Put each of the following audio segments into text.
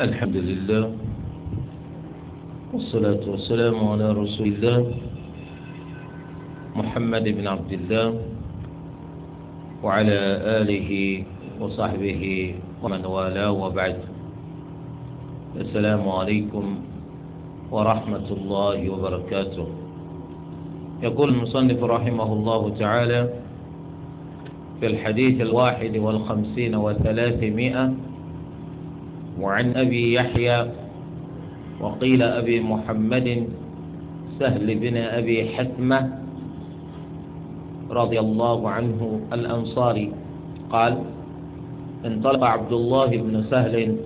الحمد لله والصلاة والسلام على رسول الله محمد بن عبد الله وعلى آله وصحبه ومن والاه وبعد السلام عليكم ورحمة الله وبركاته يقول المصنف رحمه الله تعالى في الحديث الواحد والخمسين وثلاثمائة وعن أبي يحيى وقيل أبي محمد سهل بن أبي حتمة رضي الله عنه الأنصاري قال انطلق عبد الله بن سهل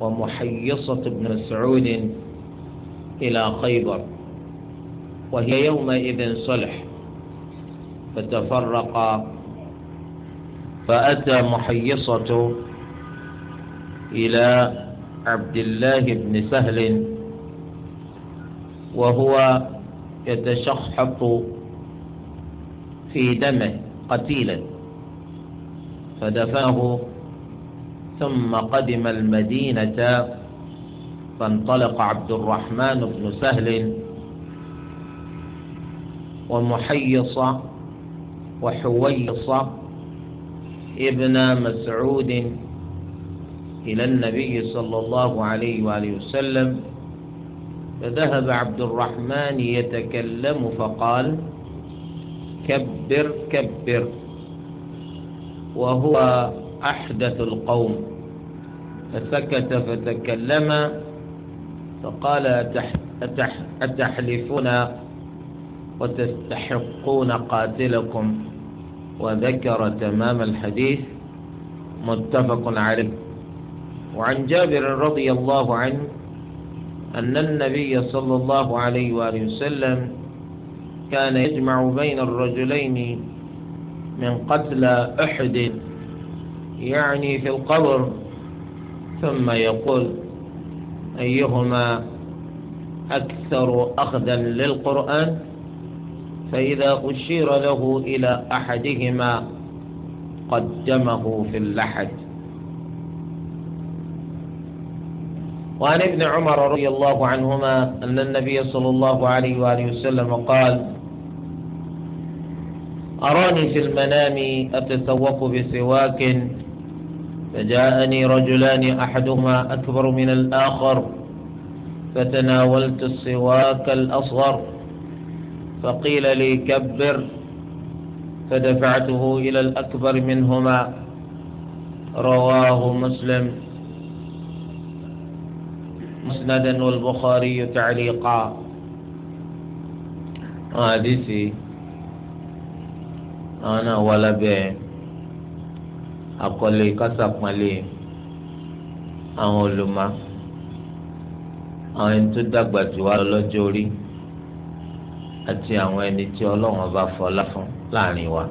ومحيصة بن مسعود إلى خيبر وهي يومئذ صلح فتفرقا فأتى محيصة إلى عبد الله بن سهل وهو يتشحط في دمه قتيلا فدفاه ثم قدم المدينة فانطلق عبد الرحمن بن سهل ومحيص وحويص ابن مسعود إلى النبي صلى الله عليه وآله وسلم فذهب عبد الرحمن يتكلم فقال كبر كبر وهو أحدث القوم فسكت فتكلم فقال أتح أتح أتحلفون وتستحقون قاتلكم وذكر تمام الحديث متفق عليه وعن جابر رضي الله عنه أن النبي صلى الله عليه وآله وسلم كان يجمع بين الرجلين من قتل أحد يعني في القبر ثم يقول أيهما أكثر أخذا للقرآن فإذا أشير له إلى أحدهما قدمه في اللحد وعن ابن عمر رضي الله عنهما أن النبي صلى الله عليه وآله وسلم قال أراني في المنام أتسوق بسواك فجاءني رجلان أحدهما أكبر من الآخر فتناولت السواك الأصغر فقيل لي كبر فدفعته إلى الأكبر منهما رواه مسلم مسندا والبخاري تعليقا حديثي أنا ولا بين أقول كسب àwọn olùmọ àwọn ẹni tó dàgbà jù wá lọ́jọ́ orí àti àwọn ẹni tí ọlọ́run ọba fọlá fún láàrin wa.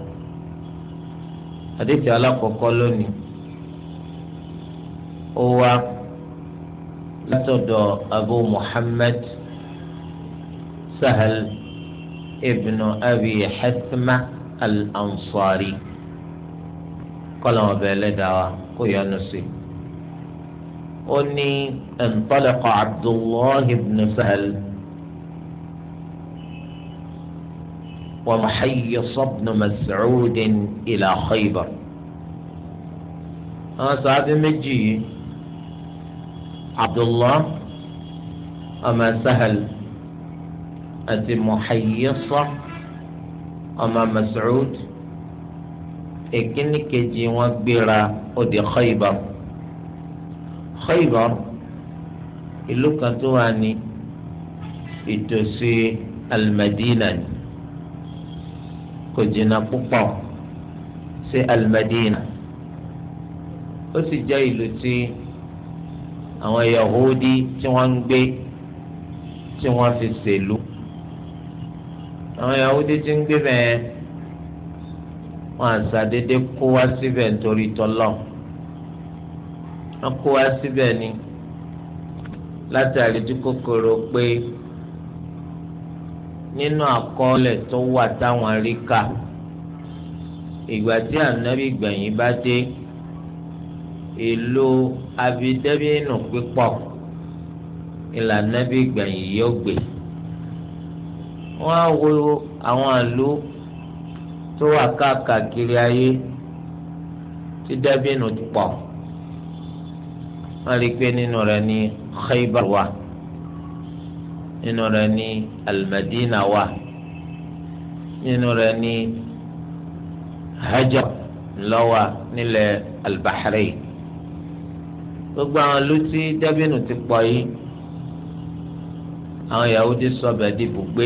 àdéhùn alákọ̀ọ́kọ́ lónìí ó wá. لتدو أبو محمد سهل ابن أبي حثمة الأنصاري قال ما بلدا قيا نسي أني انطلق عبد الله بن سهل ومحيص بن مسعود إلى خيبر أنا صاحب مجيه abdullah ọmọ sahal àti muhayyisa ọmọ mas'ud èkíní kejì wọn gbéra ó di khaybar khaybar ìlú kan tó wà ní ìtòsí almadina ni kò jìnnà púpọ̀ sí almadina ó sì jẹ́ ìlú tí. Si àwọn Yahudi tí wọ́n ń gbé tí wọ́n fi ṣèlú àwọn Yahudi tí ń gbé bẹ́ẹ̀ wọ́n àṣàdédé kó wá síbẹ̀ nítorí tọ́lọ́ wọ́n kó wá síbẹ̀ ni látàrí tí kòkòrò pé nínú àkọọ́lẹ̀ tó wà táwọn rí kà ìgbà tí ànábì gbẹ̀yìn bá dé ìlú àbí dẹ́bìnù pípọ̀ ìlànà bí gbẹ̀yìn yóò gbé wọ́n á wo àwọn àlù tó wà káàkiri ayé tí dẹ́bìnù ti pọ̀ wọ́n rí i pé nínú rẹ̀ ní Khaybar wà nínú rẹ̀ ní Al-Madina wà nínú rẹ̀ ní Hajar lọ́wà nílẹ̀ Al-Bahrain gbogbo àwọn ìlú tí dábìnù ti pọ̀ yìí àwọn Yahudi sọbẹ̀ di ibùgbé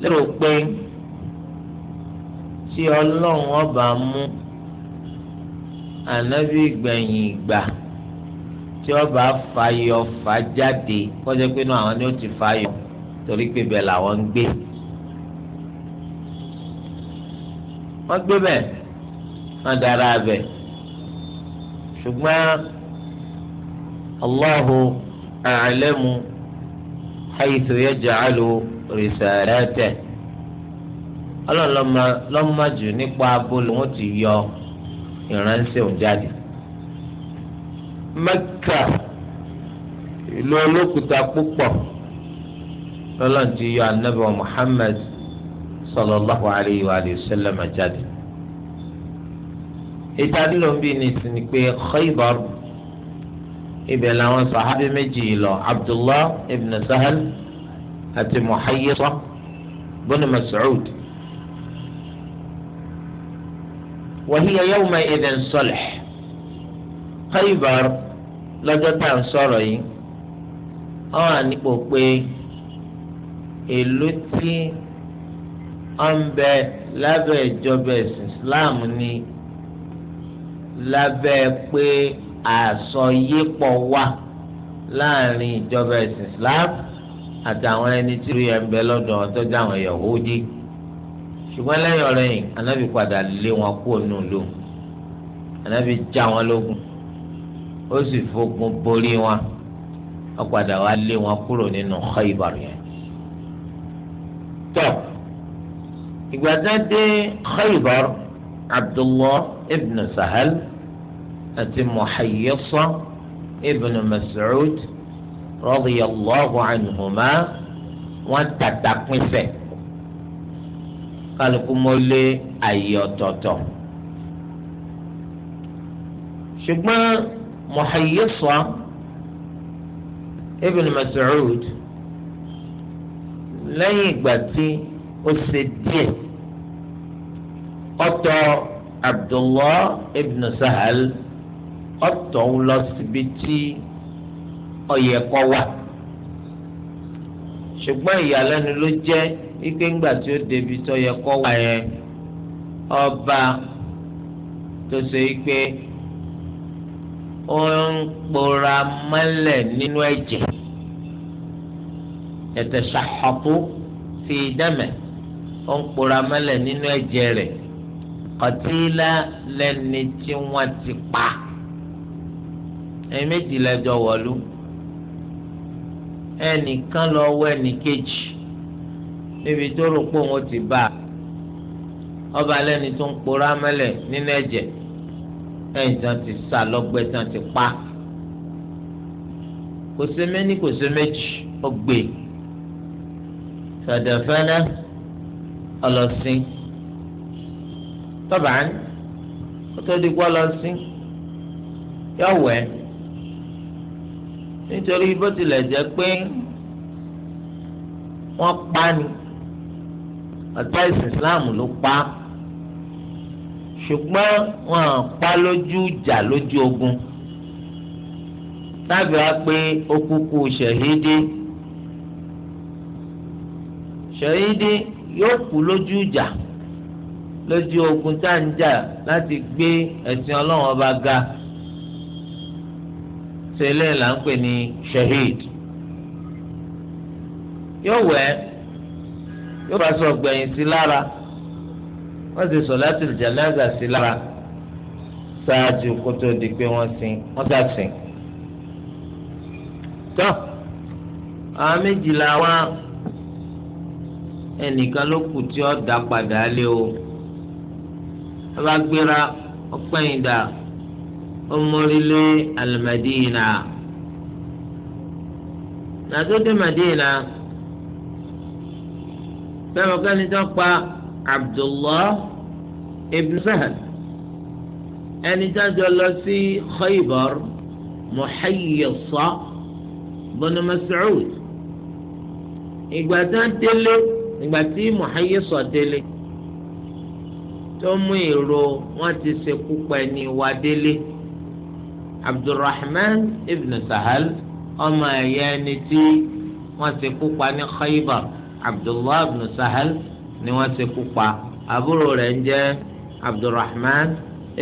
lérò pé tí ọlọ́run ọba mú ànábì gbẹ̀yìn ìgbà tí ọba fàyọ fàjáde kọjá pé náà àwọn ni ó ti fàyọ torí pé bẹ́ẹ̀ làwọn ń gbé wọ́n gbé bẹ́ẹ̀ wọ́n dára bẹ́ẹ̀ ṣùgbọ́n Allahu a'lamu haythu yaj'alu risalata ọlọ́run lọ́mọ jù nípa abolo wọn ti yọ ìránṣẹ́ òun jáde. Mẹ́kà ìlú olókùúta púpọ̀ lọ́lọ́run ti yọ anábìwọ̀n Muhammad sallallahu alayhi wa sallam ètò àdìlọ́mbì ní sinmi pé Khaybar ibẹ̀ làwọn sàhábì méjì yìí lọ Abdullah ibn Sahal àti Muhayyisa bọ́nà Mas'ud. وهي يومئذ صلح Khaybar lọ́jọ́ tá à ń sọ̀rọ̀ yìí wọ́n wà nípò pé ìlú tí wọ́n lábẹ́ ìjọba ẹ̀sìn Islam ni lábẹ́ pé àsọyépọ̀ wà láàrin ìjọba ẹ̀sìn Islam àtàwọn ẹni tí rí ẹ̀ńbẹ́ lọ́dọ̀ ọ̀tọ́jà àwọn Yahudi ṣùgbọ́n lẹ́yìn ọ̀rẹ́yìn anábì padà lé wọn kúrò nù lò anábì já wọn lógun ó sì fogun borí wọn ó padà wá lé wọn kúrò nínú Khaybar yẹn. tọ́ ìgbà tí wọ́n dé Khaybar Abdullah ibn sahal àti muhayyisa ibn mas'ud radiyallahu anhuma wọ́n tata pínfẹ́ kálukú mọ́lé ayé ọ̀tọ̀ọ̀tọ̀ ṣùgbọ́n muhayyisa ibn mas'ud lẹ́yìn ìgbà tí ó ṣe díẹ̀ ọ̀tọ̀ abdullah ibn sahal ọ̀tọ̀ ń lọ síbi tí ọ̀yẹ̀ kọ́ wà ṣùgbọ́n ìyàlẹ́nu ló jẹ́ ike ńgbà tí ó débi tó yẹ kọ́ wà yẹn ọba tó ṣe pé ó ń pòórá mọ́lẹ̀ nínú ẹ̀jẹ̀ yẹtẹ̀ ṣàhọ́pù fi dẹ́mẹ̀ ó ń pòórá mọ́lẹ̀ nínú ẹ̀jẹ̀ rẹ̀ kọtílá lẹni tí wọ́n ti pa ẹ̀yin méjì lẹ́jọ́ wọ̀lú ẹnìkan lọ wọ ẹnìkejì níbi tó rò pé òun ti bá ọba lẹni tó ń porá mẹ́lẹ̀ nínú ẹ̀jẹ̀ ẹ̀yìn tán ti sá lọ́gbẹ́ tán ti pa kò sí méní kò sí méjì ó gbé sàdẹ̀fẹ́lẹ́ ọlọ́sìn tọ́ba ń kó tó di gbọ́ lọ sí yọ wẹ̀ nítorí bó tilẹ̀ jẹ́ pé wọ́n pa ni ọ̀tá ìsìn Islam ló pa ṣùgbọ́n wọn à pa lójú jà lójú ogun tábìlì wa pé ó kúkú ṣèhídé ṣèhídé yóò kú lójú jà lójú ogun tá à ń jà láti gbé ẹ̀sìn ọlọ́run ọba ga tẹ́lẹ̀ là ń pè ní shahid yóò wẹ̀ yóò bá sọ gbẹ̀yìn sí lára wọ́n ti solatul janaza sí lára ṣáájú kó tó di pé wọ́n sin wọ́n sá sìn. tọ́ àwọn méjìlá wa ẹnìkan ló kù tí ó dá padà lé o ọba gbéra ọpẹ́yìn dà ọmọlélé alimadina nàdóde madina bẹ́ẹ̀ mọ̀ká ni tó pa abdullah ibn sahad ẹni tó jọ lọ sí khaybar muhayyisa bọ́nà masoud ìgbà tó ń délé ìgbà tí muhayyisa délé tó mú èrò wọn ti ṣekú pa ẹni wá délé abdulrahman ibn sahal ọmọ ẹ̀yà ẹni tí wọ́n ṣekú pa ní khaybar abdullah ibn sahal ni wọ́n ṣekú pa àbúrò rẹ̀ ń jẹ́ abdulrahman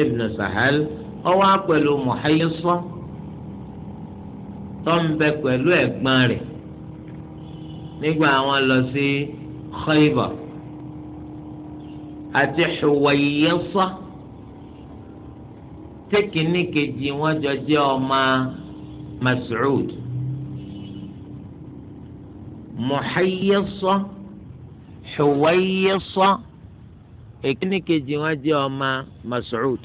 ibn sahal ó wà pẹ̀lú muhayyisa tó ń bẹ pẹ̀lú ẹ̀gbọ́n rẹ̀ nígbà wọ́n lọ sí khaybar àti Huwayyisa tẹkíní kejì wọn jọ jẹ ọmọ Mas'ud Muhayyisa Huwayyisa èkíní kejì wọn jẹ ọmọ Mas'ud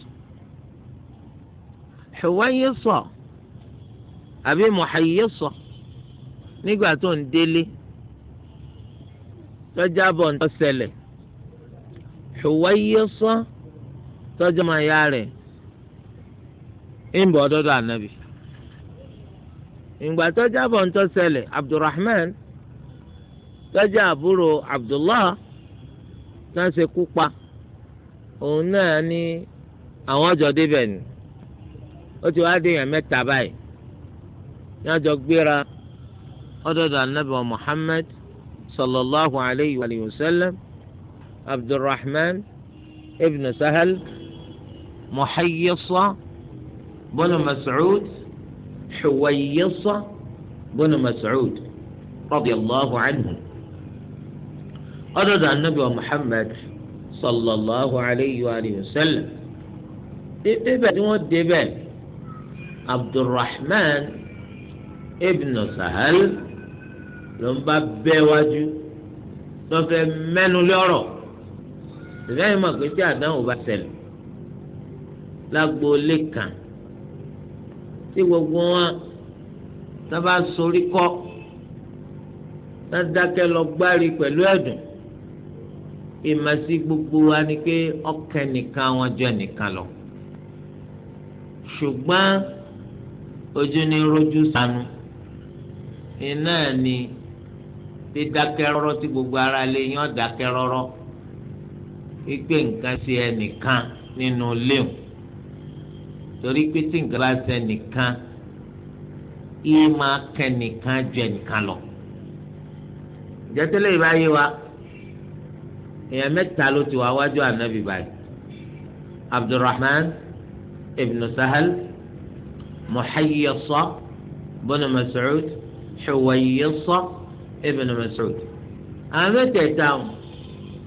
Huwayyisa àbí Muhayyisa nígbà tó ń délé lọ́jà bọ̀ ń tọ́ ṣẹlẹ̀. Huwaysa tọ́jú ọmọ ìyá rẹ̀ ń bọ̀ anabi ànábì. ìgbà tó jábọ̀ ń tó Abdulrahman tó àbúrò Abdullah tó ń ṣekú pa òun náà ní àwọn ni ó ti wá déèyàn mẹ́ta báyìí ní gbéra anabi Muhammad sallallahu alayhi wa sallam. عبد الرحمن ابن سهل محيصة بن مسعود حويصة بن مسعود رضي الله عنه أرد النبي محمد صلى الله عليه وآله وسلم ابن ودبن عبد الرحمن ابن سهل لما بيواجه لما مَنُ ìgbà yìí mọ̀ pé tí àdánwò bá ṣẹlẹ̀ lágbo lẹ́kàn tí gbogbo wọn sábà sorí kọ́ dáadáa lọ gbárí pẹ̀lú ẹ̀dùn ìmọ̀sí gbogbo wa ni pé ọkàn nìkan wọn jọ nìkan lọ ṣùgbọ́n ojú ni rojú sanu iná ni dídákẹ́ rọ́rọ́ tí gbogbo ara lè yàn dákẹ́ rọ́rọ́ gbé nǹkan sí ẹnìkan nínú léwu torí pé tí nǹkan bá ṣe ẹnìkan yìí máa kẹ́nìkan ju ẹnìkan lọ. ìjẹ́tẹ́lẹ̀ ìbáyé wa èèyàn mẹ́ta ló ti wá wájú ànábì báyìí abdulrahman ibn sahal muhayyasa ibn mas'ud huwayyasa ibn mas'ud. àwọn mẹ́tẹ̀ẹ̀ta wọn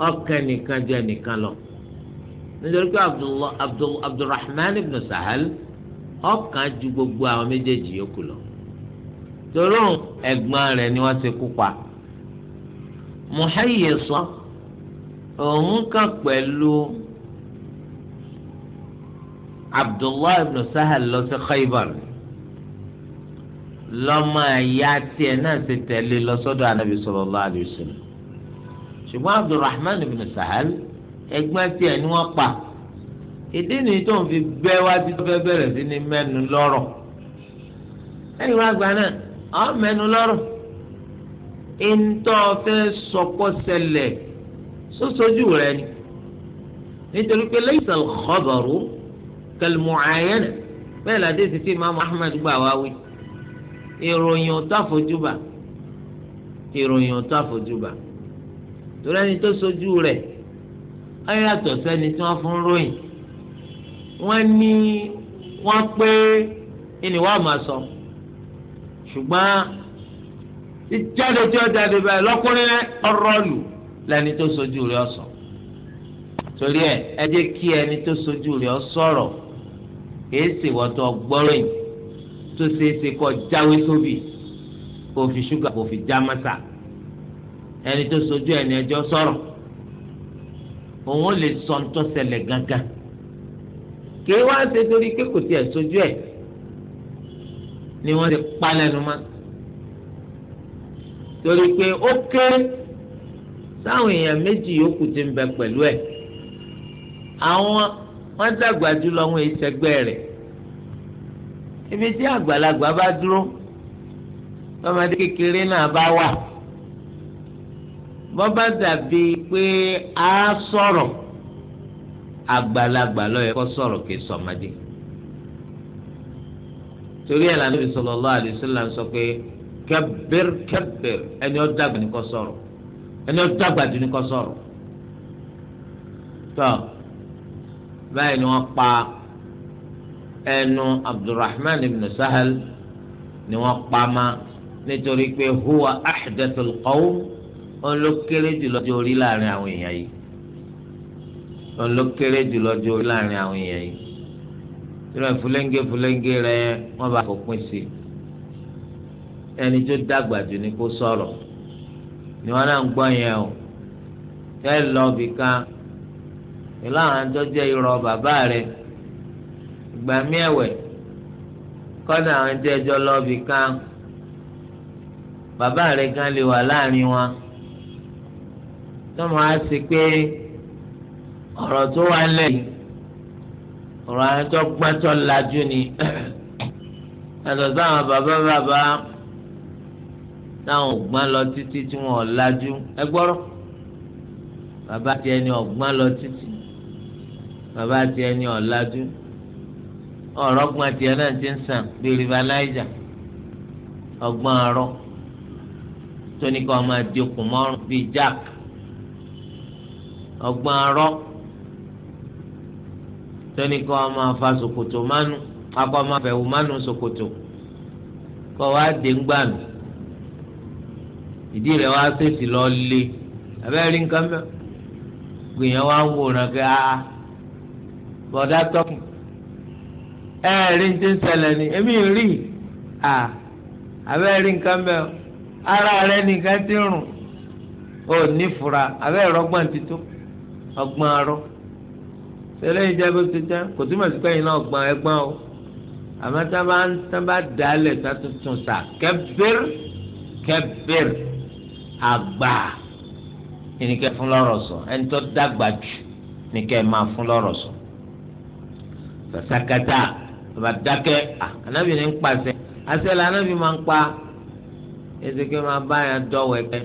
ọkàn nìkan jẹ nìkan lọ nítorí pé abdulrahman ibn sahal ọkàn ju gbogbo àwọn méjèèjì yòókù lọ torí ẹ̀gbọ́n rẹ̀ ni wọ́n ti kú pa muhayyisa òun kan pẹ̀lú abdullahi ibn sahal lọ sí khaybar lọ́mọ ẹ̀yà tiẹ̀ náà ti tẹ̀lé lọ sọ́dọ̀ anabi sallallahu alaihi ṣùgbọ́n abdulrahman ibn sahal ẹgbẹ́ tiẹ̀ ni wọ́n pa ìdí nìyí tó ń fi bẹ́ wájú tó fẹ́ bẹ̀rẹ̀ sí ní mẹ́nu lọ́rọ̀ ẹ̀yìn wá gba náà ọ̀ mẹ́nu lọ́rọ̀ ìńtọ́ fẹ́ sọpọ́ sẹlẹ̀ sósojú rẹ̀ ni nítorí pé laysa al-khabaru kal bẹ́ẹ̀ ládé ti fi ahmed gbà wá wí ìròyìn ọ̀tọ́ àfojúbà ìròyìn ọ̀tọ́ àfojúbà torí ẹni tó sojú rẹ̀ ọ yàtọ̀ sẹ́ni tí wọ́n fún ròyìn wọ́n ní wọ́n pé ẹni wọ́n máa sọ ṣùgbọ́n ìjáde tí ó jáde báyìí lọ́kùnrin ọ̀rọ̀ lù lẹ́ni tó sojú rẹ̀ ọ̀sọ̀ torí ẹ ẹ jẹ́ kí ẹni tó sojú rẹ̀ ọ sọ̀rọ̀ kìí ṣèwọ́tọ̀ gbọ́ròyìn tó ṣeé ṣe kọ́ jáwé sóbì kò fi ṣúgà kò fi já mọ́sà ẹni tó sojú ẹni ẹjọ́ sọ̀rọ̀ òun lè sọ ntọ́ ṣẹlẹ̀ gangan kìí ṣe torí pé kò tiẹ̀ sojú ẹ̀ ni wọ́n ti pa lẹ́nu mọ́ torí pé ó kéré sáwọn èèyàn méjì yòókù ti ń bẹ pẹ̀lú ẹ̀ àwọn wọ́n dàgbà jùlọ wọn ìṣẹ́gbẹ́ rẹ̀ ibi tí àgbàlagbà bá dúró ọmọdé kékeré náà bá wà bọ́bá dàbí pé a sọ̀rọ̀ àgbàlagbà lọ́yẹ̀ kó sọ̀rọ̀ kì í sọ̀mọ́dé torí ẹ̀ lànà sallallahu alaihi wasallam sọ pé kabbir kabbir ẹni ó dàgbà ní kó sọ̀rọ̀ ẹni ó dàgbà dì ní kó sọ̀rọ̀ tó báyìí ni wọ́n pa ẹnu Abdurrahman ibn Sahal ni wọ́n pa ma nítorí pé huwa ahdathul qawm òun ló kéré jù lọ́jọ́ orí láàrin àwọn èèyàn yìí òun ló kéré jù lọ́jọ́ orí láàrin àwọn èèyàn yìí nínú ìfúlẹ́ńgé fúlẹ́ńgé rẹ wọ́n bá fòpin sí ẹni tó dàgbà jù ní kó sọ̀rọ̀ ni wọ́n náà ń gbọ́ yẹn o tẹ́ lọ bìkan ìlànà àjọjẹ́ irọ́ bàbá rẹ ìgbà miẹ̀wẹ̀ kọ́nà àwọn jẹ́jọ́ lọ́ọ̀bì kan bàbá rẹ̀ gan lè wà láàrin wọn tọ́mọ á sì pé ọ̀rọ̀ tó wà ń lẹ́yìn ọ̀rọ̀ àwọn tó gbọ́n tó lajú ni yàtọ̀ sáwọn bàbá bàbá táwọn ògbọ́n lọ títí tí wọ́n lajú ẹ gbọ́rọ̀ bàbá tiẹ̀ ni ọ̀gbọ́n lọ títí bàbá tiẹ̀ ni ọ̀lajú ọ̀rọ̀ gbọ́n tiẹ̀ náà ti ń sàn bíi rivalizer ọgbọ́n arọ́ tóníkà ọmọ àdìokùn mọ́rùn bíi jack. ọgbọ́n arọ́ tóní kọ́ ọ máa fa ṣòkòtò mánu akọ́ ọ wa dé ìdí lọ lé abẹ́rẹ́ rí nǹkan mẹ́ gbìyànjú wa ń kí a bọ̀dá tọkùn ẹ rí ní ti ń ni èmi rí a abẹ́rẹ́ rí nǹkan mẹ́ ara rẹ nìkan ti rùn ó ti ọgbọ́n arọ́ tẹ́lẹ̀ yìí jẹ́ bó ti jẹ́ kò túmọ̀ sí pé iná ọgbọ́n ẹgbọ́n o àmọ́ tá bá tá bá dà á lẹ̀ tá tuntun sà kẹbìr kẹbìr àgbà ẹni kẹ fún lọ́rọ̀ sọ ẹni tó dàgbà jù ni kẹ máa fún lọ́rọ̀ sọ sàkàtà bàbá dákẹ́ ànábì ní ń pàṣẹ àṣẹ là ànábì máa ń pa ẹsẹ̀ kẹ́ máa bá yẹn dọ́wọ́ ẹ̀kẹ́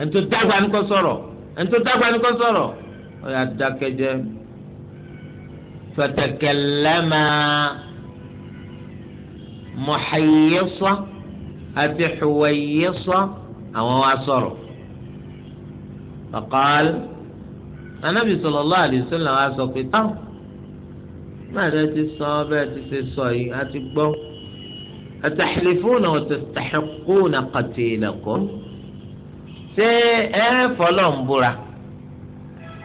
ẹni tó dàgbà ni kò sọ̀rọ̀. ẹni tó dàgbà ni kò sọ̀rọ̀ ó yà dákẹ́jẹ́ fatakallama muhayyisa àti huwayyisa àwọn wa sọ̀rọ̀ faqal anabi sallallahu alaihi wasallam làwọn aṣọ pé táwọn náà rẹ ti sọ bẹ́ẹ̀ ti ṣe sọ yìí a ti gbọ́ atahilifuna kàtí tastahiquna qatilakum. ṣé ẹ fọlọ́ ń búra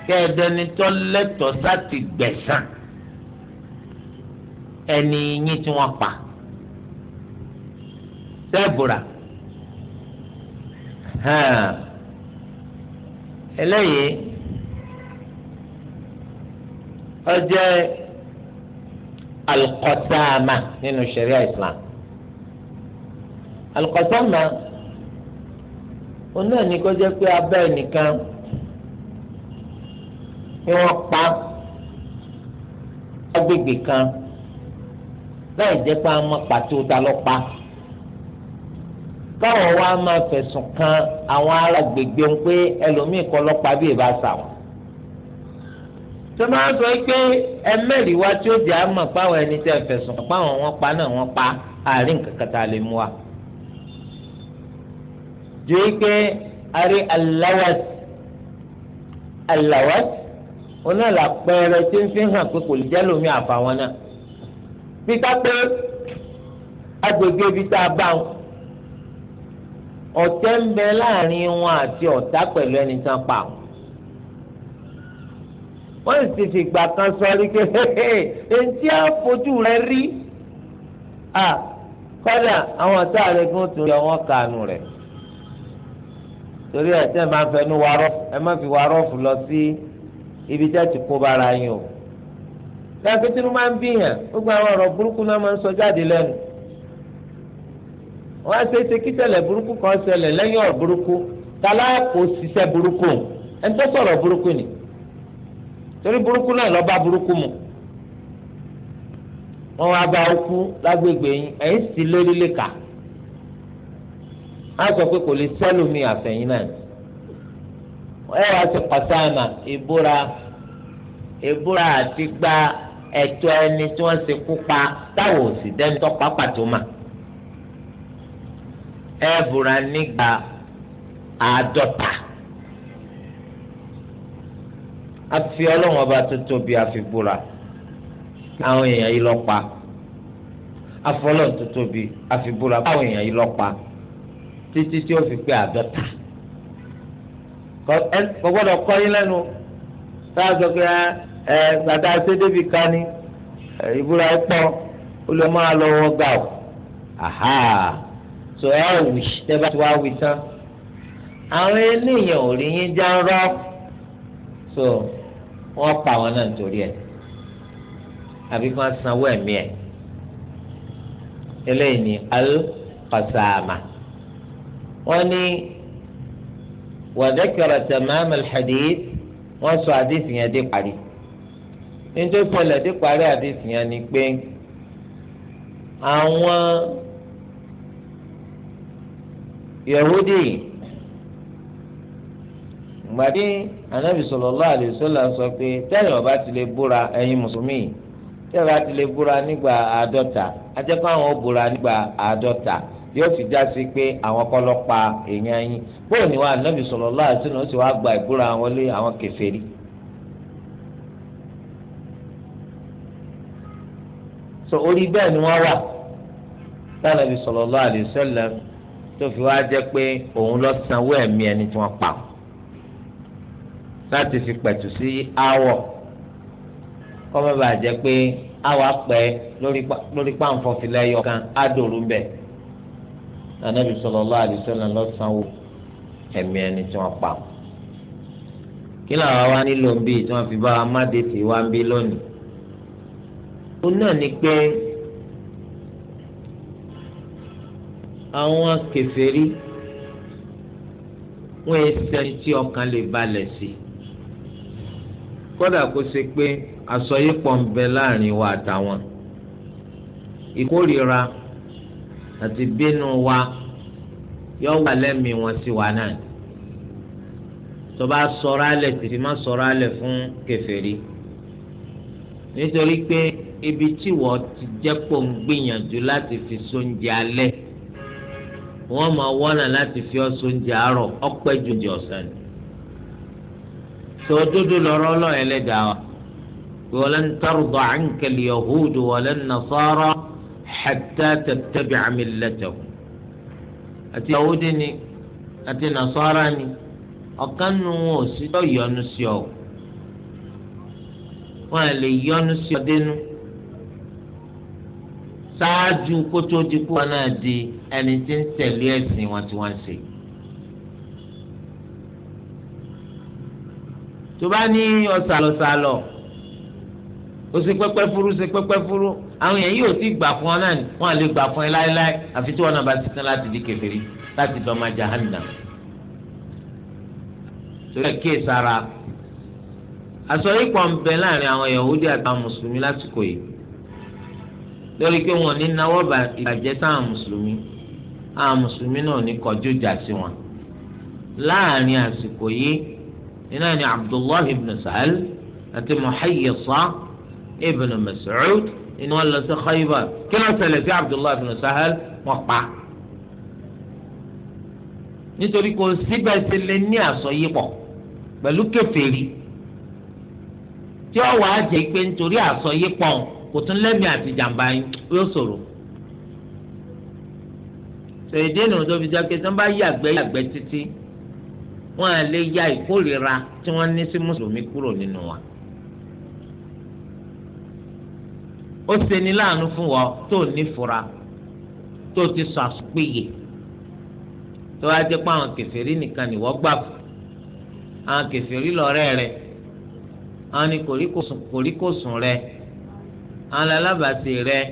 kẹ́ẹ̀dẹ́nitọ́ lẹ́tọ̀ọ́ sáti gbẹ̀sán ẹni yín tí wọ́n pa sẹ́ẹ̀bùrà eléyìí ó jẹ́ nínú ṣẹ̀ríà Islam alukọ́sáàmà. òun náà ní kó jẹ́ pé abẹ́ ẹnìkan ni wọ́n pa agbègbè kan láì jẹ́ pé a mọ pàtó ta ló pa káwọn wa máa fẹ̀sùn kan àwọn ará gbègbè ń pé ẹlòmíì kọ́ ló pa bí ìbá sà wọ́n tó máa sọ pé ẹmẹ́rìí wá tí ó jẹ́ àmọ̀ páwọn ẹni tẹ́ fẹ̀sùn páwọn wọn pa náà wọ́n pa àárín kankan a lè mú wa ju ike ari alawas alawat oná la pẹrẹ tí ń fi hàn pé kò lè jẹ́ lómi àfàwọn náà bí ká pé agbègbè ibi tá a bá wọn ọ̀tẹ̀ ń bẹ láàrin wọn àti ọ̀tá pẹ̀lú ẹni tán pa wọn. wọ́n sì ti fìgbà kan sọ rí pé ẹ̀ǹtí rẹ rí kọ́dà àwọn ọ̀tá rẹ fún tòun yọ wọn kànú rẹ̀. torí ẹ tẹ́ máa fẹnu warọ́ ẹ má lọ sí ibi tẹ́ ti kó bara yín o. dákítírú máa ń bíyàn gbogbo àwọn ọ̀rọ̀ burúkú náà máa ń sọ jáde lẹ́nu. wọ́n á ṣe é ṣe kí ṣẹlẹ̀ burúkú kan ṣẹlẹ̀ lẹ́yìn ọ̀rọ̀ burúkú tálá kò ṣiṣẹ́ burúkú ẹni tó sọ̀rọ̀ burúkú ni. torí burúkú náà lọ́ọ́ bá mu. wọ́n wá bá okú lágbègbè yín si sì lórí lè á sọ pé kò lè sẹ́lùmí àfẹ̀yìn náà ẹ wá sí pàṣánà ìbúra ìbúra àti gba ẹ̀tọ́ ẹni tí wọ́n ṣe kú pa táwọn òsì dẹ́ntọ́ pápátó mà ẹ búra nígbà àádọ́ta àfi ọlọ́run ọba tó tóbi àfi búra àwọn èèyàn yìí lọ́pa afọlọ́run tó tóbi àfi búra àwọn èèyàn yìí lọ́pa títí tí ó fi pé àádọ́ta kò gbọ́dọ̀ kọ́ yín lẹ́nu tá a sọ pé ẹ gbàdá sédébì kan ní ìbúra ẹ pọ̀ ó lè máa lọ wọ́ gbà ó aha tó ẹ wì tẹ́ bá ti wá wì tán àwọn eléyàn ò rí yín já rọ́ so wọ́n pa àwọn náà nítorí ẹ̀ àbí kí wọ́n sanwó ẹ̀mí ẹ̀ eléyìí ni al-qasama wọ́n ní تمام الحديث hadith wọ́n sọ àdìsí yẹn dé parí nítorí pẹ̀lẹ́ يعني بين àdìsí يهودي. ni pé àwọn yahudi gbàdí anabi sallallahu alaihi wasallam sọ pé tẹ́lẹ̀ ọba ti lè búra ẹ̀yin mùsùlùmí tẹ́lẹ̀ ọba ti lè búra nígbà àádọ́ta ajẹ́kọ̀ àwọn búra nígbà àádọ́ta yóò fi já sí pé àwọn kọ́ ló pa èèyàn yín bóyá ni wàá nàbì sallallahu alaihi wasallam ó sì wàá gba ìbúra wọn lé àwọn kèfèrí. so orí bẹ́ẹ̀ ni wọ́n wà tánàbì sallallahu alaihi wasallam tó fi wá jẹ́ pé òun lọ sanwó ẹ̀mí ẹni tí wọ́n pa láti fi pẹ̀tù sí awọ kọ́mẹ́bà jẹ́ pé awọ apẹ̀ lórí pàǹfọ̀fìlẹ́yọ̀ kan á dòrú bẹ́ẹ̀ anabi sallallahu alaihi wasallam lọsànwó ẹ̀mí ẹni tí wọ́n pa kí làwọn wá nílò bí tí wọ́n fi bá amádètì wá ń bí lónìí ó náà ni pé àwọn kèfèrí wọn ẹ sẹni tí ọkàn lè balẹ̀ sí kódà kó ṣe pé àsọyípọ̀ ń bẹ láàrin wa àtàwọn ìkórìíra àti bínú wa yọ wà lẹ́mìí wọn sí wa náà tó bá sọ̀rọ̀ alẹ̀ tìrì má sọ̀rọ̀ alẹ̀ fún kèfèrí nítorí pé ibi tí wọ́n ti jẹ́ pò ń gbìyànjú láti fi sóúnjẹ alẹ́ wọ́n máa wọ́nà láti fi sóúnjẹ àárọ̀ ọ̀pẹ́ ju oúnjẹ ọ̀sán ni sòdodo lọ́rọ̀ Ọlọ́run Ẹlẹ́dàá wa tọrọ bọ àǹkẹlẹ yahudu wọ́n lẹ́nu nasara hatta tattabi'a millatahum àti yahudi ni àti nasara ni ọ̀kan nu wọn ò sí lọ́ọ́ yọnu sí ọ wọn lè yọnu sí ọ dénú ṣáájú kótó ti kú wọn náà di ẹni tí ń tẹ̀lé ẹ̀sìn wọn tí wọ́n ṣe. tó bá ní ọ̀sàlọ̀sàlọ̀ ó sì pẹ́pẹ́ furu sí pẹ́pẹ́ furu àwọn èèyàn yóò ti gbà fún ọ náà ni wọn à lè gbà fún ẹ láéláé àfi tí wọn náà bá ti tán láti di kèfèrí láti dọ́mà jahanna torí ẹ kíyè sára àsọyípọ̀ ń bẹ láàrin àwọn Yahudi àtàwọn mùsùlùmí lásìkò yìí lórí pé wọn ní náwó ìbàjẹ́ sáwọn mùsùlùmí àwọn mùsùlùmí náà ní kọjú ìjà sí wọn láàrin àsìkò yìí iná ni Abdullahi ibn Sa'al àti Muhayyisa ibn Masoud ni wọ́n lọ sí Khaybar kí ló ṣẹlẹ̀ sí Abdullahi bin Sahel wọ́n pa nítorí kò síbẹ̀ sí lé ní àsọyípọ̀ pẹ̀lú kèfèrí tí ó wàá jẹ́ pé nítorí àsọyípọ̀ kò tún lẹ́mìí àti jàǹbá yóò ṣòro sèdè nù tó fi jẹ́ pé tí wọ́n bá yàgbẹ́ yàgbẹ́ títí wọ́n á lè ya ìkórìíra tí wọ́n ní sí mùsùlùmí kúrò nínú wa. ó ṣeni láàánú fún wọn tó nífura tó ti sọ àsopéye tó wá jẹ́ pé àwọn kèfèrí nìkan ni wọ́n gbà fún àwọn kèfèrí lọ́rẹ́ rẹ̀ àwọn ni kòríkòsùn rẹ̀ àwọn alábàáṣe rẹ̀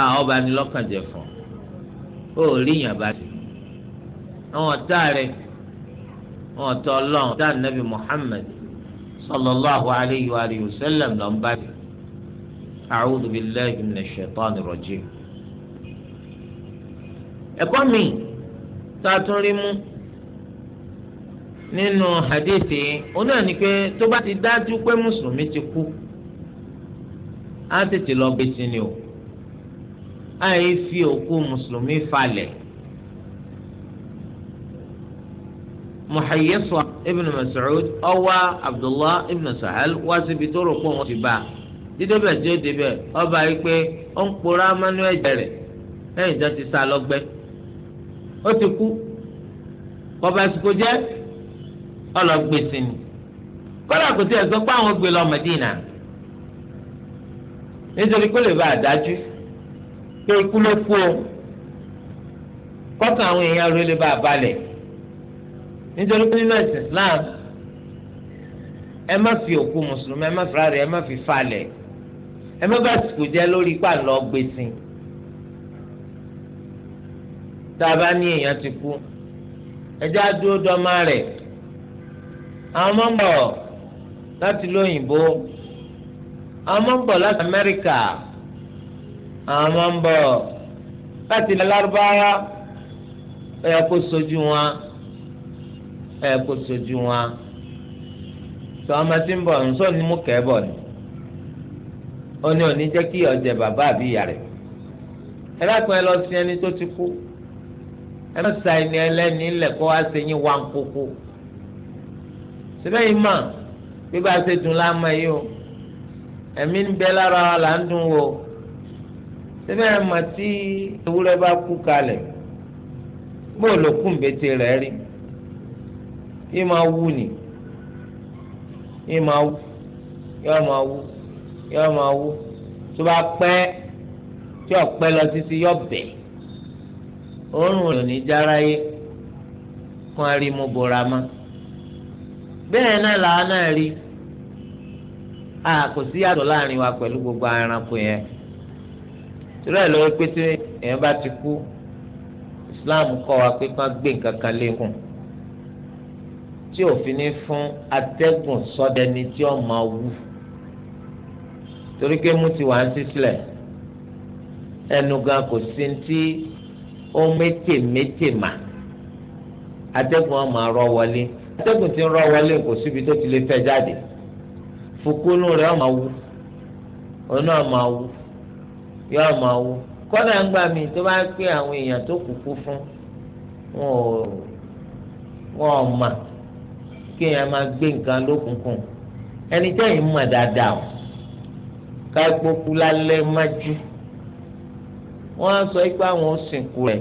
àwọn ọba ni lọ́kàn jẹ fún ó rí yàn bá ti àwọn ọ̀tá rẹ̀ àwọn ọ̀tá ọlọ́run ọ̀tá nàbì Muhammad sallallahu alayhi wa sallam lọ́nba ti. أعوذ بالله من الشيطان الرجيم ẹ̀kọ́ mi tá hadithi oní ẹni pé tó bá ti dájú pé mùsùlùmí ti kú á tètè lọ gbé sí ni o fi òkú mùsùlùmí falẹ̀ muhayyiswa ibn Mas'ud ọwa ibn sahel wá síbi tó rò ti bá dídébẹ̀ tí ó ọba yìí pé ó ń pora mánú ẹ̀jẹ̀ rẹ̀ tó ti sá lọ́gbẹ́ ó ti kú ni kọ́lá kò tí ẹ̀ àwọn gbé lọ Mẹ́dínà nítorí kó lè bá àdájú pé ikú ló kú o kọ́kàn àwọn èèyàn lè a nítorí nínú Islam má fi òkú mùsùlùmí má fi ẹ mẹ́fà sìkò jẹ́ lórí ipá lọ gbé sí i tá a bá ní èèyàn ti kú ẹjẹ́ àdúró dọ́mà rẹ̀ àwọn ọmọ ń bọ̀ láti lóyìnbó àwọn ọmọ ń bọ̀ láti Amẹ́ríkà àwọn ọmọ ń bọ̀ láti ilẹ̀ lárúbáwá kó sojú wọn ẹ̀ kó sojú wọn sọ ọmọ tí ń bọ̀ ń sọ ní kẹ́ bọ̀ ni ó ní òní jẹ́ kí ọjẹ bàbá àbí ìyá rẹ̀ ẹ dákun ẹ lọ sí ẹni tó ti kú ẹ má sa ẹni ẹlẹ́ni ńlẹ̀ kó wá sí yín wá ń kókó síbẹ̀ yìí mà bí bá a ṣe dùn láàmú ẹ yìí ẹ̀mí ń bẹ lára là ń dùn o síbẹ̀ ẹ tí ewúrẹ́ bá kú kalẹ̀ bóò ló kún bètè rẹ̀ rí yìí máa wú ni yìí máa wú yìí yọ máa wú tó bá pẹ́ tí ọ̀pẹ lọ títí yọ bẹ̀ òórùn òní járáyé fún arimu bora ma bẹ́ẹ̀ náà làá náà rí a kò sí yàtọ̀ láàrin wa pẹ̀lú gbogbo ẹranko yẹn torí ẹ̀ lọ́wọ́ pé tí èèyàn bá ti kú Islam kọ́ wa pé kán gbé nǹkan kan lékún tí òfin ní fún atẹ́gùn sọ́dẹni tí ó máa wú. torí pé mú ti wà ń sísílẹ̀ ẹnu gan kò sí ti ó mété mété mà atẹ́gùn ọmọ arọ wọlé atẹ́gùn ti ń rọ wọlé kò síbi tó ti lè fẹ́ jáde fukunu rẹ̀ ọmọ wu ọ̀nà ọmọ wu yọ ọmọ wu kọ́nà ń gbà mí tó bá pé àwọn èèyàn tó kúkú fún wọn ò wọn ò mà máa gbé nǹkan lókùnkùn ẹni tẹ́yìn mọ̀ dáadáa o kágbókú lálẹ́ májú wọ́n á sọ pé àwọn sìnkú rẹ̀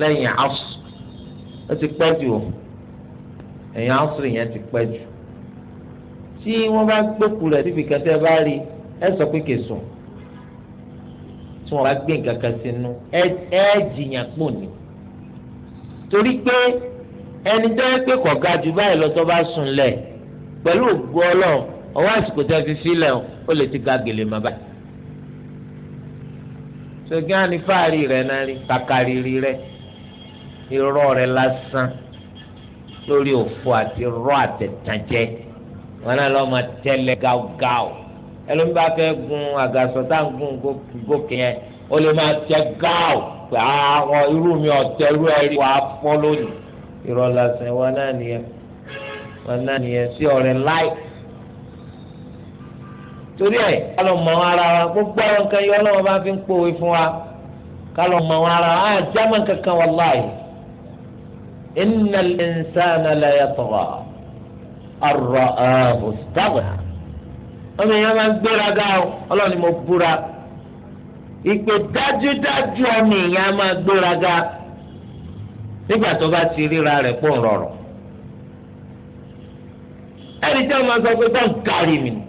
lẹ́yìn asù ó ti pẹ́ jù ẹ̀yìn asù yẹn ti pẹ́ jù tí wọ́n bá gbókú rẹ̀ síbi kan tẹ́ bá rí ẹ sọ pé kẹsùn tí wọ́n bá gbé nǹkan kan sínú ẹ jìyàn pò ní torí pé ẹni tó yẹ pé kọ̀ọ̀gá jù báyìí lọ bá sùn lẹ̀ pẹ̀lú ògbó ọlọ́run ọwọ́ àsìkò tẹ́ fi sílẹ̀ ó lè ti ga gèlè mọ́ báyìí sọgbẹ́ àní fáàrí rẹ̀ náà rí kàkàrírí rẹ̀ irọ́ rẹ̀ lásán lórí òfò àti rọ́ àtẹ̀tàjẹ́ wọn náà lọ́ọ́ máa tẹ́lẹ̀ gáúgáú ẹlòmíì bá fẹ́ gun àgàsọ tá à ń gun gòkè yẹn ó lè máa tẹ gáú pé àwọn irú mi ọ̀tẹ̀ irú ẹ̀ rí wàá fọ́ lónìí irọ́ lásán wọn náà nìyẹn wọn náà nìyẹn sí ọ̀rẹ́ láì. torí ẹ kálọ̀ mọ̀ ara wa gbogbo àwọn bá fi ń pòwe fún wa kálọ̀ mọ̀ ara wa á jámọ̀ kankan wàláyé innal insana la yatgha ar-ra'ahu istagna ọmọ èèyàn máa ń mo búra ìpè dájúdájú ọmọ máa nígbà tó bá ti ríra rẹ̀ pọ̀ ń rọrùn tí máa sọ pé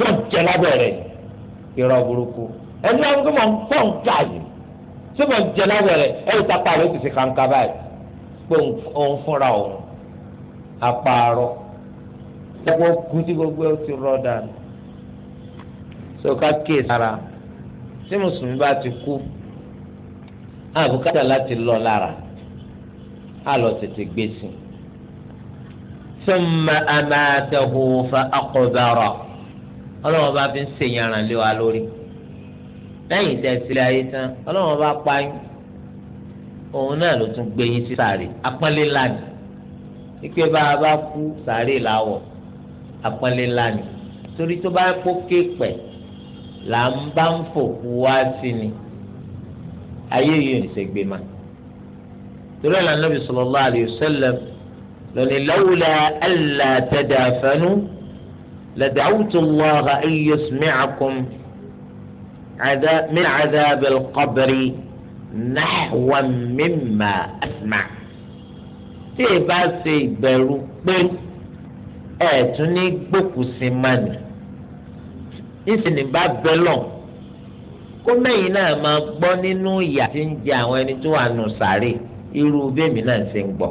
tó ń jẹ lábẹ́rẹ́ irọ́ burúkú ẹni àwọn kí mọ̀ ń pọ̀ ń ga yìí tí mọ̀ ń jẹ lábẹ́rẹ́ ẹ̀rù tápá rẹ̀ ó ti fi kàńkà báyìí pé òun fúnra òun àpààrọ̀ gbogbo kú tí gbogbo ẹ ti rọ dànù sọ̀ká kíyè sára tí mùsùlùmí bá ti kú àbùkátà láti lọ lára á tètè gbèsè. ثم أماته فأقبره ọlọ́wọ́n bá fi ń ṣe yàrán lé wa lórí lẹ́yìn tẹ́ sílẹ̀ ayé tán ọlọ́wọ́n bá pa yín òun náà ló tún gbé yín sí sàárè apọ́nlé ńlá ni wípé bá a bá kú sàárè láwọ̀ apọ́nlé ńlá ni torí tó bá kó képẹ̀ là ń bá ń fòkú wá sí ni ayé yìí ò ní ṣe gbé ma torí ẹ̀ lànà Nabi sallallahu alayhi wa sallam lónìí lawla alla tadafanu. لدعوت الله أن يسمعكم من عذاب القبر نحو مما أسمع tí ẹ bá ṣe ìbẹ̀rù pé ẹ tún ní gbòkùsì mánì nísìnyí bá bẹ lọ kó mẹ́yìn náà máa gbọ́ nínú ìyà tí ń jẹ àwọn ẹni tó wà nù sàárè irú bẹ́ẹ̀mí náà ṣe ń gbọ́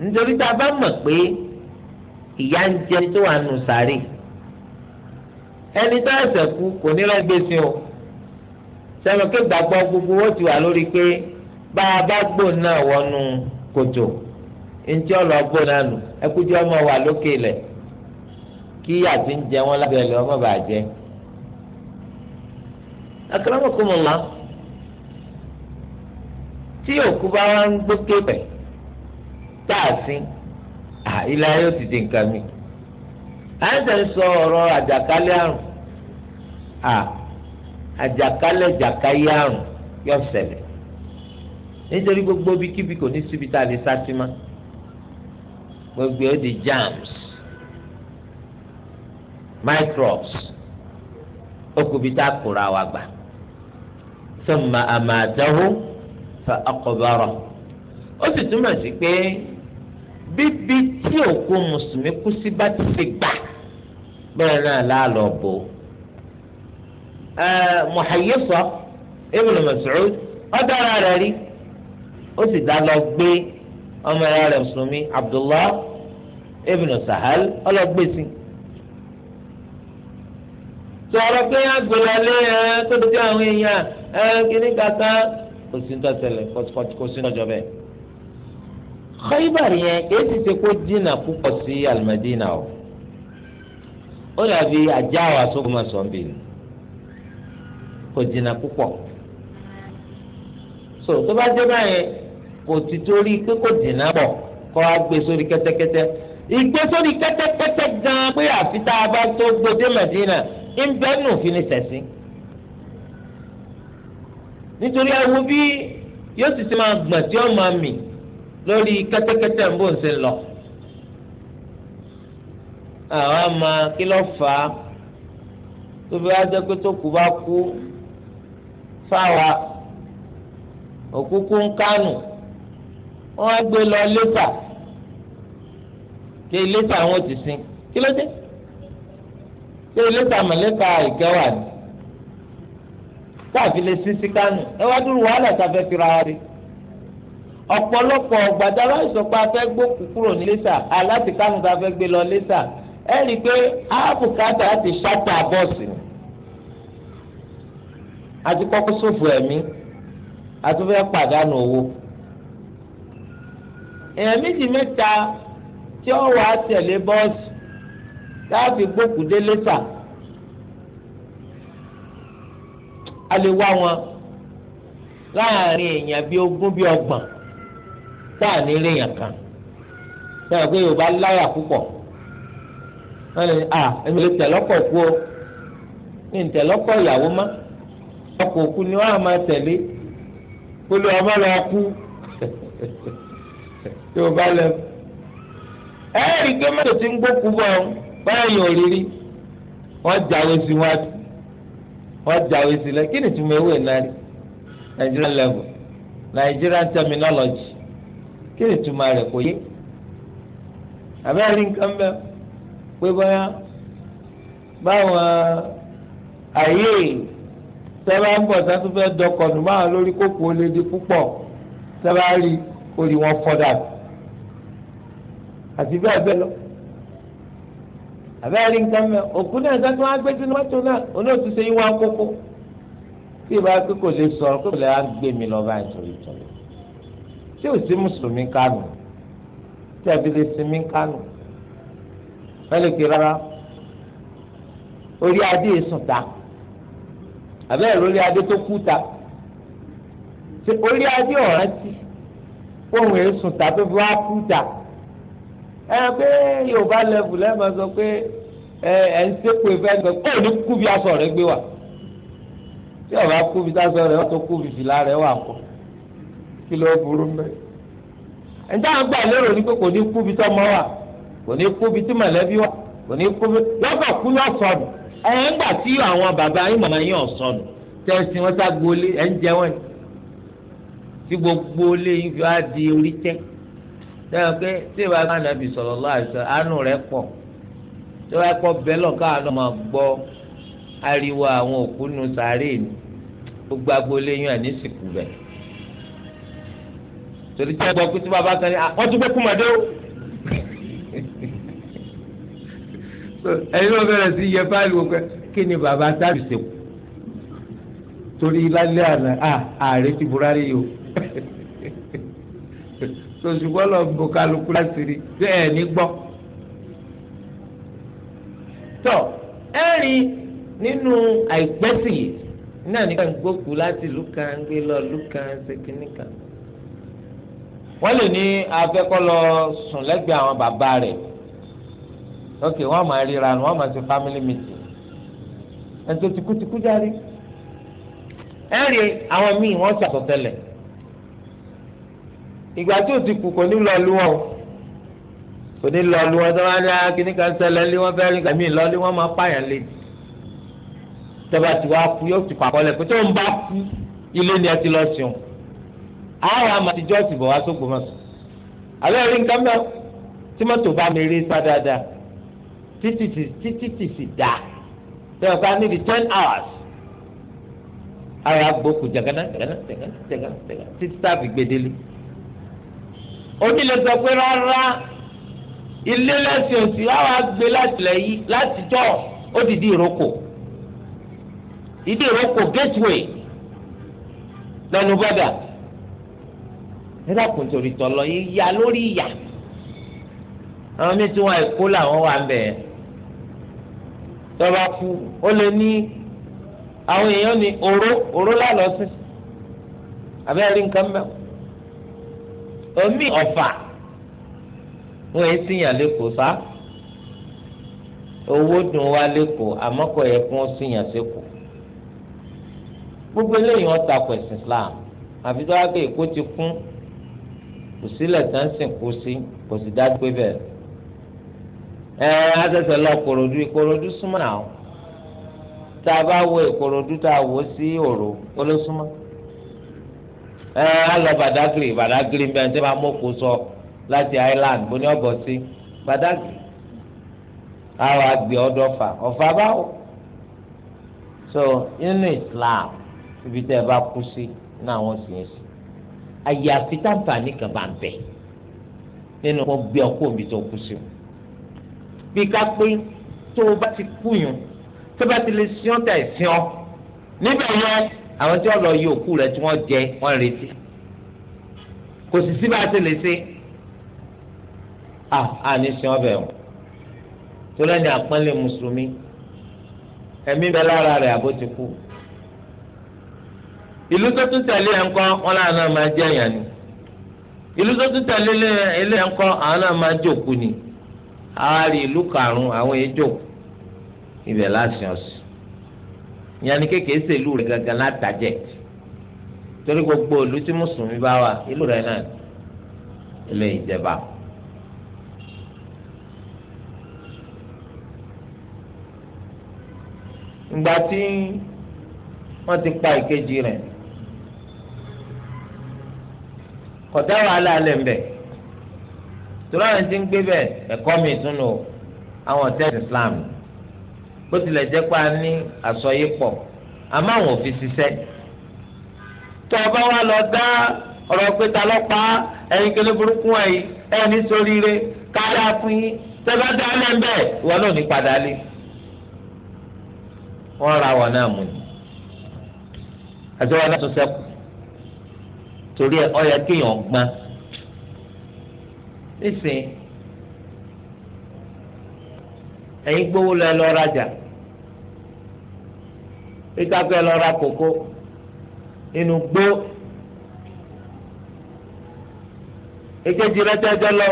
nítorí tá a bá mọ̀ pé ìyá ń jẹ tó wà nù sàárè ẹni tó ẹsẹ̀ kú kò ní rẹ́ gbèsè o sẹ́mi kí gbàgbọ́ gbogbo wọ́n ti wà lórí pé bá a bá gbò náà wọnú kòtò ntí ọlọ́gbò náà nù ẹkújẹ ọmọ wà lókè lẹ̀ kí àti ń jẹ wọn lábẹ́ ọmọ bàjẹ́ akọlọ́mọkùnmọ̀lá tí òkú bá wà ń gbókè pẹ̀ tá a sin. ilé ayé ò ti di nǹkan mi àyẹ̀sẹ̀ ń sọ ọ̀rọ̀ àjàkálẹ̀ àrùn àjàkálẹ̀ jàkáyé àrùn nítorí gbogbo bíkíbi kò ní síbi tá a lè sá sí gbogbo ó di germs microbes okùnbi tá a kóra wa gbà summa fa ó sì túmọ̀ bíbi tí òkú mùsùlùmí kú sí bá ti ṣe gbà bẹ́ẹ̀ náà láàlọ́ bò ẹ̀ Muhayyisa ibn Mas'ud ọ̀dára rẹ̀ rí ó sì dá lọ gbé ọmọ ẹ̀yà rẹ̀ mùsùlùmí Abdullah ibn Sahal ọlọ́gbèsì sọ̀rọ̀ pé agbèlélé ẹ̀ tó dojú àwọn èèyàn ẹ̀ kìnnìkan kan kò sí ń tọ́sẹ̀lẹ̀ kò sí ń tọ́jọ́ bẹ́ẹ̀. Khaybar yẹn kìí ti ṣe kó dínà púpọ̀ sí alimadina o ó dàbí ajá wa sókòmọ̀ sọ̀nbì kò dínà púpọ̀ so tó bá dé báyẹn kò ti torí pé kò dínà bọ̀ gan pé àfi tá a bá tó gbòdé madina ń bẹ́ẹ̀ nù fi ni sẹ̀sìn nítorí ẹ bí yóò sì ti máa gbọ̀n tí ó máa mì lórí kẹ́tẹ́kẹ́tẹ́ ń bò ń ṣe lọ. àwọn àmà kí ló fà á tó fi wá jẹ́ pé tó kù bá kú fáwa òkúkú ń kánù wọ́n á gbé lọ létà kí létà wọn ti sin kí ló dé ṣé létà mọ̀lẹ́ka ìkẹwà ni káàfin lè sin sí kánù ẹ wá dúró wàhálà tá a fẹ́ fi ra wa rí ọ̀pọ̀lọpọ̀ gbàdáwá ìsọ̀pá fẹ́ gbókù kúrò ní lẹ́sà aláti kánú ta fẹ́ gbé lọ lẹ́sà ẹ rí i pé áàbùkátà láti ṣáta bọ́ọ̀sì ni àti kọ́kọ́ ṣòfò ẹ̀mí àti fẹ́ pàdánù owó èèyàn méjì mẹ́ta tí ó wà á tẹ̀lé bọ́ọ̀sì láti gbókù dé lẹ́sà a lè wá wọn láàrin èèyàn bíi ogún bíi ọgbọ̀n. táà ní ilé yàn kan ya pé yorùbá láyà púpọ̀ wọ́n lè à èmi lè tẹ̀lọ́kọ̀ kú o ní tẹ̀lọ́kọ̀ ìyàwó má ọkọ̀ òkú ni wọ́n á máa tẹ̀lé olú ọmọ lọ kú yorùbá lẹ level kí lè túmọ̀ rẹ̀ kò yé àbẹ́rẹ́ rí nǹkan bẹ́ẹ̀ pé bóyá báwọn ayé sábà ń bọ̀ sátú fẹ́ dọkọ̀nù báwọn lórí kókó lè di púpọ̀ sábà rí orí wọn fọ́dà àti bẹ́ẹ̀ bẹ́ẹ̀ lọ àbẹ́rẹ́ rí nǹkan bẹ́ẹ̀ òkú náà sátú wọn gbé sínú mọ́tò náà onóòtú ṣe yín wọn kókó tí ìbá kókò lè sọ̀rọ̀ kókò lè á gbé mi lọ báyìí tí ò sí mùsùlùmí kánò tí àbí lè sinmi kánò mẹlẹkì rárá orí adé sùn ta àbẹ́rẹ́ orí adé tó kú ta ṣe orí adé ọ̀ràn tí ohun èsùn ta tó fi wá kú ta ẹ pé yorùbá lẹ́bù lẹ́ẹ̀ma sọ pé ẹ ẹ ń sépè fẹ́ẹ́ gbẹ kó ní kú bí aṣọ rẹ gbé wà tí ọba kú bí aṣọ rẹ wà tó kú bí fìlà rẹ wà kọ́ kí ló burú mẹ́. ẹ̀ńtà ń gbà lérò ní pé kò ní kú bí tọ́mọ wà kò ní kú bí tí mọ̀lẹ́bí wà kò ní kú bí yọkọ̀ kú yọ sọnù ẹ̀ ń gbà tí àwọn bàbá yín màmá yín ọ̀ sọnù tẹ̀sí wọn sá gbolé ẹ̀ ń jẹ wọn ni tí gbogbo lé yín fi wá di orí tẹ́ dáhùn pé tí ìwà bá nàbì sọ̀rọ̀ láàṣọ àánú rẹ̀ pọ̀ tí wọ́n kọ́ bẹ́lọ̀ káàánú máa gbọ́ ariwo àwọn òkú nu sàárè ni gbogbo agboolé yín àníṣìkú bẹ́ẹ̀ torí tí a gbọ́ pé tí bàbá kan ní ah, wọ́n tún gbé kúmọ̀dé o. ẹ̀yin náà bẹ̀rẹ̀ sí yẹ fáìlì wọn pé kí ni bàbá sábì ṣe kù torí lálẹ́ àná ah, ààrẹ ti buhari yìí o sọ̀sùgbọ́n lọ bọ kálukú láti rí bẹ́ẹ̀ ní gbọ́. tọ́ ẹ̀rín nínú àìpẹ́sì yìí náà nígbà gbókù láti lùkà ń gbé lọ lùkà ṣe kínní kan wọ́n lè ní afẹ́kọ́ lọ sùn lẹ́gbẹ̀ẹ́ àwọn bàbá rẹ̀ ok wọ́n máa ríra wọ́n máa ṣe family meeting ẹ̀tọ́ tìkútìkú járe ẹ̀rí àwọn míì wọ́n ṣàtọ̀tẹ̀lẹ̀ ìgbà tí ò ti kù kò ní lọ lú wọn kò ní lọ lú wọn tó wá ní ah, kíní kan lé wọn fẹ́ẹ́ rí kàmí lọ lé wọn máa pààyàn lé tọ́ba tí wàá kú yóò ti pàkọ́lẹ̀ pé tó ń bá kú ilé ni ẹ ti lọ sùn àyà àmàtijọ́ sì bọ̀ wá sóko mọ́tò àlọ́ rí nǹkan mẹ́wọ́ tí mọ́tò bá mi rí sá dáadáa títí títí sì dá tẹ́wọ́ ká níbi ten hours àyà gbókù jàgánná jàgánná jàgánná jàgánná títí tá a fi gbedele onílé sọ pé rárá ilé lẹ́sìn òsì àwọn àgbè látijọ́ ó dìdí ìrókò ìdí ìrókò gateway lẹ́nu bọ́dà nígbà kò torí tọlọ ya lórí ìyá àwọn míín tí wọn èkó làwọn wà ń bẹ tọba kú ó lè ní àwọn èèyàn ní oró oró lálọsí abẹ́rẹ́ nǹkan mẹ́ omi ọ̀fà wọn èyí sì yàn sá owó dùn wá lẹ́kọ̀ọ́ àmọ́ yẹ kó sì yàn gbogbo eléyìí wọn takò ẹ̀sìn Islam àfi tó wá pé èkó ti kún kò sílẹ̀ tán sìn kó sí kò sì dájú pé bẹ́ẹ̀ ẹ asẹsẹ lọ korodu ìkorodu súnmọ́ náà tá a bá wo ìkorodu tá a wò sí òru ó ló súnmọ́ ẹ alọ Badagry Badagry ń bẹ tí wọn mú sọ láti island bó ní sí Badagry àwọn àgbẹ̀ ọdọ ọfà ọfà báwo so inú Islam ibi tẹ ẹ bá kú sí náà wọn sì ń sìn àyàfi táǹfààní kan bá ń bẹ nínú kó gbé ọkọ òbí tó kú sí o bí ká pé tó o bá ti kú yùn tó bá ti lè sí ọ́n tà ẹ̀sìn ọ́ níbẹ̀ yẹn àwọn tí wọ́n lọ yí òkú rẹ̀ tí wọ́n jẹ wọ́n retí kò sì sí bá a ti lè ṣe à ní sin ọbẹ̀ o tó lẹ́ni àpọ́nlé mùsùlùmí ẹ̀mí bẹ lára rẹ̀ àbó ti kú ìlú tó tún tẹ̀lé ẹ̀ ńkọ́ wọn làwọn náà máa jẹ́ ẹ̀yàn ni ìlú tó tún tẹ̀lé ilé ẹ̀ ńkọ́ àwọn náà máa jòkú ni àárín ìlú karùn-ún àwọn èèjò ibẹ̀ láti ọ̀sìn ìyẹn ni kékeré ṣèlú rẹ̀ gangan látàjẹ́ torí gbogbo ìlú tí mùsùlùmí bá wà ìlú rẹ̀ náà ilé ìjẹba. ìgbà tí wọ́n ti pa ìkejì rẹ̀ kọ̀dá wàhálà alẹ́ ń bẹ̀ tóra àwọn tí ń gbé bẹ̀ ẹ̀kọ́ mi tún nù àwọn ọ̀tẹ́ Islam bó tilẹ̀ jẹ́ pé a ní àsọyé pọ̀ àmọ́ àwọn òfin ṣiṣẹ́ tó ọba wa lọ dá ọ̀rọ̀ pé ta lọ pa ẹ̀yin kele burúkú ẹ̀yin ẹni ṣoríire káyà fún yín tẹ́lá dá alẹ́ ń bẹ̀ ìwọ náà ní padà lé wọ́n ra wọn náà mú ni àti wọn náà tún sẹ́kù torí ẹ ọ yẹ kéèyàn gbọ́n nísìnyí ẹ̀yin gbowó lọ ẹ lọ rajà ìtàkùn ẹ lọ ra kòkó inú gbó èkejì rẹ tẹjọ lọ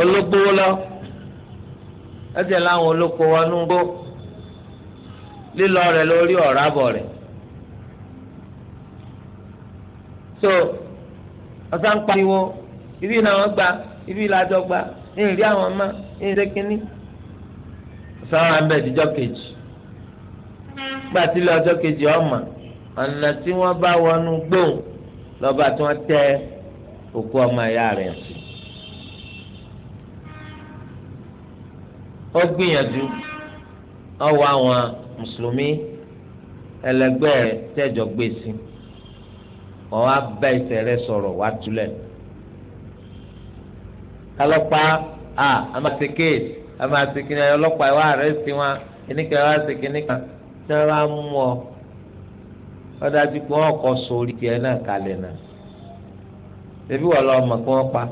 ológbówó lọ ẹsẹ láwọn olóko wọnú gbó lílọ rẹ lórí ọ̀rá bọ̀ rẹ̀. so ọ̀sán ń pariwo ibi náà wọ́n gba ibi ìlàjọ gba ní ìrí àwọn ọmọ ní ìrí kínní. ọ̀sán wa ń bẹ̀ díjọ́ kejì gbà sílẹ̀ ọjọ́ kejì ọmọ ọ̀nà tí wọ́n bá wọnú gbóhùn lọ́ba tí wọ́n tẹ òkú ọmọ ìyá rẹ̀ sí. ó gbìyànjú ọwọ́ àwọn mùsùlùmí ẹlẹgbẹ́ tẹ̀jọ́ gbé sí i. wọn wá bá ẹsẹ̀ rẹ̀ sọ̀rọ̀ wá a ọlọ́pàá wa rẹ sí wọn kìnnìkan wa sí kìnnìkan tí wọn bá mú ọ ọdájú pé wọn kọ sórí tiẹ̀ náà ebi wọn lọ pé wọn pa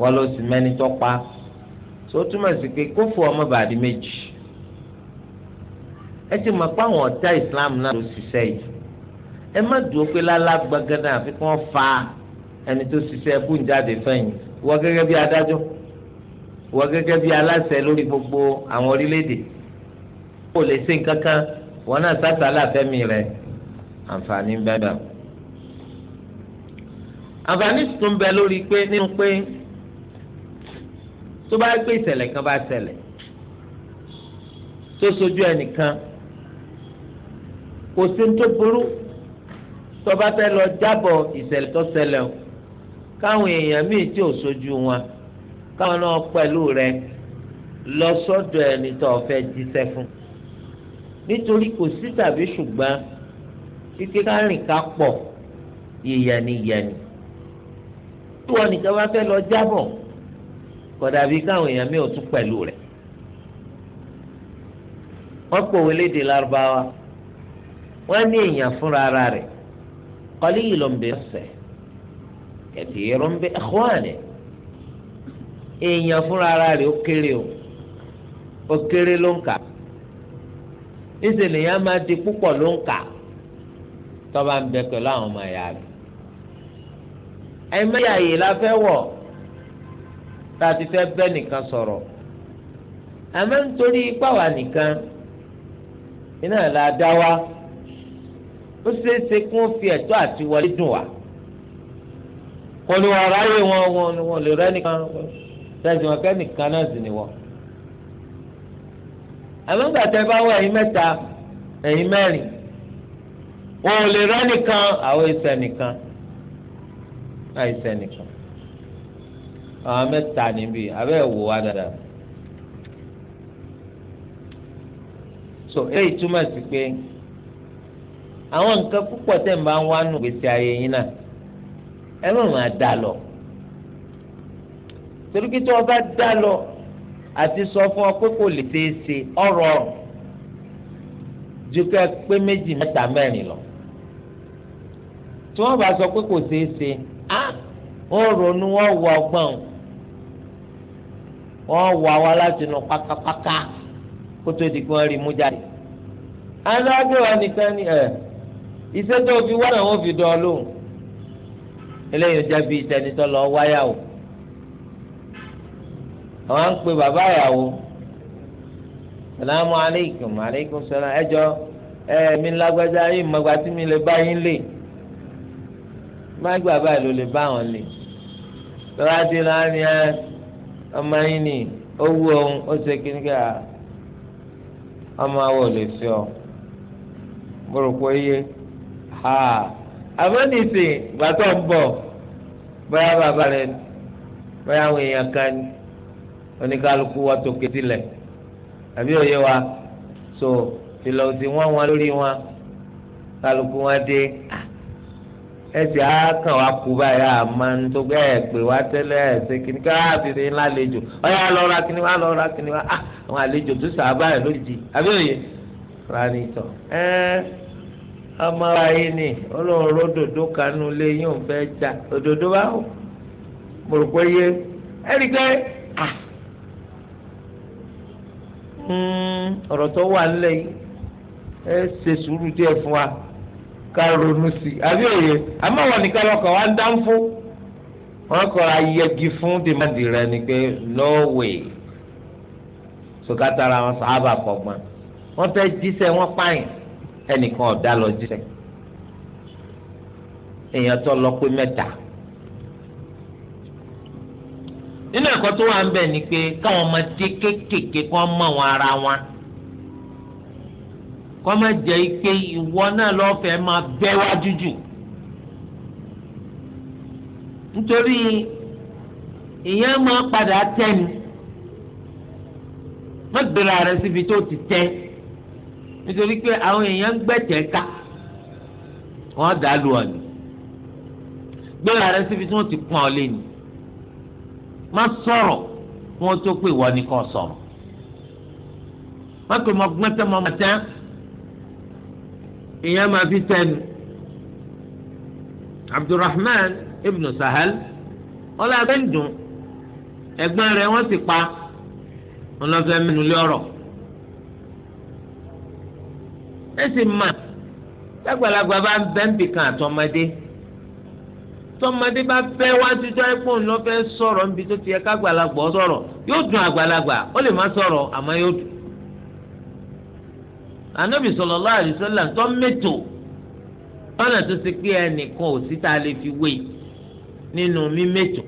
wọn lọ sí mẹni tó pa so túmọ̀ sí pé kófò ọmọ bàdí méjì ẹ ti mọ̀ pé àwọn ẹ má dùn ó pé lálá gbàgádà àfi kí wọ́n fa ẹni tó ṣiṣẹ́ ẹkún jáde fẹ̀yìn wọ́n gẹ́gẹ́ bí adájọ́ wọ́n gẹ́gẹ́ bí aláṣẹ lórí gbogbo àwọn orílẹ̀-èdè kò lè ṣe nǹkan kan wọ́n náà sátálà fẹ́mi rẹ̀ àǹfààní bẹ́ẹ̀ àǹfààní tó ń bẹ lórí pé nínú pé tó bá gbé ìṣẹ̀lẹ̀ kan bá ṣẹlẹ̀ tó sojú ẹnìkan kò sí ní tó burú tọba fẹ́ lọ jábọ̀ ìṣẹ̀lẹ̀ tó ṣẹlẹ̀ o káwọn èèyàn míì tí ò sojú wọn káwọn náà pẹ̀lú rẹ lọ sọ́dọ̀ ẹni tó fẹ́ jíṣẹ́ fún nítorí kò sí tàbí ṣùgbọ́n kíkẹ́ ká rìn ká pọ̀ yẹ̀yẹ̀niyẹ̀ni tí wọn nìkan bá fẹ́ lọ jábọ̀ kódà bíi káwọn èèyàn mi ò tún pẹ̀lú rẹ̀ wọ́n pòwe lédè lárúbáwá wọ́n ní èèyàn fúnra ara rẹ̀ قليل بنفسه كثير بإخوانه èèyàn fúnra ara rẹ̀ ó kéré o ó kéré ló ń kà ìṣẹ̀lẹ̀ yẹn máa di púpọ̀ ló ń kà tọ́ba ń bẹ pẹ̀lú àwọn ọmọ ẹ̀yà rẹ̀ ẹ̀mẹ́yà yìí la fẹ́ wọ̀ tá a ti fẹ́ bẹ́ nìkan sọ̀rọ̀ àmọ́ nítorí ipá wa nìkan iná la dá wa ó ṣeé ṣe kí wọ́n fi ẹ̀tọ́ àti wọlé dùn wá kò ní wọn ráyè wọn wọn ni wọn lè rẹ nìkan ṣẹ́yìn wọn kẹ́ nìkan náà sì ni wọn. àmọ́ ìgbà tẹ́ bá wọ ẹ̀yin mẹ́ta ẹ̀yin mẹ́rin wọn ò lè rẹ nìkan àwọn ìṣẹ̀ nìkan àìṣẹ̀ nìkan àwọn mẹ́ta níbí abẹ́ ẹ̀ wò wá so èyí túmọ̀ sí pé. àwọn nǹkan púpọ̀ tẹ̀ ń bá ń wá nù gbèsè ayé yín náà ẹ dà lọ torí kí tí wọ́n bá dà lọ àti sọ fún ọ pé kò lè ṣeé ṣe ọ̀rọ̀ ọ̀rùn ju kẹ́ pé méjì lọ tí wọ́n bá sọ pé kò ṣeé ṣe á wọ́n ronú wọ́n wọ ọgbọ́n wọ́n wọ àwa láti nu pákápáká kó tó di kí iṣẹ́ tó fi wá náà wọ́n fi dán ọ lóhùn eléyìí jẹ́ bíi tẹnitọ́ lọ wáyàwó àwọn à ń pe bàbá ìyàwó salamu aleykum aleykum salam ẹjọ ẹ mi lágbájá yìí mọgbà tí mi lè bá yín lè má gbà báyìí ló lè bá wọn lè tọ́lá ti láàrin ẹ ọmọ yín ni ó wú òun ó ṣe kíníkà ọmọ àwọn ò lè fi ọ mo rò pé yé àmọ́ nìsín gbàtọ́ ń bọ̀ bóyá bàbá rẹ ni bóyá àwọn èèyàn kan ni oníkálukú wa tó kétí lẹ̀ àbí òye wa so ìlọ òsì wọn wọn lórí wọn kálukú wọn dé ẹsẹ̀ àákàn wa kú báyìí àmọ́ nítorí ẹ̀ pé wá tẹ́lẹ̀ ẹ̀sẹ̀ kìnnì ká àfihàn ńlá àlejò ọ̀yà lọ́ra kìnnì wá lọ́ra kìnnì wá ah, àwọn àlejò tó sàbáyà lójijì àbí òye rani tọ̀ ẹ́ẹ́ amára yìí ni ọlọ́run ròdòdó kanú lé yóò fẹ́ jà òdòdó bá wò mo rò pé yé ẹnì pé à hmm, ọ̀rọ̀ tó wà nílẹ̀ yìí ẹ ṣe sùúrù díẹ̀ fún wa ká ronú sí i àbí òye àmọ́ wọn nìkan lọkọ̀ wá ń dá ń fún wọn kọ́ ayẹgi fún dèmádì rẹ ni pé norway sọkátara wọn sábà kọgbọn wọn fẹ́ jíṣẹ́ wọn pààyàn. ẹnìkan ọ̀dà lọ jíṣẹ́ èèyàn tó lọ pé mẹ́ta nínú ẹ̀kọ́ tó wà ń bẹ̀ ni pé káwọn ọmọdé kéékèèké kọ́ mọ̀ wọn ara wọn kọ́ má jẹ́ pé ìwọ náà lọ́fẹ̀ẹ́ máa bẹ́ wá jújù nítorí ìyẹn máa padà tẹ́ni má gbèrò ààrẹ síbi tó ti tẹ́ nítorí pé àwọn èèyàn ń gbẹ̀jẹ̀ ká wọ́n dá lu ọ̀nì gbéra rẹ síbi tí wọ́n ti pọ́n ọ lé ni má sọ̀rọ̀ kí wọ́n tó pè wọ́n ní kó sọ̀rọ̀ má pè mọ́ gbẹ́tẹ́ mọ́ màtẹ́ ìyẹn máa fi tẹnu Abdulrahman ibn Sahal ọlọ́ọ̀bẹ ń dùn ẹ̀gbọ́n rẹ̀ wọ́n sì pa ọlọ́fẹ́ mẹ́nu lé ọ̀rọ̀. ẹ mà lágbàlagbà bá bẹ ń kan àtọmọdé tọmọdé bá bẹ́ wájú tó ẹ̀pọ̀ ńlọ níbi tó ti yẹ kágbàlagbà sọ̀rọ̀ yóò dùn àgbàlagbà ó lè má sọ̀rọ̀ àmọ́ yóò dùn. ànábì sallallahu alaihi wasallam tó mẹ́tò lọ́nà tó ti pé ẹnìkan ò sí Ninu lè fi wé nínú mímẹ́tò.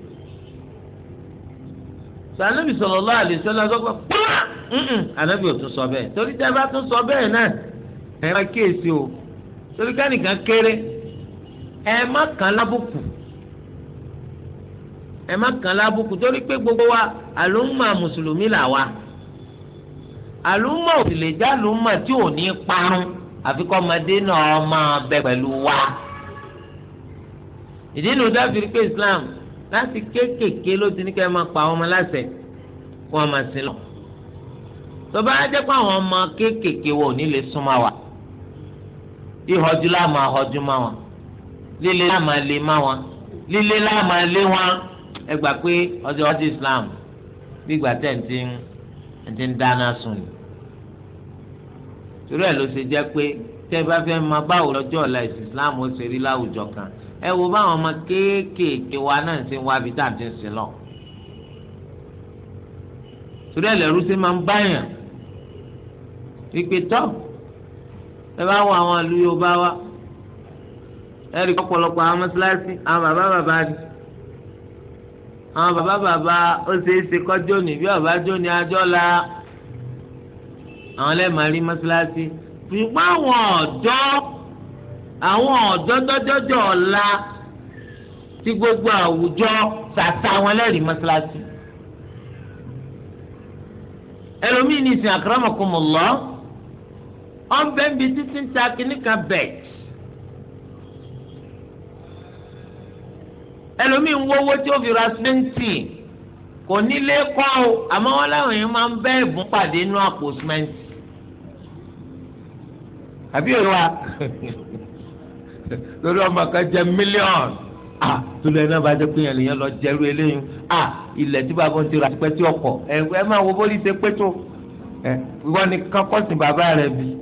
ànábì sallallahu alaihi wasallam tó sọ torí bá tún sọ náà ẹ máa kíyèsí o torí kánìkan kéré ẹ má kàn lábùkù ẹ má kàn lábùkù torí pé gbogbo wa àlùmọ̀ mùsùlùmí là wa àlùmọ̀ òsì lè já àlùmọ̀ tí ò ní parun àfi kọ́ ọmọdé náà máa bẹ pẹ̀lú wa ìdí nu dábìrì pé Islam láti kéékèèké ló ti ní kẹ́ ẹ máa pa àwọn ọmọ láṣẹ wọn máa sin lọ tọ́ba á pé àwọn ọmọ kéékèèké wọn ò ní lè súnmọ́ wa ìhọjú láàmú àhọjú má wọn líle láàmú àlè má wọn líle láàmú àlè wọn ẹ gbà pé ọjọ́ ọjọ́ Islam bí ìgbà tẹ̀ ń ti ń ti ń dáná sùn ni torí ẹ̀ ló ṣe jẹ́ pé tẹ́ ẹ bá fẹ́ máa báwo lọ́jọ́ ọ̀la ẹ̀sìn Islam ó ṣe rí láwùjọ kan ẹ wo báwọn ọmọ kéékèèké wa náà ń ṣe wá bí tá à ń ti lọ torí ẹ̀ lẹ́rú ṣe máa ń báyàn wípé tọ́pù ẹ bá wọ àwọn ìlú Yorùbá wa ẹ rí ọ̀pọ̀lọpọ̀ àwọn mọ́sálásí àwọn bàbá bàbá ni àwọn bàbá bàbá ó ṣeé ṣe kọjọ ní bí ọba jọ ní ajọ la àwọn lẹ́ẹ̀ma rí mọ́sálásí ṣùgbọ́n àwọn ọ̀dọ́ àwọn ọ̀dọ́ dọ́jọ́jọ́ ọ̀la tí gbogbo àwùjọ tàtà wọn lẹ́rìí mọ́sálásí ẹlòmíì ní ìsìn àkàràmọ̀kọ́mọ̀ lọ́ọ́ ọ̀nbẹ ń bi títí ń ta kíní kan bẹ́ẹ̀. ẹlòmíì ń wọ́wọ́ tí ó fi ra sìmẹ́ǹtì kò nílé kọ́ ọ àmọ́ wọn láwọn yẹn máa ń bẹ́ ẹ̀bùn pàdé inú àpò sìmẹ́ǹtì. àbí òye wa lórí ọmọ kan jẹ mílíọ̀nù a tolu ẹ náà bá jẹ pé yẹn lọ jẹrú eléyìí a ilẹ̀ tí bàbá ń tẹ̀rọ àti pẹ́tí ọkọ̀ ẹ máa wo bó ní ṣe pé tó ẹ ìwọ ni kankọ́sìn bàbá rẹ bíi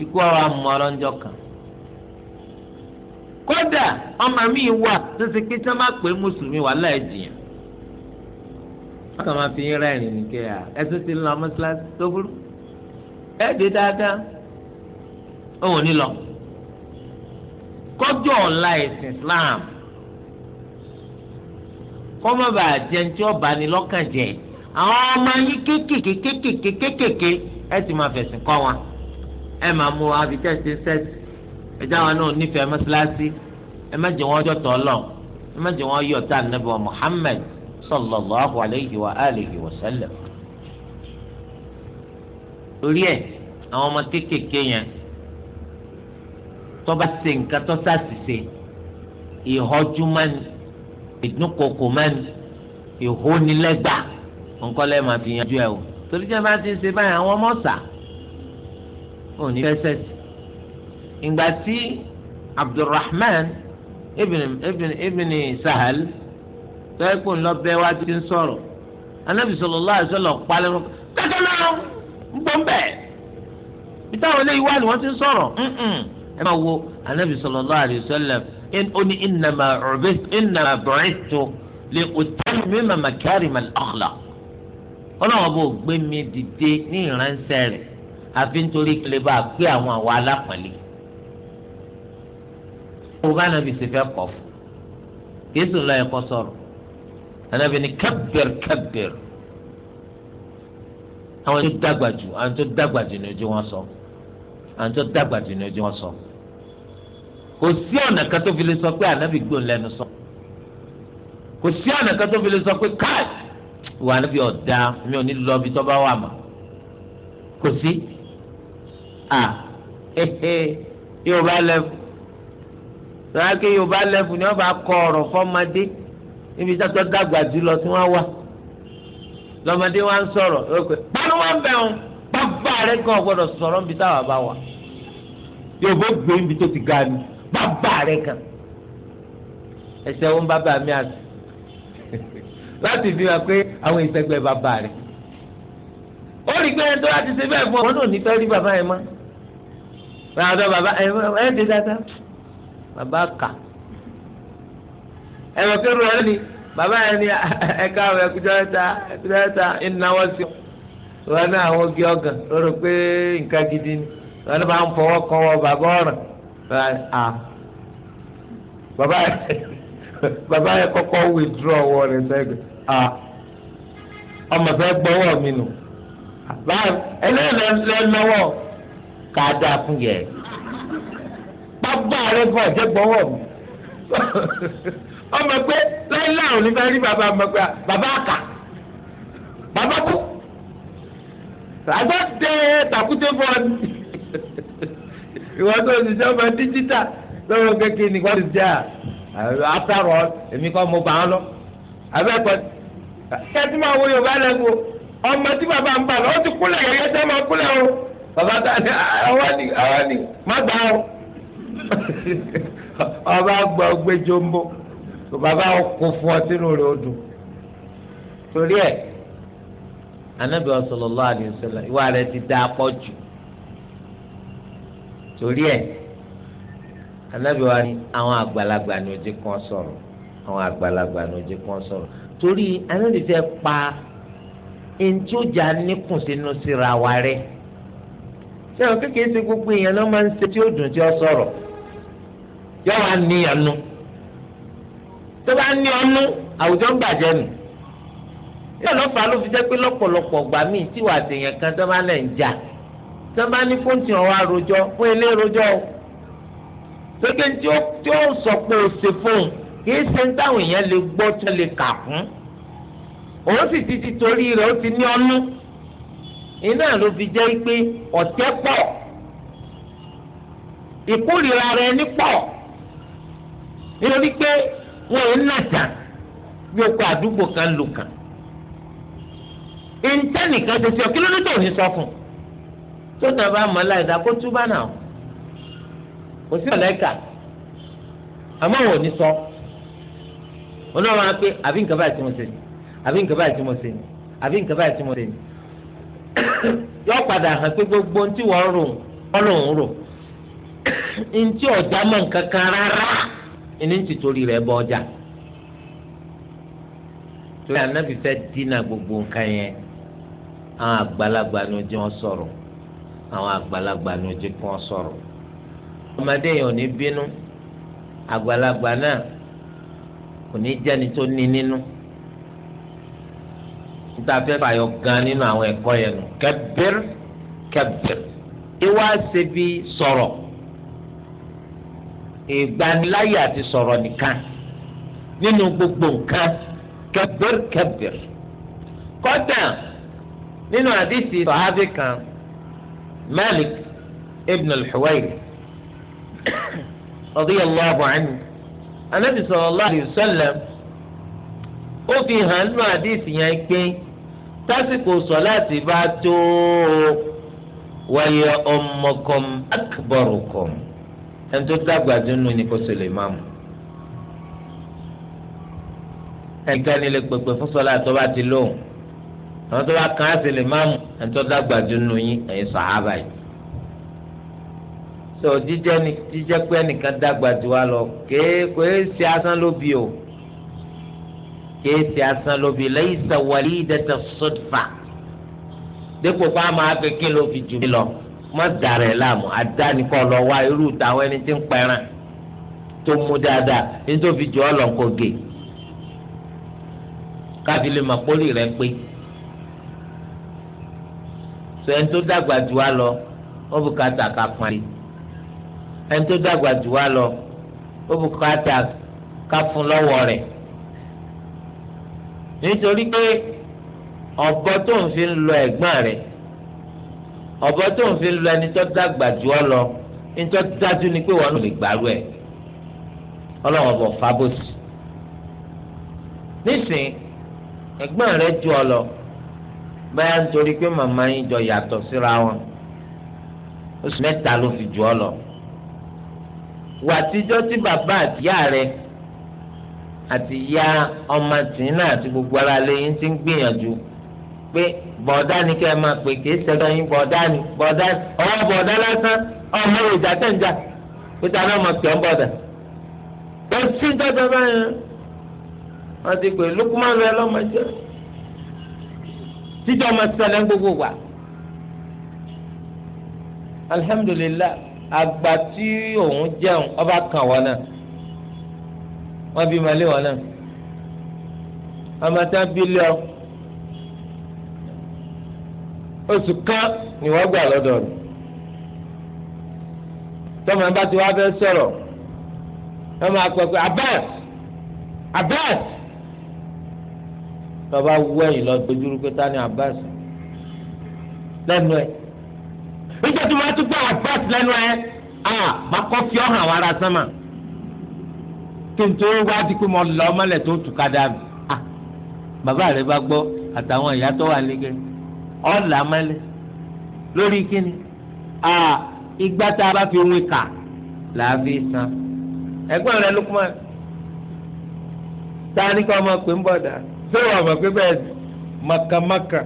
ikú ọ̀rọ̀ amú ọlọ́njọ́ kan kódà ọmọ mi wà tó ti pé sọ́mà pé mùsùlùmí wà láì jìyàn wọ́n kàn máa fi yín rẹ́rìn ní kẹ́ à ti ń lọ mọ́ṣáláṣí tó burú ẹ̀ dé dáadáa òun ò ní lọ kọjọ́ ọ̀la ẹ̀sìn Islam kọ́mọ̀bà jẹ́ntì ọba ni lọ́kàn jẹ́ àwọn ọmọ yín kéékèèké kéékèèké kéékèèké ẹ̀ ti máa fẹ̀sìn kọ́ wọn ẹ máa mú wa fi tẹ̀sí sẹ́ẹ̀sì ẹjọ́ àwọn náà nífẹ̀ẹ́ mọ́sálásí ẹ má jẹ́ wọn jọ tọ́ lọ ẹ má jẹ́ wọn yọ tá ànábì wa Muhammad sallallahu alayhi wa alihi wa sallam. torí ẹ àwọn ọmọ kéékèèké yẹn tọ́ba ṣe nǹkan tó ṣàṣìṣe ìhọ́jú mẹ́ni ìdúnkokò mẹ́ni ìhónilẹ́gbà nǹkan lẹ́ẹ̀ máa fi yanjú ẹ o torí jẹ́ bá ti ṣe báyìí àwọn ọmọ ọ̀sà òní fẹsẹ̀ sí ìgbà tí Abdulrahman ibn ibn ibn Sahal tọ́yẹ́ kó ńlọ bẹ́ẹ̀ wá ti ń sọ̀rọ̀ anabi sallallahu alaihi wasallam palẹ́ mọ́ kẹ́kẹ́ náà ń gbọ́n bẹ́ẹ̀ bí táwọn eléyìí wá ni wọ́n ti ń sọ̀rọ̀ ẹ máa wo anabi sallallahu alaihi wasallam ó ní innama bu'ithtu li utammima makarimal akhlaq ọlọ́wọ́n bò gbé mi dìde ní ìránṣẹ́ rẹ̀ àfi nítorí kílẹ̀ bá a gbé àwọn àwọn alápọ̀nlé wọn bá nàbì sì fẹ́ kọ̀ fún Jésù lọ ẹ̀kọ́ sọ̀rọ̀ ànàbì ni kabbir kabbir àwọn tó dàgbà jù àwọn tó dàgbà jù ní ojú wọn sọ àwọn tó dàgbà jù ní ojú wọn sọ kò sí ọ̀nà kan tó fi lè sọ pé ànàbì gbóhùn lẹ́nu sọ kò sí ọ̀nà kan tó fi lè sọ pé káàdì ìwà ànàbì ọ̀dà mi ò ní lọ ibi tó bá wà mà kò sí a à yorùbá lẹ́fù sọ́yàkì yorùbá lẹ́fù ni wọ́n bá kọ ọ̀rọ̀ fọ́mọdé níbi tí wọ́n dàgbà jù lọ tí wọ́n wà lọ́mọdé wa ń sọ̀rọ̀ ọ̀pẹ báwo wá ń bẹ̀ wọn bàbá rẹ kàn gbọ́dọ̀ sọ̀rọ̀ níbi táwa bá wà yorùbá gbé níbi tó ti ga ni bàbá rẹ kàn ẹsẹ̀ wọn bàbá mi àti láti fi hàn pé àwọn ìsẹ̀gbẹ̀ bàbá rẹ ó rí i pé ẹni tó bá ti ṣe bẹ́ẹ̀ fún ọ wọn náà ní fẹ́ rí bàbá yẹn mọ́. báyọ̀ dọ́ bàbá ẹ ẹ ti baba bàbá kà ẹ lọ kérò ẹ ní bàbá yẹn ní ẹ káwọ ẹ kújọ ẹ ta ẹ kújọ ẹ ta ẹ náwó sí àwọn ogi pé nǹkan gidi ni bá ń fọwọ́ kọ́ wọ bàbá ọ̀ràn bàbá bàbá kọ́kọ́ rẹ̀ sẹ́gbẹ̀ ọmọ fẹ́ gbọ́wọ́ mi ká dáa fún yẹ pápá rẹ fún ọjọ́ gbọ́wọ́ mi ọmọ pé láìláà òní bá rí bàbá ọmọ pé bàbá àkà bàbá kú àgbà dé tàkúté fún ọ ní ìwọ tó ti sọ ma díjítà lọ́wọ́ kékeré ní wọ́n ti jẹ́ after all èmi kọ́ mo bá ń lọ abẹ́kọ̀ kẹ́tí máa wo Yorùbá lẹ́nu ọmọ tí bàbá ń bà lọ́wọ́ ti kúlẹ̀ yẹ́yẹ́ sẹ́ máa kúlẹ̀ o bàbá ká ní ah, àwa ni àwa ni má gbà ó ọba gba ọgbẹ jombo bàbá kó fún ọ sínú rẹ ó dùn torí ẹ anabi sallallahu alaihi wasallam ìwà rẹ ti dá pọ̀ jù torí ẹ anabi wa ni àwọn àgbàlagbà ni ojú kan sọ̀rọ̀ àwọn àgbàlagbà ni ojú kan sọ̀rọ̀ torí anabi fẹ́ pa ẹni tí ó jà níkùn sínú síra wa rẹ sẹ́wọ̀n kékeré ṣe gbogbo èèyàn náà máa ń ṣe tí ó dùn tí ó sọ̀rọ̀ yọ wá ní ọnu tó bá ní ọnu àwùjọ ń bàjẹ́ nù yóò lọ́ fà á ló fi jẹ́ pé lọ́pọ̀lọpọ̀ gbà míì tí wàá tèèyàn kan tó bá lẹ̀ ń jà tó bá ní fóònù tí wọ́n wá rojọ́ fún ilé rojọ́ o tókè tí ó tí ó sọ pé o ṣe fóònù kì í ṣe ń táwọn èèyàn lè gbọ́ tó lè kà fún òun sì ti ti torí rẹ̀ ó ti ní ọnu. iná ló fi jẹ́ pé ọ̀tẹ̀ pọ̀ ìkórìíra rẹ ní pọ̀ nítorí pé wọn ò nàjà bí o àdúgbò kan lù kàn ìńtẹ́nìkan ṣe ṣe ọ kí ló dé tó sọ fún un tó náà bá mọ aláìsá kó túbà náà kò sí ọ̀lẹ́kà àmọ́ wọn ò yọ padà hàn pé gbogbo ntí wọn rò ọlọ́run rò ntí ọjà mọ̀ nkankan rárá ẹni ti torí rẹ bọ ọjà torí anabi fẹ́ dínà gbogbo nǹkan yẹn àwọn àgbàlagbà ni ojú wọn sọ̀rọ̀ àwọn àgbàlagbà ni ojú kan sọ̀rọ̀ ọmọdé yẹn ò níta fẹ́ fàyọ gan nínú àwọn ẹ̀kọ́ yẹn nù kẹbìr kẹbìr ìwà ṣẹbi sọ̀rọ̀ ìgbaniláyè àti sọ̀rọ̀ nìkan nínú gbogbo nǹkan kẹbìr kẹbìr kọ́tà nínú àdìsí sọ̀hábì kan Malik ibn al-Huwayri radiyallahu anhu anabi sallallahu alayhi wa sallam ó fi hàn nínú àdìsí yẹn pé tásìkò sọláàtì bá tó wáyé ọmọkọm akbọrùkọm ẹni tó dàgbà dúnú ni kò sì lè má mu. ẹnìkan ni lè pèpè fún sọláàtì tó bá ti lóhùn àwọn tó bá kàn á sì lè má mu ẹni tó dàgbà dúnú yín ẹ̀yin sàhábà yìí. sọ jíjẹ́ pé ẹnìkan dàgbà jù wá lọ kéé kò é ṣe asán ló o. So, kéésì asán lóbi lẹ́yìn sẹ̀wálì dẹ́tẹ̀ sọ́dfà dépò fún àmọ́ akékin ló fi jù mí lọ má dàrẹ̀ láàmú àdánikọ́ lọ wá irú tàwọn ẹni tí ń pẹran tó mú dáadáa nítorí jù ọ́ lọ kó gé káfí lè mọ̀ pólì rẹ̀ pé sọ tó dàgbà jù wá lọ ó bùkátà ká pọ́n ẹni tó dàgbà jù wá lọ ó bùkátà ká fún lọ́wọ́ rẹ̀ nítorí pé ọ̀bọ tó ń fi lọ ẹ̀gbọ́n rẹ̀ ọ̀bọ tó ń fi lọ ẹni tó dàgbà jù ọ lọ ẹni tó dájú ni pé wọn lè gbàrú ẹ̀ ọlọ́run ọ̀bọ̀ fábọ́sì nísìnyí ẹ̀gbọ́n rẹ̀ jù ọ lọ báyà nítorí pé màmá yín jọ yàtọ̀ síra wọn oṣù mẹ́ta ló fi jù ọ lọ wàtíjọ́ tí bàbá àtìyá rẹ̀ àti ya ọmọ tìǹà àti gbogbo ara lẹ́yìn tí ń gbìyànjú pé bọ̀dá ni kẹ́ ẹ máa pè kí sẹ́dọ̀ yín bọ̀dá ni bọ̀dá ọwọ́ bọ̀dá lásán ọmọ ìjà tẹ̀ǹjà pété àná ọmọ pè ọ́ bọ̀dà. ó sì ń dájọ́ báyìí wọ́n ti pè Lukman lọ lọ́mọ jẹ́ títí ọmọ ṣẹlẹ̀ ń gbogbo wa. alihamudulilayi àgbà òun jẹun ọba kan wọn náà. wọ́n bí malé wọn náà ọmọ tá oṣù ni wọ́n gbà lọ́dọ̀ rẹ̀ tọ́mọ bá ti wá fẹ́ sọ̀rọ̀ wọ́n máa pé lọ pé ta ni abẹ́ẹ̀t lẹ́nu ẹ̀ nígbà tí ti tontori wa di pé mo lọ ọmọlẹ tó tù ká dànù ah bàbá rẹ bá gbọ́ àtàwọn ìyá tó wà nígẹ ọlà mọlẹ lórí kíni ah ìgbà tá a bá fi wí kà là á fi san ẹ̀gbọ́n rẹ Lukman tá a ní ká ọmọ pé ń bọ̀ dà ṣé wàá mọ̀ pé bẹ́ẹ̀ makamaka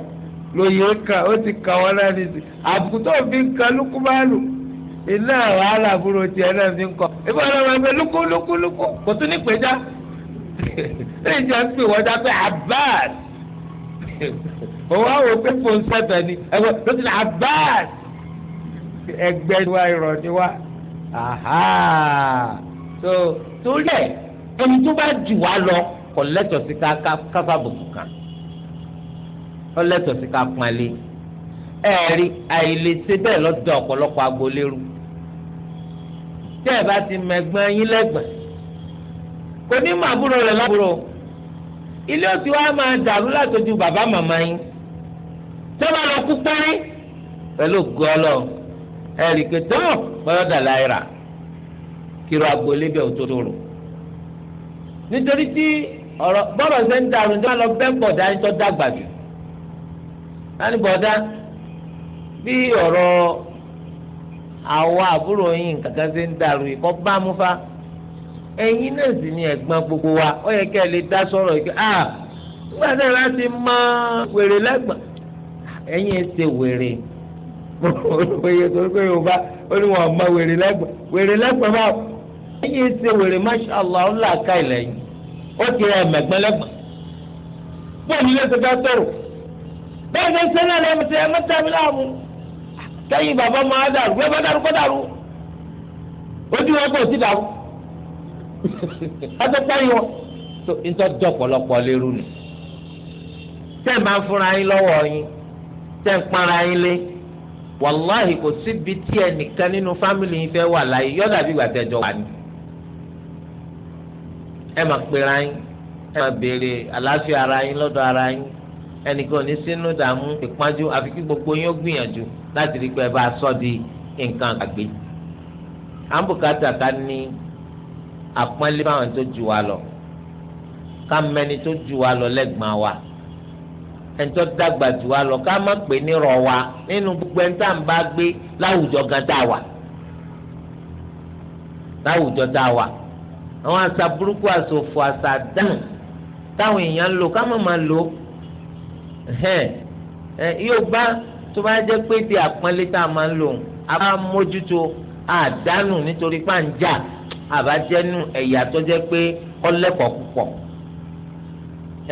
lóye ó kà ó ti kà wọ́n náà nìyí àbùkù tó fi ń kan Lukmanu iná wàhálà àbúrò tiẹ̀ náà fi ń kọ́ ebi wọn lọ́wọ́ ẹgbẹ́ lóko lóko lóko kò tún ní péjá ẹ̀yìn tí wọ́n ń pè wọ́n dá pé Abbas òun àwọn òpè fún sẹ́tọ̀ ni ẹgbẹ́ ló ti ní Abbas ẹgbẹ́ wa wá irọ́ ni wá so torí ẹ̀ ẹni tó bá jù wá lọ kò lẹ́tọ̀ọ́ sí ká káfábùkù kan ó lẹ́tọ̀ọ́ sí ká pọ́nlé ẹ̀rí àìlèsè bẹ́ẹ̀ lọ́dọ̀ ọ̀pọ̀lọpọ̀ agboolérú tẹ́ ẹ̀ bá ti mẹ̀gbọ́n yín lẹ́gbọ̀n kò ní mọ àbúrò rẹ̀ lábúrò ilé òsì wa máa dàrú látọjú bàbá màmá yín tó bá lọ kú pẹ́rí pẹ̀lú gọ́ọ̀lọ́ ẹ̀rì kẹtọ́ gbọ́dọ̀ láìra kíró agboolé bẹ́ẹ̀ òtòtò nítorí tí bọ́rọ̀ ṣe ń dàrú ní lọ bẹ́ẹ̀ bọ̀dá ní dàgbà jù láti bọ̀dá bí ọ̀rọ̀ àwa àbúrò yín kankan ṣe ń dàrú ikọ́ bá mú fa ẹ̀yin náà sì ni ẹ̀gbọ́n gbogbo wa ó yẹ kẹ́ ẹ lè dá sọ̀rọ̀ yìí à ah, nígbà náà láti mọ wèrè lẹ́gbọ̀n ẹ̀yin ẹ̀ ṣe wèrè olùkóyè torí pé yorùbá ó ní wọn mọ wèrè lẹ́gbọ̀n wèrè lẹ́gbọ̀n báwo ẹ̀yin ṣe wèrè mashallah ó là ká ilẹ̀ yìí ó ti rẹ̀ mẹ̀gbọ́n lẹ́gbọ̀n bóun ni ló ti bá tọ̀rọ̀ bẹ́ẹ̀ ni sẹ́lẹ̀ sẹ́yìn bàbá máa dàrú bí wọ́n bá dàrú kó dàrú ojú wọn kò sí dàrú adọ́pá yìí wọ́n tó ìtọ́jọ́ pọ̀lọpọ̀ lérú nù tẹ́ ẹ̀ máa fúnra yín lọ́wọ́ yín tẹ́ ẹ̀ ń yín lé wàláhì kò síbi tí ẹnìkan nínú fámìlì yín fẹ́ wà láyé yọ́dà bí gbàtẹ́jọ́ wà ní. ẹ máa pera yín ẹ máa béèrè àlàáfíà ara yín lọ́dọ̀ ara yín ẹnìkan ní sínú dààmú ìpájú àfi kí gbogbo yín ó gbìyànjú láti rí pé ẹ bá a sọ di nǹkan àgbè. à ń bùkátà ká ní àpọ́nlé báwọn tó ju wa lọ ká mẹ́ni tó ju wa lọ lẹ́gbọ̀n wa ẹni tó dàgbà ju wa lọ ká má pè ní rọ̀ wa nínú gbogbo ẹni tá à ń bá gbé láwùjọ gan tá a láwùjọ tá a àwọn àṣà burúkú àṣòfò àṣà dáhùn táwọn èèyàn lò ká má máa lò ó yóò bá tó bá jẹ́ pé bí àpọ́nlé tá a máa ń lò a bá mójútó àdánù nítorí pàǹjà àbájẹ́nu ẹ̀yà tó jẹ́ pé ọlẹ́kọ̀ọ́ púpọ̀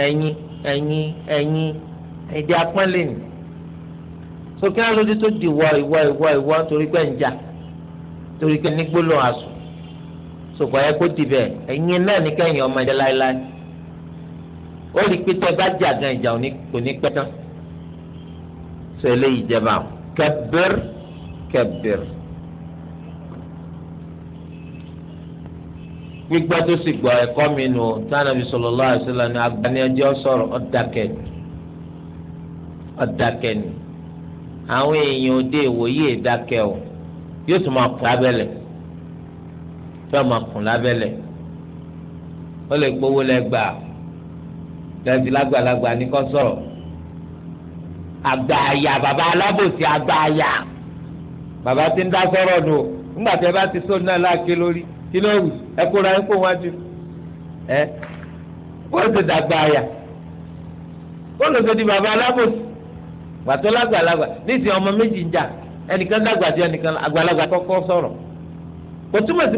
ẹ̀yin ẹ̀yin ẹ̀yin ni sókè alójú tó di wọ ìwọ ìwọ ìwọ torí torí pé nígbó lọ kó ẹ̀yin náà ní kẹ́yìn ọmọdé ó rí i pé tẹ́ bá jà gan ìjà kò ní pẹ́ tán sọ eléyìí jẹba kẹbìr kẹbìr gbígbọ́ tó sì gbọ́ ẹ̀kọ́ mi nù tánàbí sallallahu alaihi wasallam ní agbaniẹjọ́ sọ̀rọ̀ ọ̀dàkẹ́ni ọ̀dàkẹ́ni àwọn èèyàn òde ìwòye ìdákẹ́ o yóò tún máa kún lábẹ́lẹ̀ yóò máa kún lábẹ́lẹ̀ ó lè gbowó lẹ́gbàá lẹ́bi lágbàlagbà ní kọ́ sọ̀rọ̀ àgbààyà bàbá alábòsí àgbààyà bàbá ti ń dá sọ̀rọ̀ nù ńgbà tẹ bá ti sóònù náà láàké lórí kí ló wù ẹ kóra ẹ kó wájú ẹ dị ti dàgbà àyà wọ́n lọ di bàbá alábòsí gbàtọ́ lágbàlagbà ọmọ méjì ń jà ẹnìkan dàgbà jù ẹnìkan àgbàlagbà kọ́kọ́ sọ̀rọ̀ kò túmọ̀ sí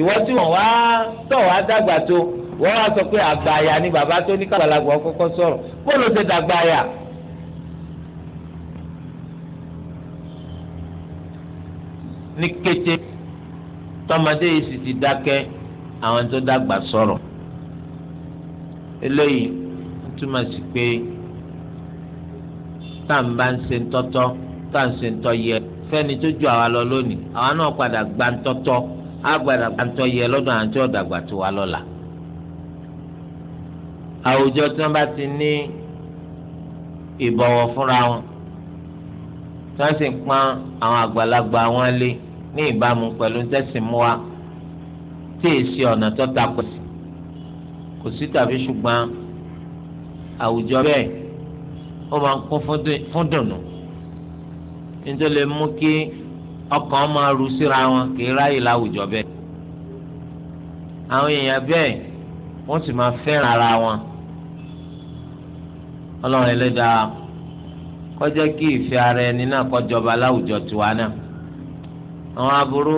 ìwọ tí wọn wá tọ̀ wá dàgbà tó wọ́n wá sọ pé àgbàyà ni bàbá tó ní kàgbàlagbà kọ́kọ́ sọ̀rọ̀ bóòlù ti dàgbàyà. ní kété tọmọdé yìí sì ti dákẹ́ àwọn tó dàgbà sọ̀rọ̀ eléyìí túmọ̀ sí pé tá à bá ń ṣe tọ́tọ́ tá à ń tọ́ yẹ fẹ́ni tó ju àwa lọ lónìí àwa náà padà gbá ń tọ́tọ́ agbada àǹtọ yẹ lọ́dọ̀ àǹtọ dàgbà tó wa lọ́la àwùjọ tí wọ́n bá ti ní ìbọ̀wọ̀ fúnra wọn tí wọ́n sì ń pọ́n àwọn àgbàlagbà wọn lé ní ìbámu pẹ̀lú tẹ̀sìn mú wa tí èsì ọ̀nà tó ta kò sí kò sí tàbí ṣùgbọ́n àwùjọ bẹ́ẹ̀ ó máa ń kún fún dùnú nítorí mú kí ọkàn máa ru síra wọn kì í ráyè láwùjọ bẹ́ẹ̀ àwọn èèyàn bẹ́ẹ̀ wọ́n sì máa fẹ́ràn ara wọn ọlọ́run ẹlẹ́dàá kọjá kí ìfẹ́ ara ẹni náà kọjọba láwùjọ tiwa náà àwọn aburú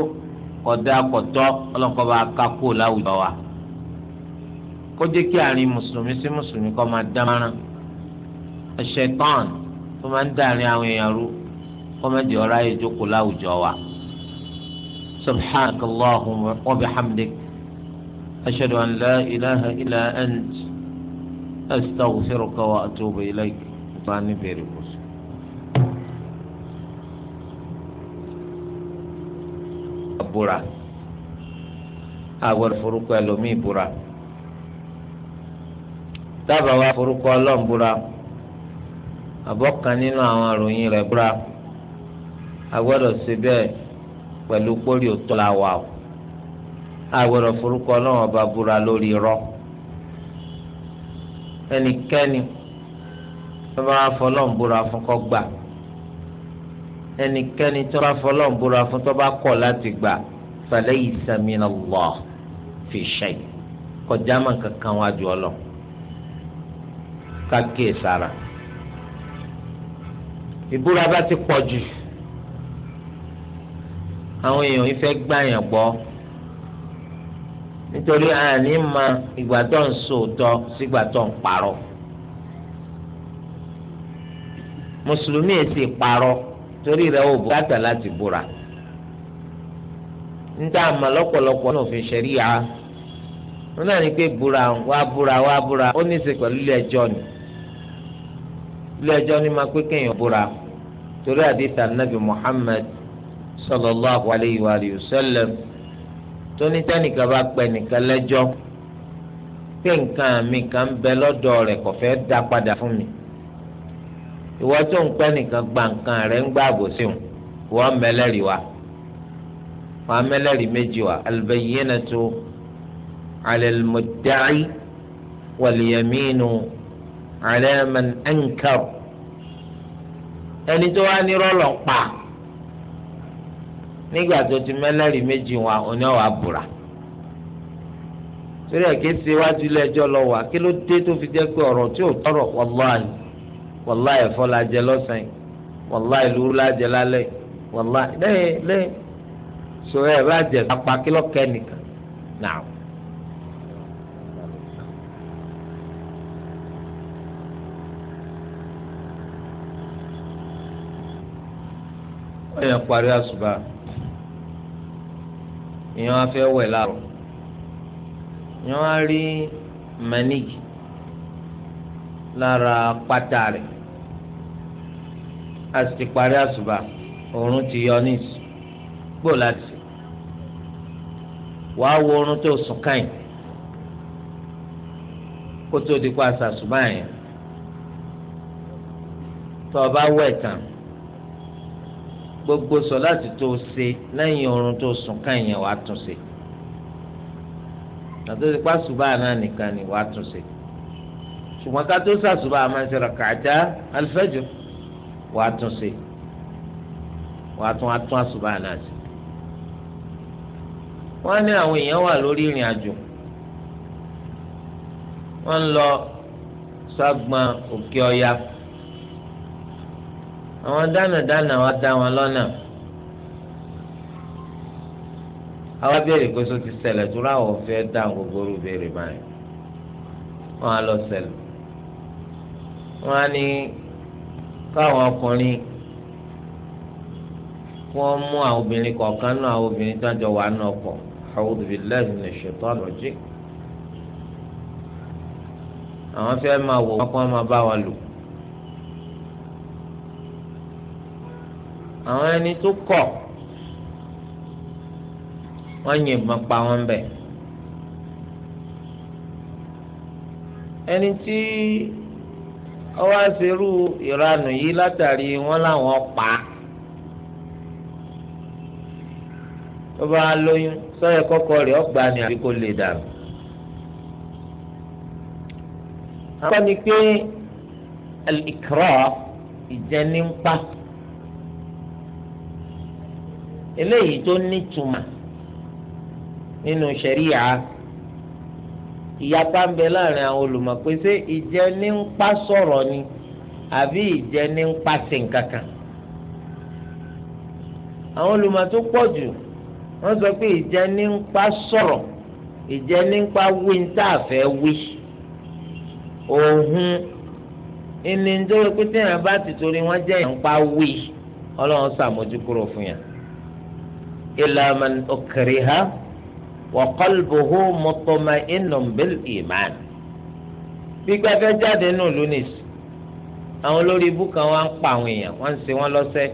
kọ̀dá kọ̀tọ́ ọlọ́nkọ́ba kákó láwùjọ wa kọjá kí àárín mùsùlùmí sí mùsùlùmí kọ́ máa dámárán ẹ̀ṣẹ̀ tán tó máa ń dàrin àwọn èèyàn rú kọ́mẹ́dì ọ̀rá yìí jókòó láwùjọ wa. سبحانك اللهم وبحمدك أشهد أن لا إله إلا أنت أستغفرك وأتوب إليك فاني بيركوس búra agbọ́dọ̀ forúkọ ẹlòmíì búra dábàá wa forúkọ Ọlọ́run búra àbọ̀kan nínú àwọn àròyìn rẹ̀ búra agbọ́dọ̀ ṣe bẹ́ẹ̀ pẹ̀lú pórí òtọ́ la wà o agbọ́dọ̀ forúkọ Ọlọ́run ọba búra lórí irọ́ ẹnikẹ́ni tó bá fọlọ́n búra fún kó gbà ẹnikẹ́ni tó bá fọlọ́n búra fún tó bá kọ̀ láti gbà falaysa minallah fi shay kọjá mọ́ kankan wájú Ọlọ́run ká kíyèsára ìbúra bá ti pọ̀ jù. àwọn èèyàn yìí fẹ́ gbàyàn gbọ́ nítorí àní ma ìgbà tó ń sòótọ́ sígbà tó ń parọ́ mùsùlùmí èsì parọ́ torí rẹ̀ ò gàtà láti búra níta àmà lọ́pọ̀lọpọ̀ náà fi ṣẹ̀ríya wọn náà ní pé búra wá búra wá búra ó ní í ṣe pẹ̀lú ilé ẹjọ́ ni ilé ẹjọ́ ni máa pé kéèyàn búra torí àdìsá nàbì muhammed. sallallahu alayhi wa sallam tó ní tẹ́nìkan bá pẹ́ nìkan lẹ́jọ́ pé nǹkan mi kan ń bẹ lọ́dọ̀ rẹ̀ kò fẹ́ dá padà fún mi ìwọ tó ń pẹ́ nìkan gba nǹkan rẹ̀ ń gbà bò sí òun wọ́n mẹ́lẹ́rìí wa wọ́n mẹ́lẹ́rìí méjì wa albayyinatu ala al-mudda'i wal ẹni tó wá ní rọ́lọ́ pa. nígbà tó ti mẹ́lẹ́rìí méjì wọn òní ọ̀ torí ẹ̀ kí ṣe wájú ilé ẹjọ́ lọ wà kí ló dé tó fi jẹ́ pé ọ̀rọ̀ tí ò tọrọ̀ wàláì wàláì ẹ̀fọ́ la jẹ lọ́sàn-án wàláì lúrú la jẹ lálẹ́ wàláì lẹ́yìn lẹ́yìn sọ ẹ̀ bá jẹ apá ìyẹn wá fẹ́ wẹ̀ láàrọ̀ ìyẹn wá rí mani lára pátá rẹ̀ a sì ti parí àsùbà oòrùn ti yọ ní gbò láti wàá wo oorun tó sùn káyìn kó tó di pa àsàsùbà yẹn tó o bá wẹ̀ tán gbogbo sọláàtì tó ṣe lẹ́yìn oorun tó sùn káyìn wàá tún ṣe àtúnṣe pàṣùbà náà nìkan ni wàá tún ṣe ṣùgbọ́n ká tó ṣàṣùbà máa ń ṣe ràkàtà alifẹ́jọ wàá tún ṣe wàá tún atún àṣùbà náà ṣe. wọ́n ní àwọn èèyàn wà lórí ìrìn àjò wọ́n ń lọ ságbọn òkè ọya àwọn dánàdánà wa dá wọn lọ́nà àwọn béèrè pé sọ ti ṣẹlẹ̀ tó ráwọ̀ fẹ́ dá gbogbo orú béèrè báyìí wọ́n á lọ ṣẹlẹ̀ wọ́n á ní káwọn ọkùnrin kí wọ́n mú àwọn obìnrin kọ̀ọ̀kan náà àwọn obìnrin tó ń jọ wà nù ọkọ̀ a'udhu billahi minash shaitani rajim àwọn fẹ́ máa wò wọ́n kí wọ́n máa bá wọn lò. àwọn ẹni tó kọ̀ wọ́n yìnbọn pa wọ́n bẹ̀. ẹni tí ọwọ́ àṣírù ìranù yìí látàrí wọn làwọn pa á. tó bá lóyún sọ́yẹ kọ́kọ́ rẹ̀ ọgbà ni àbí kò lè dàrú. akọ́ni pé ìkírọ̀ ìjẹni ń pa eléyìí tó nítumọ̀ nínú ṣẹ̀ríyà ìyapa ń bẹ láàrin àwọn olùmọ̀ pé ṣé ní ń pa sọ̀rọ̀ ni àbí ìjẹ ní ń pa sí nǹkan kan àwọn olùmọ̀ tó pọ̀ jù wọ́n sọ pé ìjẹ ní ń pa sọ̀rọ̀ ìjẹ ní ń pa wí ní tá a fẹ́ wí òhun ìní nítorí pé téèyàn bá ti torí wọ́n jẹ́ ìyàn ń pa wí ọlọ́run ṣàmójúkúrò fún yàn illa من ukriha وقلبه مطمئن بالإيمان. bil iman. gbígbà fẹ́ jáde nù lunis àwọn olórí ibú kan wá ń pa àwọn èèyàn wọ́n ń ṣe wọ́n lọ́sẹ̀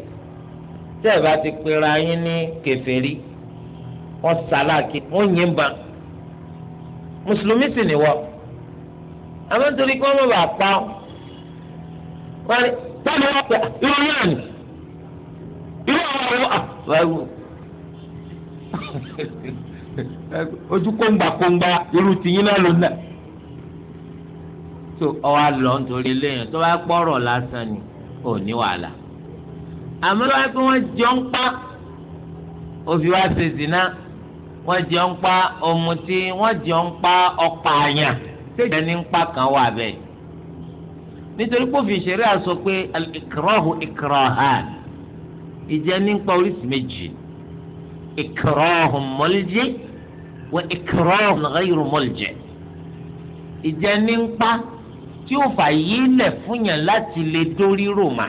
tẹ́ ẹ̀ bá ti pera yín ní kèfèrí wọ́n sàlákì wọ́n yín ba mùsùlùmí sì ni wọ́ àmọ́ nítorí kí wọ́n mọ̀ bá pa ọ́ wọ́n ní táwọn ọ̀pẹ ìròyìn àná ìròyìn àwọn ọ̀pẹ ojú kóńgbà kóńgbà irú tìyín náà ló ná so ọwọ́ àlọ́ nítorí eléyàn tó bá pọ̀rọ̀ lásán ni ò ní wàhálà àmọ́ lọ́wọ́ pé wọ́n jọ ń pa òfin wa ṣe zina wọ́n jọ ń pa ọ̀mùtí wọ́n jọ ń pa ọ̀pààyàn tẹ́jọ́ ní ń pa kan wà bẹ́ẹ̀ nítorí pé òfin ìṣeré àsọ pé ìkìrọ̀hù ìkìrọ̀hàn ìjẹ́ ní ń pa oríṣi méjì إكراه ملجئ وإكراه غير ìjẹni ń pa tí ó fà yí fún yàn láti lè dórí roma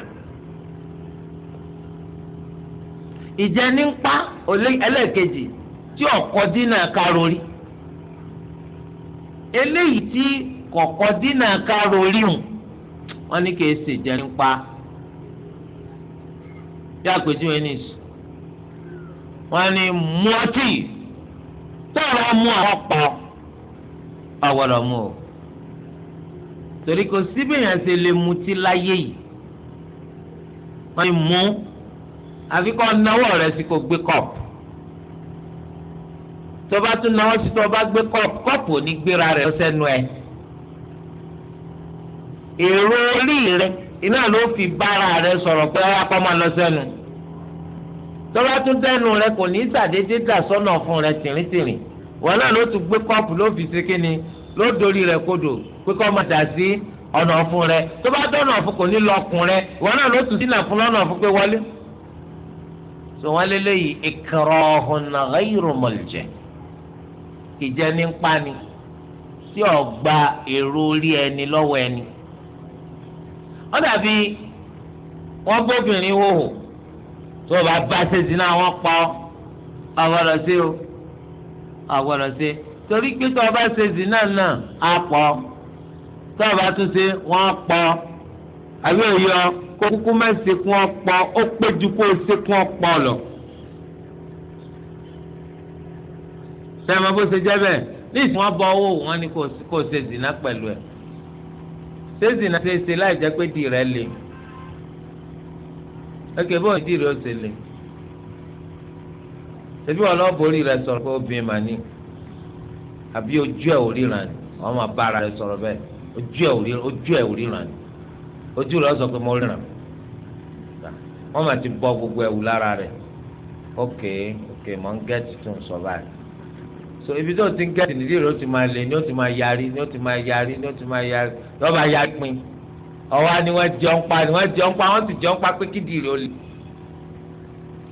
ìjẹni ń pa ẹlẹ́ẹ̀kejì tí ọkọ dínà károri eléyìí tí kọ̀kọ́ dínà károri hùn wọ́n ni kì í bí àpèjúwe wọ́n ní mu ọtí tọrọ mu àwọn pọ ọwọlọ mu o torí kò síbi yẹn ṣe lè mutí láyé yìí wọ́n ní mu àfi kọ́ náwó rẹ̀ sí kò gbé kọ́ọ̀pù tó bá tún náwó sí tó bá gbé kọ́ọ̀pù kọ́ọ̀pù ò ní gbéra rẹ̀ lọ́sẹ̀nu ẹ̀ èrò orí rẹ̀ iná ló fi bára rẹ̀ sọ̀rọ̀ pé ọ̀yà kọ́ máa lọ sẹ́nu. tọ́lá tún rẹ kò ní sàdédé dà sọ́nà ọ̀fun rẹ tìrìntìrìn wọn náà ló tún gbé kọ́ọ̀pù ló fi ṣe kíni ló dorí rẹ kodò pé kọ́ dà rẹ tó bá kò ní rẹ wọn náà ló tún fún lọ́nà ọ̀fun pé wọlé. sọ wọn lé léyìí ni èrò ẹni lọ́wọ́ ẹni. dàbí wò tó o bá bá ṣe zina wọn pa ọ àwọ̀rọ̀ sí o àwọ̀rọ̀ sí torí pé tó o bá ṣe zina náà á pọ̀ tó o bá tún ṣe wọn pọ̀ àbí òye ọ kó kúkú má ṣe kún ọ pọ̀ ó pé ju kó o ṣe kún ọ pọ̀ lọ. sẹ́mi bó ṣe jẹ́ bẹ́ẹ̀ ní ìsìn wọn bọ owó wọn ni kò ṣe zina pẹ̀lú ẹ̀ ṣé zina ṣe é ṣe láì jẹ́ pé di rẹ̀ lè ẹkẹ bó ìdí rẹ ó ṣe lè ebi wọn lọ borí rẹ sọ̀rọ̀ pé obìnrin mà ní àbí ojú ẹ ò ríran ni wọn máa bá ara rẹ sọ̀rọ̀ bẹ́ẹ̀ ojú ẹ ò ríran ojú ẹ ò ríran ni ojú rẹ sọ pé mo ríran wọn máa ti bọ gbogbo ẹ̀wù lára rẹ ok ok mọ n gẹẹti tó ń sọ báyìí so ibi tó ti ń gẹẹti nídìí rẹ ó ti máa lè ní ó ti máa yarí ní ó ti máa yarí ní ó ti máa yarí lọ́ba yarí pin ọwọ́ ni wọ́n jọ ń pa ni wọ́n jọ ń pa wọ́n sì jọ ń pa pé kídìí rẹ̀ ó lè.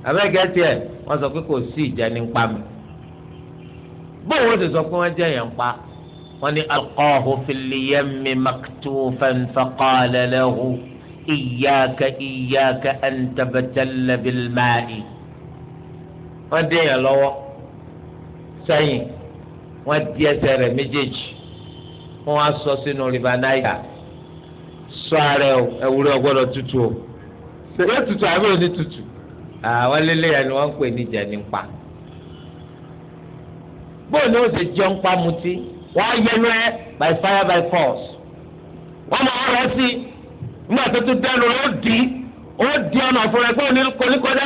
àbẹ́gẹ́ tiẹ̀ wọ́n sọ pé kò sí ìjà ní pa mi. bóun ó sì sọ pé wọ́n jẹ́ yẹn ń pa wọ́n ní alqahu fil-yammi maktufan faqala lahu iyyaka wọ́n dé yẹn lọ́wọ́ sẹ́yìn wọ́n di ẹsẹ̀ rẹ̀ méjèèjì wọ́n á sọ sínú rìbá náírà. sọ ara ewuru ewúrẹ́ ọgbọ́dọ̀ tutu o ṣèlè tutù àbí òní tutù àwọn lélẹ̀ yẹn ni wọ́n ń pè ní jẹ̀nipa ni ó ṣe jẹun pa mutí wọ́n by fire by force wọ́n máa rẹ̀ sí nígbà tó tún dẹnu ó dì ó di ọ̀nà fúnra kọ́níkọ́dá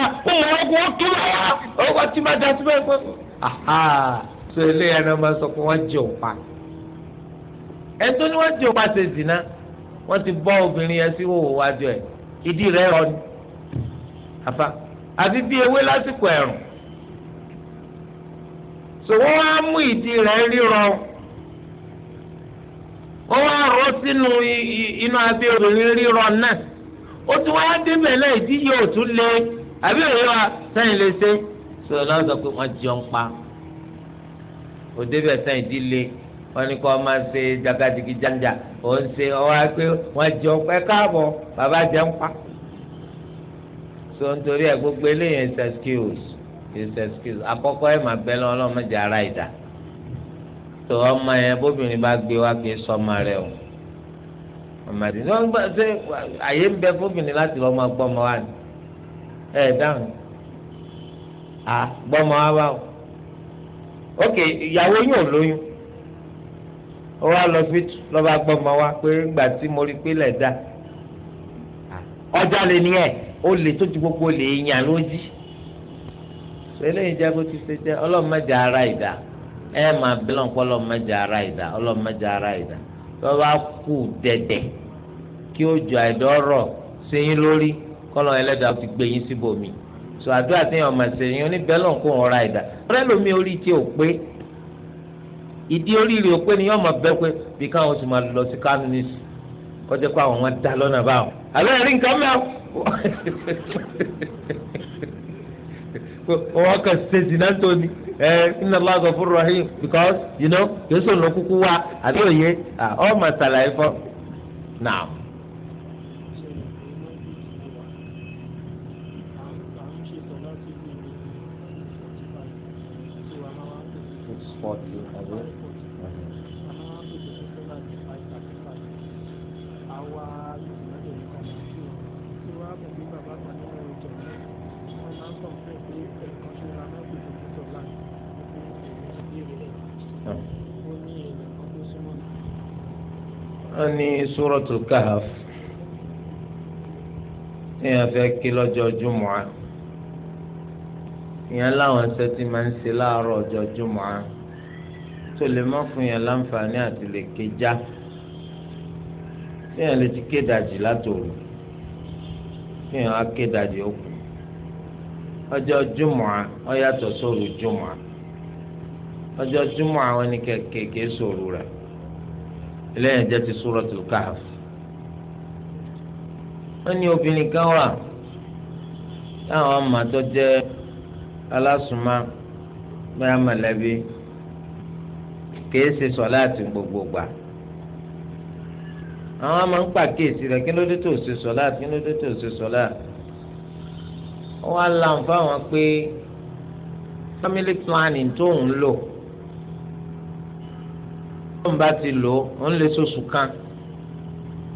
ó mọ tí máa dá síbẹ̀ sọ pé wọ́n ẹ̀ tó wọ́n zina. wọ́n ti bọ́ obìnrin yẹn sí wòwò wájú ẹ̀ ìdí rẹ̀ rọ ni àfa àfi bí ewé lásìkò ẹ̀rùn so wọ́n wá mú ìdí rẹ̀ rírọ wọ́n wá rọ sínú inú abẹ́ obìnrin rírọ náà ó tún wá débẹ̀ náà ìdí yóò tún lé àbí òye wa sẹ́yìn lè ṣe sọ̀rọ̀ náà sọ pé wọ́n jọ ń pa òdebẹ̀ sẹ́yìn dí lé wọ́n ní kó máa ṣe jagadigi janja ò ń ṣe ọwọ́ pé wọ́n jẹ ọpẹ́ káàbọ̀ bàbá jẹ ń pa. so nítorí ẹ gbogbo eléyìí is excuse is excuse àkọ́kọ́ ẹ̀ máa bẹ́ lọ́wọ́ ọlọ́mọdé ara ìdá tó ọmọ yẹn bóbìnrin bá gbé wá kí sọmọ rẹ o ọmọdé ní wọn gbà ṣe àyè ń bẹ fóbìnrin láti lọ́ọ́ máa gbọ́mọ wa ni ẹ dáhùn à gbọ́mọ wa báwo ok ìyàwó yóò lóyún ó wá lọ sí lọ́ba gbọ́mọ wa pé ńgbà tí mo rí pé lẹ̀ dá ọjà lè ní ó lè tó ti gbogbo lè yàn lójì eléyìí jẹ́ kó ti ṣe jẹ́ ọlọ́mọdé ara ìdá ẹ máa bílọ̀ ara ìdá ọlọ́mọdé ara ìdá lọ́ba kù dẹ̀dẹ̀ kí àìdọ́rọ̀ sẹ́yìn lórí kọ́lọ́ ẹlẹ́dàá ti gbé yín síbòmí sọ àdúrà sẹ́yìn oníbẹ̀lọ̀ kó ọ̀ra ìdá ọ̀rẹ́ lómi orí tí ìdí oríire òpé ni yọọ máa bẹ pé bí káwọn sì máa lọ sí kánú ní sùn kọjá pé àwọn máa dá lọ́nà báwọn. àlọ́ ẹ̀rí nǹkan mẹ́wọ́. wọ́n kàn ṣe jìnnà tó ni ẹ iná lọ́gọ̀ fún rahim because you know yóò sọ̀rọ̀ kúkú wá àbí òye ọ́ máa ṣàlàyé fọ́ now. Suratul Kahf èèyàn fẹ́ kí lọ́jọ́ jùmọ̀á èèyàn láwọn ẹsẹ̀ tí máa ń ṣe láàárọ̀ ọjọ́ jùmọ̀á tó lè má fún yẹn láǹfààní àti lè ké já lè ti ké dàjì látòrò á ké dàjì ọjọ́ jùmọ̀á yàtọ̀ jùmọ̀á ọjọ́ jùmọ̀á wọn ni kẹ̀kẹ́ eléyìí jẹ́ ti Suratul Kahf wọ́n ní obìnrin kan wà táwọn àmàtọ́ jẹ́ alásùnmá bẹ́ẹ̀ mọ̀lẹ́bí kìí ṣe sọ̀láàtì gbogbo gbà àwọn máa ń pàkíyèsí rẹ̀ kí ló dé tó ṣe sọ̀láàtì kí ló dé tó ṣe sọ̀láàtì wọ́n á làm fáwọn pé family planning tóun lò tó ń bá ti lò ó ń lè sọ̀sù kan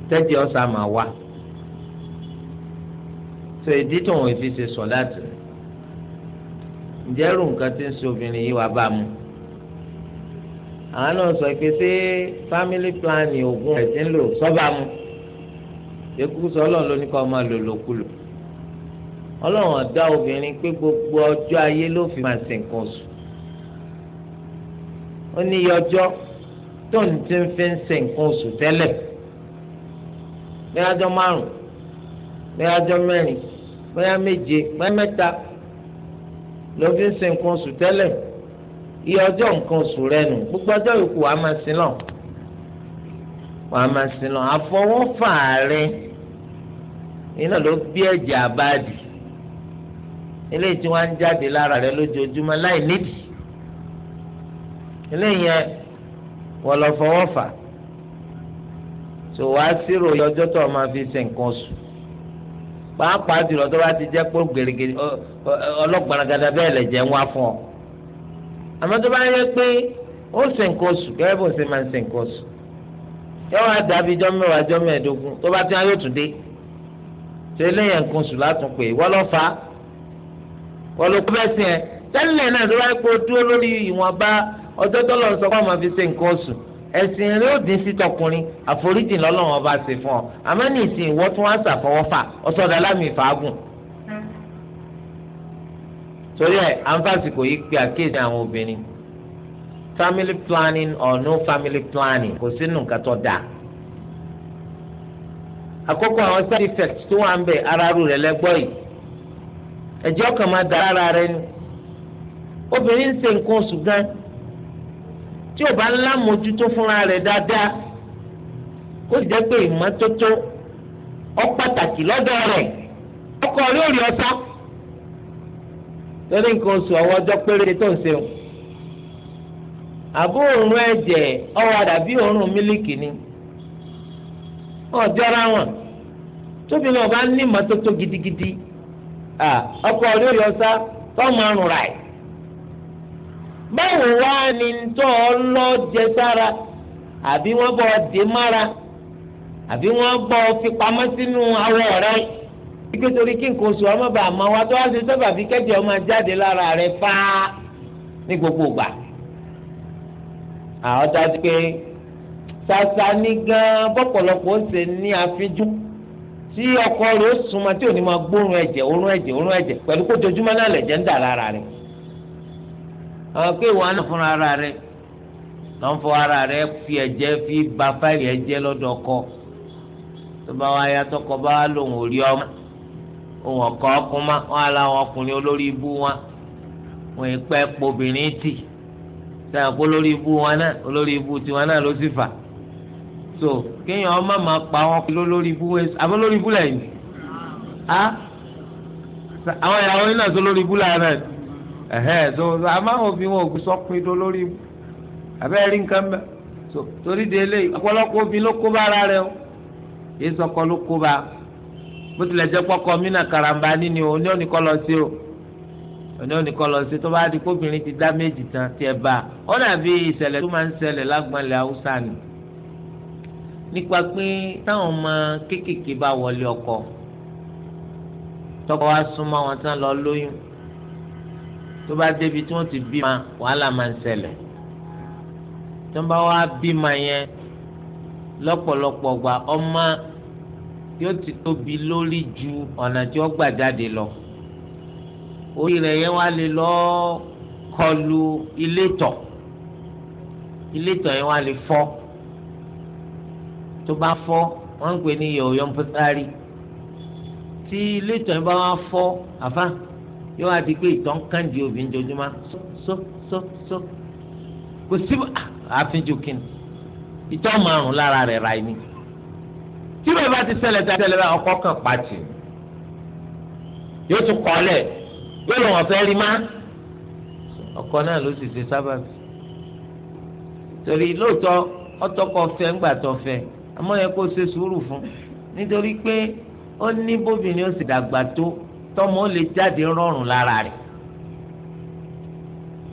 tẹ́tí ọ̀sà máa wá tó ìdí tó wọn fi ṣe sọ láti ǹjẹ́ rú nǹkan tí ń ṣe obìnrin yìí wá bá mu àwọn náà sọ pé ṣé family planning oògùn ẹ̀ ti ń lò sọ́ba mu èkú sọ ló ní kọ́ máa lò lòkulò ọlọ́run ọ̀dá obìnrin pé gbogbo ọjọ́ ayé ló fi máa ṣe nǹkan oṣù ó ní iye ọjọ́ tó ń ti fi ń ṣe nǹkan oṣù tẹ́lẹ̀ bóyá ọjọ́ márùn bóyá ọjọ́ mẹ́rin bóyá méje bóyá mẹ́ta ló fi ń ṣe nǹkan oṣù tẹ́lẹ̀ iye ọjọ́ nǹkan oṣù rẹ nù gbogbo ọjọ́ yòókù wàá máa sin lọ wàá máa sin lọ àfọwọ́fà rẹ iná ló bí ẹ̀jẹ̀ àbáàdì eléyìí tí wọ́n ń jáde lára rẹ lójoojúmọ́ láì nídìí eléyìí yẹn wọ́n lọ fọwọ́ fà tó wá sírò ọjọ́ tó máa fi ṣe nǹkan oṣù pàápàá jùlọ tó bá ti jẹ́ pé gèrègèrè ọlọ́gbọ̀nàgàdà bẹ́ẹ̀ lẹ̀ jẹ́ ń wá fún ọ àmọ́ tó bá yẹ pé ó ṣe nǹkan oṣù kẹ́rẹ́ bó ṣe máa ń ṣe nǹkan oṣù yóò wá dàbí jọ́ mẹ́wàá jọ́ mẹ́ẹ̀ẹ́dógún tó bá ti wá yóò tún dé ṣe eléyàn nǹkan oṣù látún pé wọ́n lọ fà wọ́n ló kú bẹ́ẹ̀ sí ẹ tẹ́lẹ̀ náà ọjọ́ tọ́lọ̀ ń sọ fún àwọn afisẹ́ nǹkan oṣù ẹ̀sìn rẹ ó dín sí tọkùnrin àforíjì lọ́lọ́run ọba ṣe fún ọ àmọ́ ní ìsìn ìwọ́ tún wá ṣàfọwọ́fà ọ̀sọ̀dà lámì ìfàágùn. torí ẹ anfàsì kò yí pé àkéèsì àwọn obìnrin family planning or no family planning kò sínú nǹkan tó dáa. àkọ́kọ́ àwọn side effects tó wà ń bẹ̀ ara rú rẹ̀ yìí ẹ̀jẹ̀ ọkàn máa da ara rẹ ni obìnrin ń ṣe nǹkan oṣù gan-an tí ò bá ńlá mójútó fúnra rẹ̀ dáadáa kó sì jẹ́ pé ìmọ́tótó ọ pàtàkì lọ́dọ̀ rẹ̀ ọkọ̀ rẹ̀ ò rí ọsá nǹkan oṣù ọwọ́ ọjọ́ péré tó ń ṣe àbó òórùn ẹ̀jẹ̀ ọwọ́ àdàbí ni tóbi náà bá ní ìmọ́tótó gidigidi ọkọ báwo wá ni tó ọlọ́jẹ sára àbí wọn bọ̀ dé mára àbí wọn bọ̀ fi pamọ́ sínú awọ rẹ ike kí nǹkan oṣù ọmọ bàá máa wá tó wá ṣe sábà fi kẹjẹ ọmọ jáde lára rẹ fáá ní gbogbo gbà àwọn dájú pé sàṣà ní gan bọ́pọ̀lọpọ̀ ṣe ọkọ rẹ̀ ó súnmọ́ tí ò ní máa gbóòórùn ẹ̀jẹ̀ òórùn ẹ̀jẹ̀ pẹ̀lú kó dojúmọ́ náà lẹ̀jẹ̀ ń dà àwọn pé ìwọ náà fúnra ara rẹ lọ ń fọ ara rẹ fi ẹ̀jẹ̀ fi ba fáìlì ẹ̀jẹ̀ lọ́dọ̀ ọkọ tó bá wá yàtọ̀ kọ bá lòun ò rí ọmọ òun ọkọ ọkùnrin má wọn àlà àwọn ọkùnrin olórí ibú wọn wọn ì pẹ́ pobìnrin tì sẹ́yìn kó olórí ibú wọn náà olórí ibú tiwọn náà ló sì fà so kéèyàn ọmọ máa pa wọn kí lórí ibú wẹ àbọ̀ lórí ibú lẹ́yìn á àwọn ìyàwó yìí tó lórí ibú lẹ́yìn náà ẹ̀hẹ́n tó amáhùn òbí wọn òkú sọ́kùnrin tó lórí mu abẹ́rẹ́ rí nǹkan mẹ́ torí de eléyìí ọ̀pọ̀lọpọ̀ òbí ló kó bá ara rẹ o èyí sọkọ ló kó bá bó tilẹ̀ jẹ́ pọ́kọ mí náà karamba nínú o ní òní kọ́ lọ sí o òní òní kọ́ lọ sí tó bá di kóbìnrin ti dá méjì tán tiẹ̀ bá ọ dàbí ìṣẹ̀lẹ̀ tó máa ń ṣẹlẹ̀ lágbọ̀nlẹ̀ haúsá ni nípa pé táwọn ọmọ kéékèèké bá wọlé ọkọ tọkọ wa súnmọ́ wọn tán lọ lóyún tó bá débi tí wọ́n ti bí ma wàhálà máa ń ṣẹlẹ̀ tó bá wá bí ma yẹn lọ́pọ̀lọpọ̀ gba ọmọ yóò ti tóbi lórí ju ọ̀nà tí ó gbà jáde lọ orí rẹ̀ yẹn wá lè lọ kọlu ilétọ̀ ilétọ̀ yẹn wá lè fọ́ tó bá fọ́ wọ́n ń pè ní yọ̀ọ̀yọ̀ ń pẹ́sárì tí ilétọ̀ yẹn bá wá fọ́ àfa yóò wá di pé ìtọ́ ń kàn di obì ńjojúmọ́ so so so kò sí ah, àfijù kìnnì ìtọ́ márùn lára rẹ̀ ra ẹni tí bàbá ti ṣẹlẹ̀ tí a ṣẹlẹ̀ bá ọkọ̀ kan pàtì yóò tún kọ́lẹ̀ yóò lọ wọ́n fẹ́ rí má ọkọ̀ náà ló sì ṣe sábàbí torí lóòótọ́ ọtọkọ fẹ́ ńgbà tó fẹ́ àmọ́ yẹ kó ṣe sùúrù fún nítorí pé ó ní bóbìnrin ó sì dàgbà tó tọmọ ó lè jáde rọrùn lára rẹ̀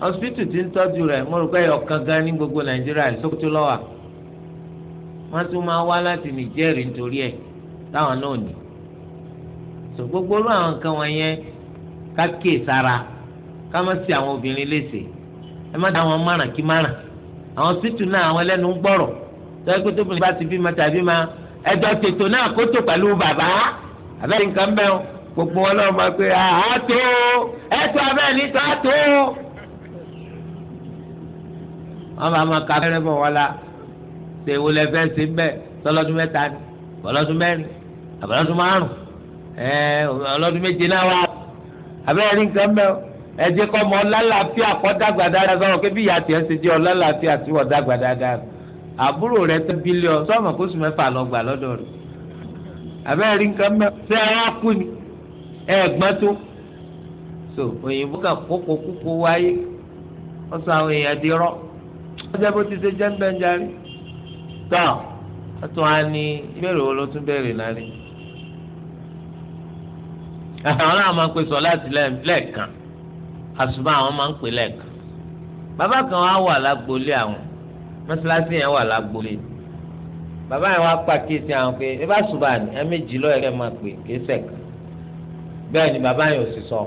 hospital ti ń tọ́jú rẹ̀ mo rò pé ọ̀kan gan ní gbogbo nàìjíríà Sókótó lọ́wà wọ́n tún máa wá láti nìjẹ́rì nítorí ẹ̀ táwọn náà ní so gbogbo olú àwọn nǹkan wọ̀nyẹn ká kè sára ká má sí àwọn obìnrin léṣe ẹ má dá àwọn márùn kí márùn àwọn hospital náà àwọn ẹlẹ́nu ń gbọ́rọ̀ tọ́jú pé tóbi bá ti bímọ tàbí ma ẹjọ́ tètò náà kó tó pẹ̀lú bàbá àbẹ́rẹ́ nǹkan bẹ́ẹ̀ gbogbo wọn náà máa pé àátó ẹtọ abẹ́ẹ̀ níta tó. wọ́n máa ma ka fẹ́rẹ́ bọ̀ wọ́n la ṣe wo lẹ fẹ́ ṣe bẹ́ẹ̀ tọ́lọ́dún mẹ́ta ni ọlọ́dún mẹ́rin àbọ̀lọ́dún márùn ẹ̀ẹ́ ọlọ́dún méje náà wà. abẹ́rẹ́ ní nǹkan mẹ́ o ẹ jẹ́ kọ́ mọ ọlálàáfíà kọ́ dàgbà dáadáa sọ̀rọ̀ pé bí ìyá tiẹ̀ ṣe jẹ́ ọlálàáfíà tí wọ́n dàgbà dáadáa àbúrò rẹ tẹ́ bílíọ̀ sọ́ọ̀mù kó sùn mẹ́fà lọ gbà lọ́dọ̀ rẹ̀ abẹ́rẹ́ ní nǹkan mẹ́ o ṣé ẹ kú ni ẹ̀gbọ́n tó so òyìnbó kan kókó kókó wáyé wọ́n sọ àwọn èèyàn di rọ́ wọ́n jẹ́ bó ti ṣe jẹ́ ń bẹ́ẹ̀ járe tọ́ wọ́n tún á ní ìbéèrè wo ló tún béèrè lálẹ́ àwọn náà máa ń pè sọ láti lẹ́ẹ̀kan àṣùbà àwọn máa ń pè lẹ́ẹ̀kan bàbá kan wá wà lágboolé àwọn mọ́ṣáláṣí yẹn wà lágboolé bàbá yẹn wá pàkíyèsí àwọn pé ẹ bá ṣùbà ní ẹ méjì lọ́ọ̀ẹ́rẹ́ máa pè kí ẹ bẹ́ẹ̀ ni bàbá yẹn ò sì sọ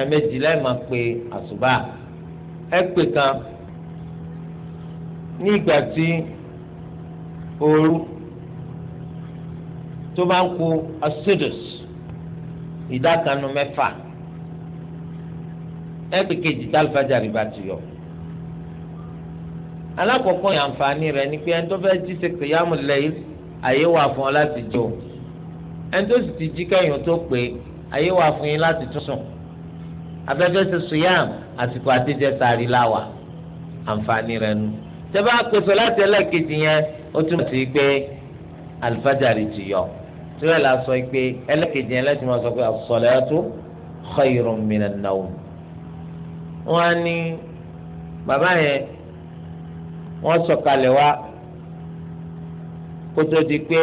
ẹ̀ẹ̀mejì lẹ́ẹ̀ máa pe àṣùbà ẹ pè kan ní ìgbà tí ooru tó bá ń kó asidus ìdákanu mẹ́fà ẹ pè kejì tí alifájàre bá ti yọ alákọ̀ọ́kọ́ yẹn àǹfààní rẹ̀ ni pé ẹni tó fẹ́ jí ṣe kìyàmù lẹ́yìn àyè wà fún ọ láti jọ ẹni tó sì ti jí kẹ́yìn tó pé ayé wà fún yín láti tún sùn abẹ́fẹ́ ti sùyàm àsìkò àtijọ́ sàrí láwà àǹfààní rẹ̀ nu tẹ́fẹ́ àpèsè láti ẹlẹ́ẹ̀kejì yẹn ó túmọ̀ sí pé alifájàre ti yọ tíwẹ́ la sọ pé ẹlẹ́ẹ̀kejì yẹn lẹ́tìmọ̀ sọ pé as-salatu khayrun minan nawm wọ́n á ní bàbá yẹn wọ́n sọ̀kalẹ̀ wá kótó di pé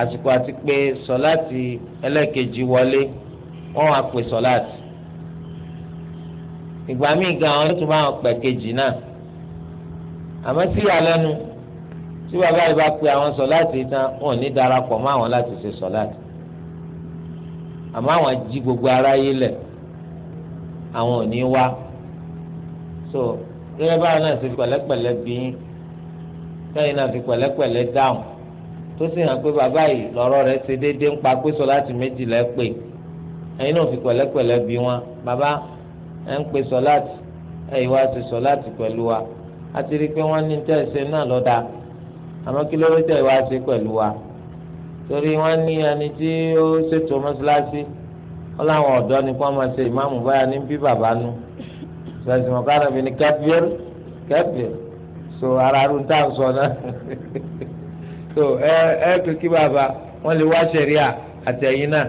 àsìkò àti pé sọláàtì ẹlẹ́ẹ̀kejì wọlé wọ́n wá pè sọláàtì ìgbà míì gan àwọn yóò tún máa pẹ̀ kejì náà àmọ́ sí ìyàlẹ́nu tí bàbá yìí bá pe àwọn sọláàtì tán wọn ní darapọ̀ mọ́ àwọn láti ṣe sọláàtì àmọ́ àwọn jí gbogbo aráyé lẹ̀ àwọn ò ní wá so gẹ́gẹ́ báwọn náà ṣe pẹ̀lẹ́pẹ̀lẹ́ bí yín sẹ́yìn náà fi pẹ̀lẹ́pẹ̀lẹ́ dáhùn tó sì hàn pé bàbá yìí lọ́rọ̀ rẹ̀ ṣe déédéé ń pa pé sọláàtì méjì lẹ́ pè ẹ̀yin náà fi pẹ̀lẹ́pẹ̀lẹ́ bí wọn bàbá ẹ̀ ń pe sọláàtì ẹ̀yin wá ṣe sọláàtì pẹ̀lú wa a ti rí i pé wọ́n ní tẹ́ ẹ̀ṣẹ̀ náà lọ́dà àmọ́ kí ló rí tẹ́ ìwá ṣe pẹ̀lú wa torí wọ́n ní ẹni tí ó ṣètò mọ́ṣáláṣí wọ́n láwọn ọ̀dọ́ ni kí wọ́n máa ṣe ìmáàmù báyà ní bí bàbá nu ṣàṣì mọ̀ká náà fi ní kẹ́bíẹ́rì so ara rú tá à ń sọ náà. so ẹ ẹ pé bàbá wọn lè wá sẹríà àtẹ̀yìn náà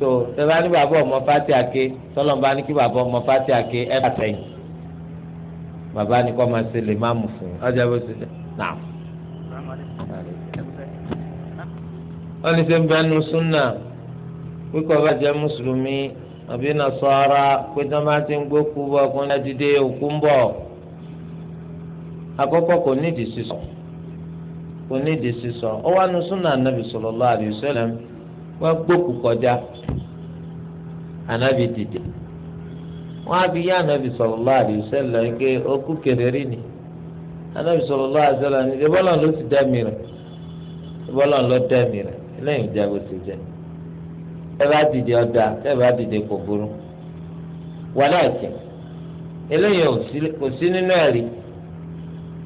so tẹ̀bá ní bàbá ọmọ fati àké tọ́lọ̀ bá ní kí bàbá ọmọ fati àké ẹ bá tẹ̀yìn bàbá ni kọ́ máa ṣe lè má mú fún un ọjà bó ṣe nà. wọ́n ní sẹ́ńbẹ́ súnà bá kò ní ọ wá nu súnà anabi sọlọ alaihi wasallam wọn gbókù kọjá anabi dìde wọn á fi yá anabi sọlọ alaihi wasallam nke okú kẹrẹrì ni anabi sọlọ alaihi wasallam ni ìbọlọ ló ti dá rẹ ìbọlọ ló rẹ ti jẹ ẹ bá dìde ọdà ẹ bá dìde kò burú eléyìí kò sí nínú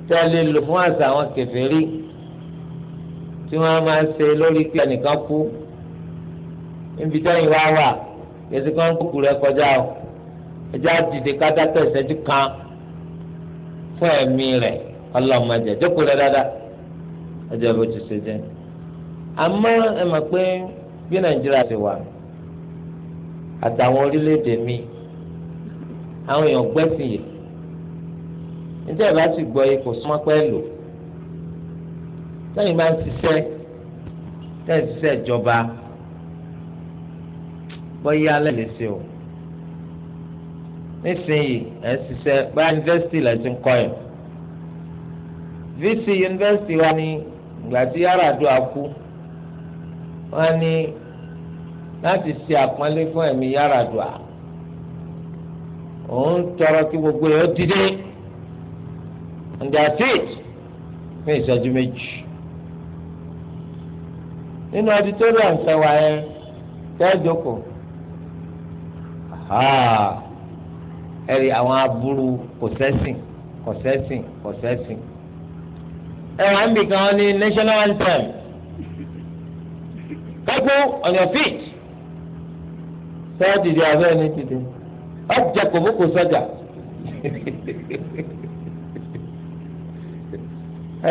tẹ́lẹ̀ lò fún tí wọ́n máa ṣe lórí pé ẹnìkan kú níbi tẹ́yìn wá wà yẹtí kan kúkú rẹ kọjá o ẹjẹ́ àdìdì kátàkẹ́ ìṣẹ́jú kan fún ẹ̀mí rẹ̀ ọlọ́mọdé jókòó rẹ dáadáa ẹjẹ́ bó ti ṣe jẹ́ àmọ́ ẹ mọ̀ pé bí nàìjíríà ti wà àtàwọn orílẹ̀-èdè míì àwọn èèyàn gbẹ́sìn yìí níta ìbá sì gbọ́ yìí súnmọ́ pẹ́ lò lẹ́yìn máa ń ṣiṣẹ́ lẹ́yìn ṣiṣẹ́ ìjọba bọ́yá lẹ́lẹ́sẹ̀ o nísìnyí ẹ̀ ń ṣiṣẹ́ báyà yunifásitì lẹ́ ti ń kọ́ ẹ̀ vc yunifásitì wa ni ìgbà tí Yar'Adua kú wọ́n ní láti ṣe àpọ́nlé fún ẹ̀mí Yar'Adua òun tọrọ kí gbogbo ẹ̀ ó dìde ǹdàtí fún ìṣẹ́jú méjì nínú auditorium kan wà yẹn tẹ́jọ́kọ̀ ẹ̀rí àwọn aburú possessing possessing possessing ẹ̀wọ̀n àmì kan ní national anthem kẹ́kọ̀ọ́ on your feet sọ́ọ́ dìde abẹ́ ní dìde ọjà kò fún kò sọ́jà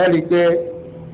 ẹ̀rí pé.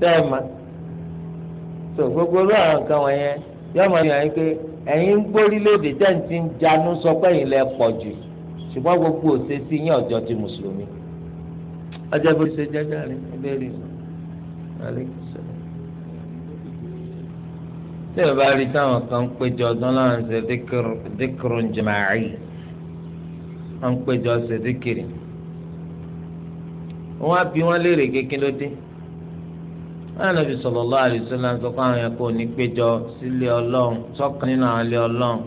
sẹ́ẹ̀mà tó gbogbo olú àwọn nǹkan wọ̀nyẹn yọmọ yìí wọ̀nyí pé ẹ̀yin ń gbórí léde tẹ́ǹtì ń janú sọ pé ẹ̀yin lẹ pọ̀ jù ṣùgbọ́n gbogbo òṣèṣì yín ọ̀jọ́ ti mùsùlùmí ọjọ́ bó ṣe jẹ́jẹ́ rẹ̀ ẹgbẹ́ rẹ̀ alaikum salaam. tí ẹ bá rí táwọn kan ń péjọ ọdún láwọn ṣe díkìrún jìmáàrí wọn ń péjọ ṣe díkìrì wọn á bí wọn léèrè kékeré lóde. Ànábì sallallahu alaihi wasallam sọ pé àwọn yẹn kò ní péjọ sílé Ọlọ́run sọ́kàn nínú àwọn ilé Ọlọ́run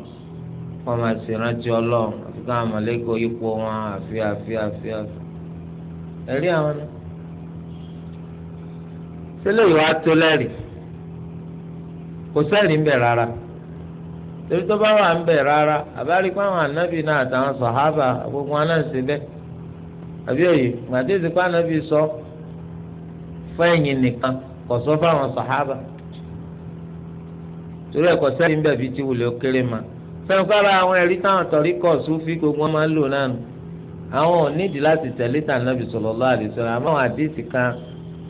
wọn máa sì rántí àfi káwọn mọlẹkọ yípo wọn àfi àfi àfi àfi ẹrí àwọn náà sílé ìwà tó lẹ́rìí kò ń bẹ̀ rárá torí tó bá wà ń bẹ̀ rárá àbárí pé àwọn náà àtàwọn wọn kò sọ fáwọn sàhábà torí ẹ̀kọ́ sẹ́yìn ń bẹ̀bí tí wùlé kéré ma sẹ́yìn kára àwọn ẹ̀rí táwọn tọ̀rí kọ̀ sùfí gbogbo wọn máa ń lò náà nù àwọn ò nídìí láti tẹ̀lé tànàbì sallallahu alaihi wasallam àmọ́ àwọn kan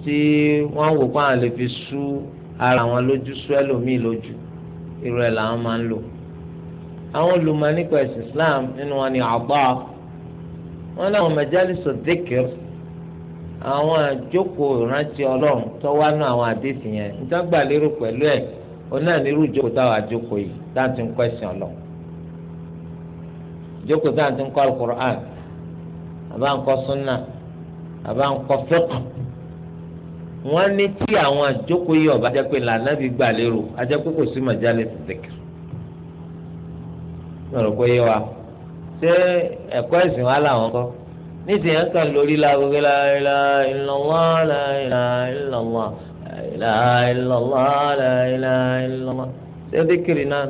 tí wọ́n wò pé àwọn lè fi sú ara wọn lójú sú ẹlòmíì lójú irú ẹ̀ làwọn máa ń lò. àwọn olùmọ̀ nípa ẹ̀sìn Islam nínú wọn ni àgbà wọn láwọn majalisu dhikr àwọn àjókòó ìrántí ọlọ́run tó wá nù àwọn àdéhùn yẹn níta gbà lérò pẹ̀lú ẹ̀ onáà nírú ìjókòó táwọn àjókòó yìí láti ń kọ́ ẹ̀sìn ọlọ́run ìjókòó táwọn ti ń kọ́ alukur'an súnà àbá ń kọ́ ní tí àwọn yìí pé nísìnyí wọn kàn lórí la gbogbo la ilaha illallah la ilaha illallah la ilaha illallah la ilaha illallah ṣé díkìrì náà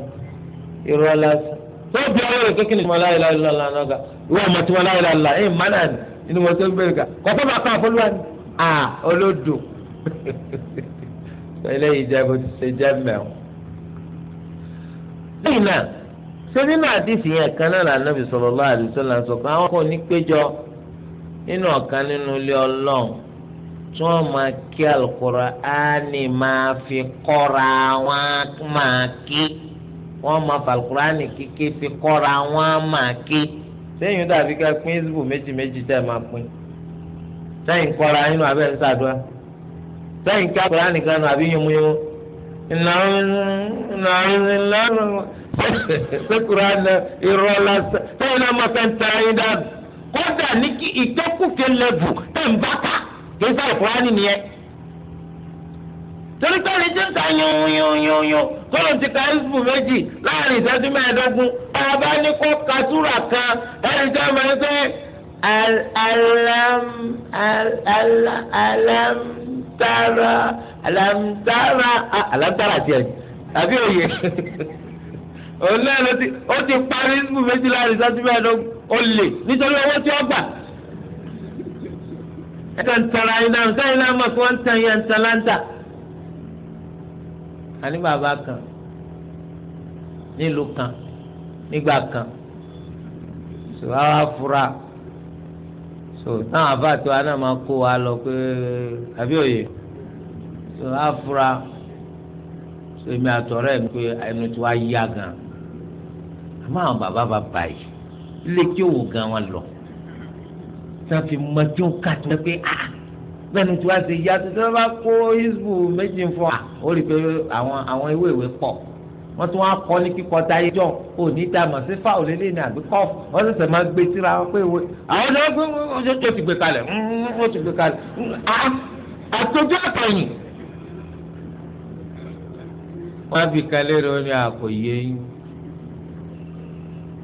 irọ́ lásán tó bí ọlọ́run rẹ̀ kékeré ìmọ̀ la ilaha illallah náà ga ìwọ ọmọ tí wọn la ilaha illallah ẹ̀ mánà ni inú wọn tó ń bẹ̀rẹ̀ ká kọ́tọ́ bá kàn fọlúwa ni à olódò eléyìí jẹ́ bó ti ṣe jẹ́ mẹ́wọ̀n. lẹ́yìn náà ṣé nínú àdìsí yẹn kan náà lànà bí sallallahu alaihi wasallam sọ pé àwọn kò ní péjọ nínú ọ̀kan nínú ilé ọlọ́run tí wọ́n máa kí Al-Kùránì máa fi kọ́ra wọn máa kí wọ́n máa fa Al-Kùránì kíké fi kọ́ra wọn máa kí sẹ́yìn dàbí ká pín ìsìnkú méjì méjì tẹ́ máa pín sẹ́yìn kọ́ra nínú abẹ́ ń sàdúrà sẹ́yìn ká Kùránì kan nù àbí yomuyomu ìnáwó ńlá ṣé Kùránì irọ́ lásán sẹ́yìn náà máa fẹ́ ń ta ayé dáadáa kódà ní kí ìtọ́kùfẹ́ lẹ́bù tẹ̀ ń bá ta kì í sáì fúra nìyẹn torí pé ẹni tí ń ta yun yun yun yun kọ́lọ̀ ti ka ẹ̀sùn méjì láàrin ìṣẹ́jú mẹ́ẹ̀ẹ́dógún ọba ní kó ka súrà kan ẹni tí wọ́n máa ń sẹ́ alam alam tara alam tara alam tara tiẹ̀ àbí òye òun náà ló ti parí ẹ̀sùn méjì láàrin ìṣẹ́jú mẹ́ẹ̀ẹ́dógún ó lè nítorí owó tí ó gbà ẹ̀ka ń tara iná nǹkan iná mọ̀ kí wọ́n ń tan yẹn ń láńtà. a ní bàbá kan nílùú kan nígbà kan sọ àwa fura so táwọn afáàtò àná máa kó wa lọ pé àbí òye so àfura so èmi àtọ̀rẹ́ mi pé ẹnu tí wàá yá gan àmọ́ àwọn bàbá bá báyìí ilé kí òwò gan wọn lọ tí wọn fi mọ tí wọn kà tó lọ pé ah bẹ́ẹ̀ni tí wọn ṣe yá tó tí wọn bá kó isbu méjì fún wa ó rí i pé àwọn àwọn ewé ìwé pọ̀ wọn tún wọn kọ ní kíkọ táyé jọ ò ní dàmọ sí fa ò lélẹ ní àbí kọf wọn sì sẹ máa gbé síra wọn pé ìwé àwọn náà gbé oṣù tó ti gbé kalẹ̀ ó ti gbé kalẹ̀ àtọjú àtọyìn wọn fi kalẹ̀ rẹ ó ní àkòyé yín.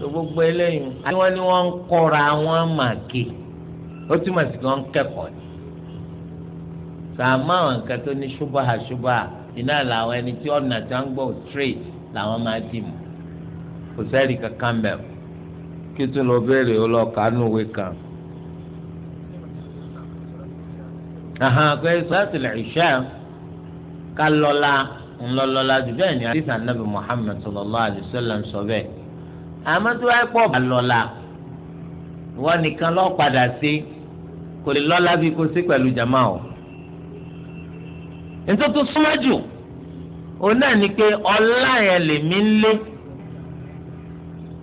tó gbogbo eléyìí àti wọn ni wọn ń kọra wọn màkè ó túmọ̀ sí kí wọ́n ń kẹ́kọ̀ọ́ ni sàmà àwọn nǹkan tó ní ṣubaha ṣubaha iná làwọn ẹni tí ọ̀nà tí wọ́n ń gbọ́ straight làwọn máa dì mọ́ kò sẹ́ẹ̀rì kankan bẹ̀ kí tún lọ béèrè ó lọ kánú ìwé kan. pé sọ́ọ̀tì lẹ́ṣẹ̀ ká lọ́la ńlọ́lọ́la jù bẹ́ẹ̀ ni àdìsàn nàbì Muhammad sallallahu alaihi wasallam sọ bẹ́ẹ̀ àmọ́ tó wáyé pọ̀ bá lọ́la wọ́n nìkan lọ́ọ́ padà sí kò lè lọ́la bí kò sí pẹ̀lú jama o nítorí tó súnmọ́ jù òun náà ni pé ọlá yẹn lèmi ń lé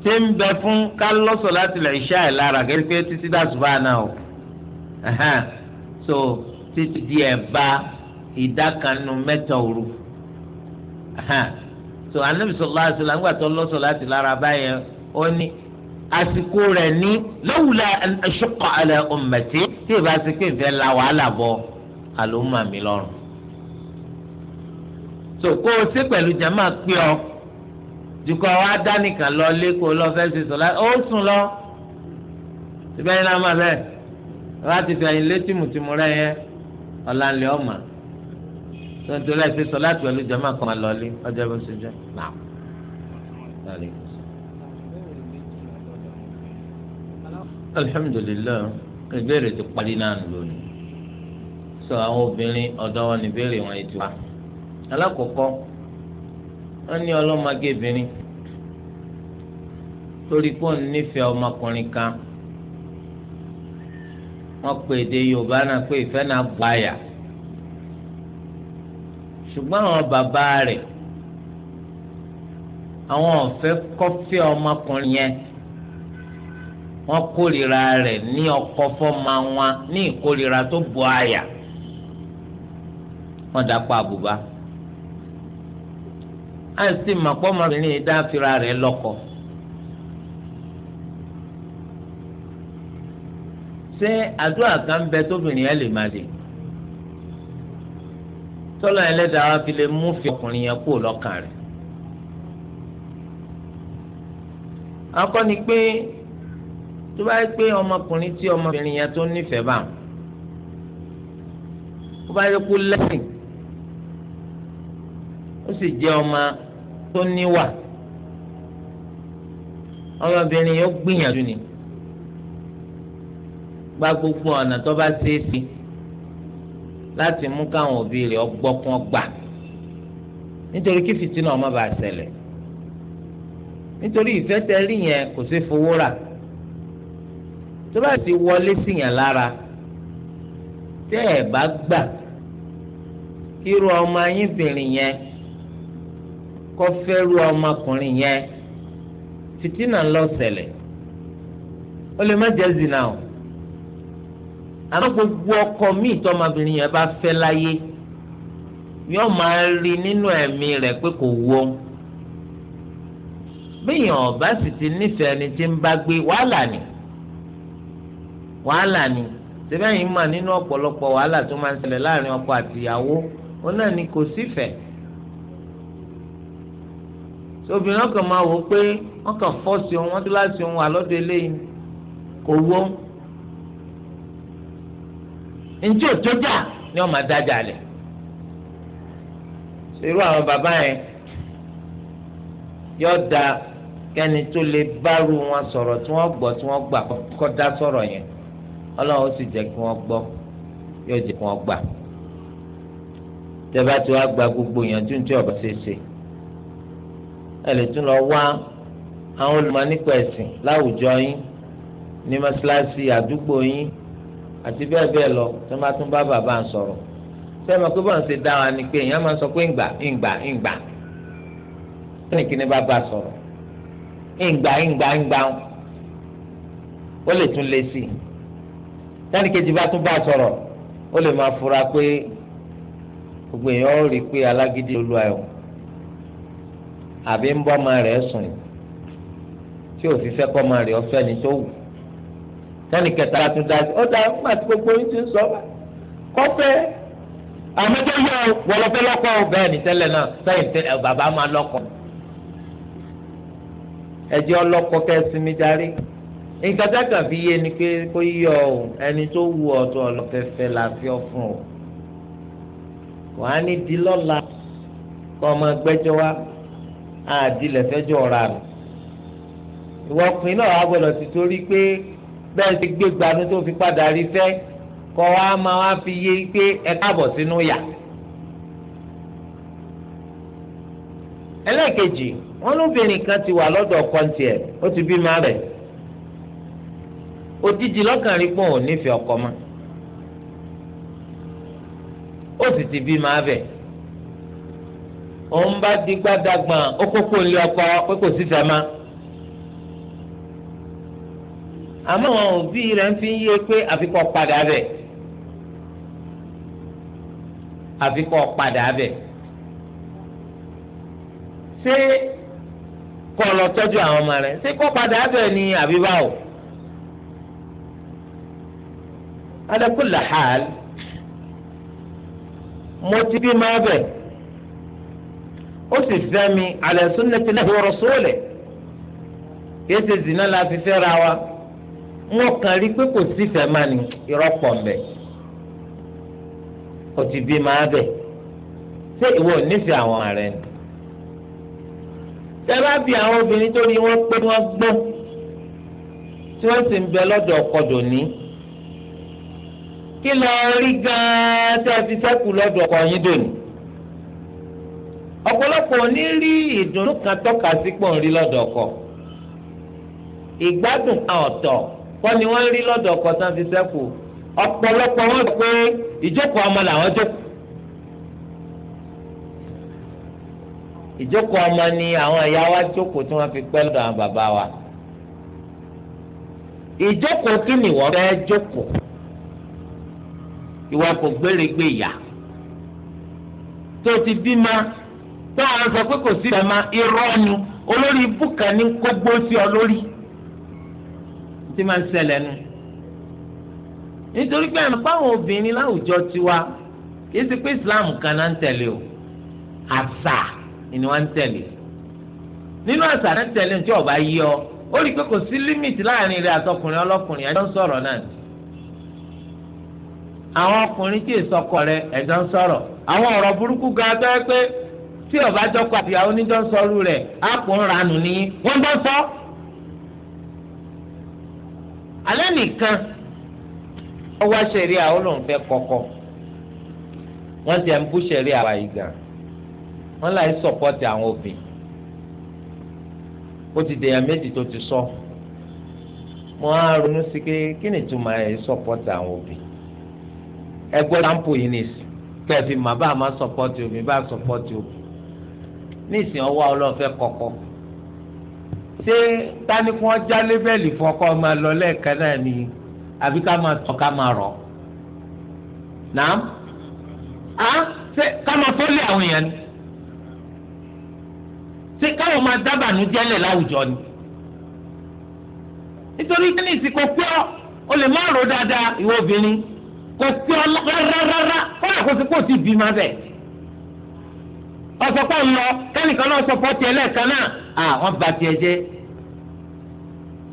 tí ń bẹ fún ká lọ́sọ̀ láti lè ṣá ẹ̀ lára kẹ́rì pé títí dàsùbà náà o so títí díẹ̀ bá ìdá kan nu mẹ́ta òru so anabi sọlá àṣìlá ńgbà tó lọ́sọ̀ láti lára báyẹn ó ní àsìkò rẹ̀ ní lawla an ashqa ala ummati tí ìbá ti pè fẹ́ la wàhálà bọ̀ àlùmà mi lọ́rùn. so kó o sí pẹ̀lú jama pé ọ dùkọ́ wa dánìkan lọ lẹ́kọ̀ọ́ lọ fẹ́ ṣe sọ̀lá ó sùn lọ síbẹ̀ lámà bẹ́ẹ̀ wọ́n á ti létí mùtìmù rẹ̀ yẹn ọ̀làǹlẹ̀ ọ̀mà tontorí ẹsẹ sọ láti pẹ̀lú jama kan lọlé ọjọ́ bó ṣe jẹ náà lọlé. alhamdulilayi ìbéèrè ti parí náà lónìí sọ àwọn obìnrin ọ̀dọ́ wọn ní ìbéèrè wọn ètò wa alákọ̀ọ́kọ́ wọn ní ọlọ́mọge obìnrin torí pé òun nífẹ̀ẹ́ ọmọkùnrin kan wọ́n pè é dé yorùbá náà pé ìfẹ́ náà bọ̀ ṣùgbọ́n àwọn bàbá rẹ̀ àwọn ọ̀fẹ́ kọ́fẹ́ ọmọkùnrin yẹn wọ́n kórìíra rẹ̀ ní ọkọ fọ́mà wọn ní ìkórìíra tó bu àyà wọ́n dapò àbùbá àìsí màpọ̀ ọmọbìnrin yìí dáfira rẹ̀ lọ́kọ. ṣé àdúrà kan bẹ tóbìnrin ẹ lè máa dé? tọ́lọ̀ ẹlẹ́dàá wa fi lè mú fi ọkùnrin yẹn kúrò lọ́kàn rẹ̀. akọ́ ni pé tó bá yẹ pé ọmọkùnrin tí ọmọbìnrin yẹn tó nífẹ̀ẹ́ bá ó bá yẹ kó lẹ́sìn ó sì jẹ́ ọmọ tó níwà ọmọbìnrin yóò gbìyànjú ni gba gbogbo ọ̀nà tó bá ṣe é sí láti mú káwọn òbí rẹ̀ ọgbọ́kún ọgbà nítorí kí fìtínà ọmọ bá ṣẹlẹ̀ nítorí ìfẹ́ tẹ rí yẹn kò sí fowó rà tó bá ti wọlé sí yẹn lára tẹ́ ẹ̀ bá gbà irú ọmọ yín bìnrin yẹn kọ́ fẹ́rù ọmọkùnrin yẹn fìtínà ló ṣẹlẹ̀ ó lè má jẹ́ zina o àmọ́ gbogbo ọkọ míì tọmọbìnrin yẹn bá fẹ́ láyé yóò máa rí nínú ẹ̀mí rẹ̀ pé kò wọ bíyàn ọba sì ti nífẹ̀ẹ́ ni tí ń bá gbé wàhálà ni wàhálà ni sẹ́fẹ̀yìn mà nínú ọ̀pọ̀lọpọ̀ wàhálà tó máa ń ṣẹlẹ̀ láàrin ọkọ àtìyàwó òun náà ni kò sífẹ̀ẹ́ obìnrin ọkàn máa wò ó pé wọn kàn fọ́ọ̀sì òun wọn tó láti òun àlọ́dọ̀ eléyìí kò wọ́n njẹ́ òjòjà ni wọ́n máa dájà lẹ̀ irú àwọn bàbá yẹn yọ da kẹ́ni tó lè bárù wọn sọ̀rọ̀ tí wọ́n gbọ́ tí wọ́n gbà kọ́ dá sọ̀rọ̀ yẹn ọlọ́run ó sì jẹ́ kí wọ́n gbọ́ yóò jẹ́ kí wọ́n gbà tẹ́bá tí wàá gba gbogbo ìyànjú tí ọ̀bà ṣe ṣe ẹ lè tún lọ wá àwọn olùmọ̀ nípa ẹ̀sìn láwùjọ yín ní mọ́ṣáláṣí àdúgbò yín àti bẹ́ẹ̀ bẹ́ẹ̀ lọ tó máa tún bá bàbá ń sọ̀rọ̀ sẹ́mi ṣe ni pé èèyàn máa sọ pé bàbá sọ̀rọ̀ ó lè tún lé sí i bá tún bá sọ̀rọ̀ ó lè máa fura pé gbogbo èèyàn ó rí i pé alágídí ló lu ayọ̀ àbí ń bọ́ ọmọ rẹ̀ sùn sẹ́ni kẹta tún dá sí ọ̀dà nígbà tí gbogbo yín ti ń sọ kọ́fẹ́ àmọ́tẹ́ yọ wọlọ́fẹ́ lọ́kọ́ bẹ́ẹ̀ ní tẹ́lẹ̀ náà sẹ́yìn tẹ́lẹ̀ bàbá máa lọ́kọ̀ ẹjẹ́ ọlọ́kọ̀ kẹ́ sinmi darí nǹkan tá kàn fi yé ni pé kó yọ ọ ẹni tó wù ọ tó ọlọ́fẹ́fẹ́ la fi ọ fún ọ wàá ní di lọ́la kọ́ ọmọ gbẹ́jọ́ wa àdìlẹ̀ fẹ́jọ́ ọ̀ra rẹ̀ náà wàá gbọ́dọ̀ ti torí pé bẹ́ẹ̀ ti gbé gbanú tó fi padà rí fẹ́ kọ́ wa máa fi yé pé ẹ káàbọ̀ sínú yà. ẹlẹ́ẹ̀kejì wọn lóbìnrin kan ti wà lọ́dọ̀ ọkọ tiẹ̀ ó ti bí máa rẹ̀ òtítì lọ́kàn rí pọ̀ nífẹ̀ẹ́ ọkọ mọ́ ó sì ti bí máa bẹ̀ òun bá di gbàdàgbọ̀n ó kókó ọkọ pé kò sífẹ̀ẹ́ máa. àmọ́ àwọn òbí rẹ̀ ń fi ń yé pé àfikọ́ padà bẹ̀ àfikọ́ padà bẹ̀ ṣé kọ́ lọ tọ́jú àwọn ọmọ rẹ̀ ṣé kọ́ padà bẹ̀ ni àbí báwo ala kulli hal mo ti bí máa bẹ̀ ó sì fẹ́ mi ala sunnati Allahi wa rasulih kí ẹ ṣe zina la fi fẹ́ ra wa wọn kàn rí pé kò sífẹ̀ẹ́ máa ní ìrọ́pọ̀ mbẹ̀ kò ti bí máa bẹ̀ ṣé ìwọ nífẹ̀ẹ́ àwọn ààrẹ ni. tẹ́ bá bí àwọn obìnrin tó rí wọn pé wọ́n gbọ́ tí wọ́n sì ń bẹ lọ́dọ̀ ọkọ̀dọ̀ ní. kí lọ rí gan-an tẹ́ fi sẹ́kù lọ́dọ̀ ọkọ yín dòní. ọ̀pọ̀lọpọ̀ ní rí ìdùnnú kan tọ́ka sí pọ̀ ń rí lọ́dọ̀ ọkọ. ìgbádùn kan ọ̀tọ̀ kọ́ ni wọ́n ń rí lọ́dọ̀ ọkọ tán fi sẹ́kù ọ̀pọ̀lọpọ̀ wọn pé ìjókòó ọmọ làwọn jókòó. ìjókòó ọmọ ni àwọn ìyá wa jókòó tí wọ́n fi pẹ́ lọ́dọ̀ àwọn bàbá wa. ìjókòó kí ni wọ́n fẹ́ jókòó ìwà kò gbéregbè yá tó ti bímọ tó àwọn sọ pé kò sí ìdámá irọ́ ni olórí ibùkà ní kó gbó sí ọ lórí. ti máa ń ṣẹlẹ̀ nu nítorí pé àmì báwọn obìnrin láwùjọ tiwa kìí ṣe pé islam kan náà ń o àṣà ni wọ́n ń tẹ̀lé nínú àṣà náà ń tẹ̀lé tí ọba yí ọ ó rí i pé kò sí límìtì láàrin rẹ̀ àtọkùnrin ọlọ́kùnrin ẹjọ́ ń sọ̀rọ̀ náà àwọn ọkùnrin tí èsọkọ rẹ̀ ẹjọ́ ń sọ̀rọ̀ àwọn ọ̀rọ̀ burúkú pé alẹ́ nìkan ọwọ́ sẹ̀ríà ó lóun fẹ́ kọ́kọ́ wọ́n ti ẹ̀ ń bú sẹ̀ríà wa yìí gan wọ́n láì sọ̀pọ́tì àwọn òbí ó ti dèèyàn méjì tó ti sọ mo á ronú sí pé kí ni ìtumọ̀ ẹ̀ sọ̀pọ́tì àwọn òbí ẹgbẹ́ sampo yìí nìsí kẹ́ẹ̀fì màbá àmà sọ̀pọ́tì òbí bá sọ̀pọ́tì òbí nísìnyí ọwọ́ ọlọ́ọ̀fẹ́ kọ́kọ́ ṣé tani kí wọ́n já lébẹ́lì fún ọkọ máa lọ lẹ́ẹ̀kan náà ni àbí ká máa tọ́ ká máa rọ̀ nàám á ṣe ká máa tó lé àwọn èèyàn ni ṣé káwọn máa dábàá nu jẹ́lẹ̀ láwùjọ ni nítorí kíni ìsìnkú pé ọ o lè má rò dáadáa ìwọ obìnrin kò sí ọ rárá rárá kó lè kó sí kó o ti bí má bẹ́ẹ̀. ọsọ pọ̀ ńlọ kẹ́nìkan náà sọ pọ́ọ̀tì ẹlẹ́ẹ̀kan náà à wọ́n ba tiẹ̀ jẹ́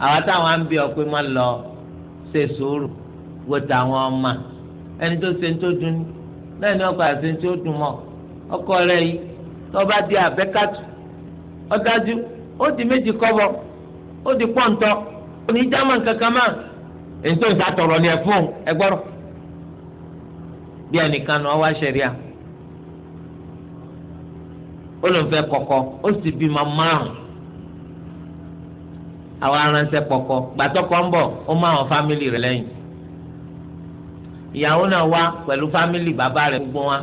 àwọn táwọn á ń bí ọ lọ ṣe sùúrù wo tàwọn ọmọ ẹni tó ṣe tó dùn ní náà ni ọkọ àti tó dùn mọ́ ọkọ rẹ yìí di àbẹ́kàtù ọ̀dájú ó di méjì kọ́bọ̀ ó di pọ́ǹtọ́ òní german kankan máa tó ń sàtọ̀rọ̀ ni ẹ̀ fún ó lóun fẹ́ kọkọ ó sì bímọ márùn àwọn aránsẹ kọkọ gbàtọkọ ń bọ̀ ó mú àwọn fámìlì rẹ̀ lẹ́yìn ìyàwó náà wá pẹ̀lú fámìlì bàbá rẹ̀ gbogbo wa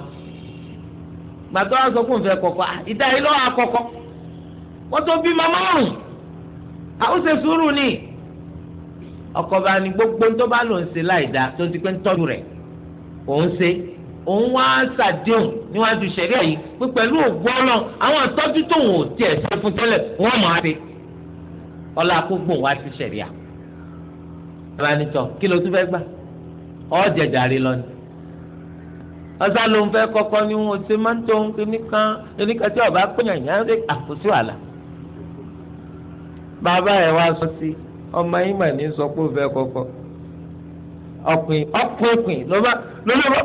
gbàtọ́ wa sọ fún ìfẹ́ kọkọ ah, ìdá yìí lọ́wọ́ àkọ́kọ́ wọ́n tó bímọ márùn àwọn ṣe sùúrù ni ọkọ bá ní gbogbo tó bá lòun ṣe láì dá tó ti pé ń tọ́jú rẹ̀ òun ṣe òun wá ṣàdéhùn níwájú sẹ̀ríà yìí pé pẹ̀lú ògbó ọlọ́run àwọn àtọ́jú tó wọn ò tiẹ̀ ṣe fún tẹ́lẹ̀ wọ́n mọ̀ á dé ọlá àkógbò wá sí sẹ̀ríà. bàbá ni tọ kí ló tún fẹ́ gbà ọ́ jẹ̀jàre lọ ni. ọ̀sá ló ń fẹ́ kọ́kọ́ ni wọn ṣe máa ń tó ń kíní kan oníkan tí ọba pènyàn yẹn rí àkóso àlà. bàbá ẹ̀ wá sọ sí ọmọ yín ní sọ pé ó fẹ́ kọ́kọ́ ọ̀pìn ọ̀pìn ìpìn ló bá ló bá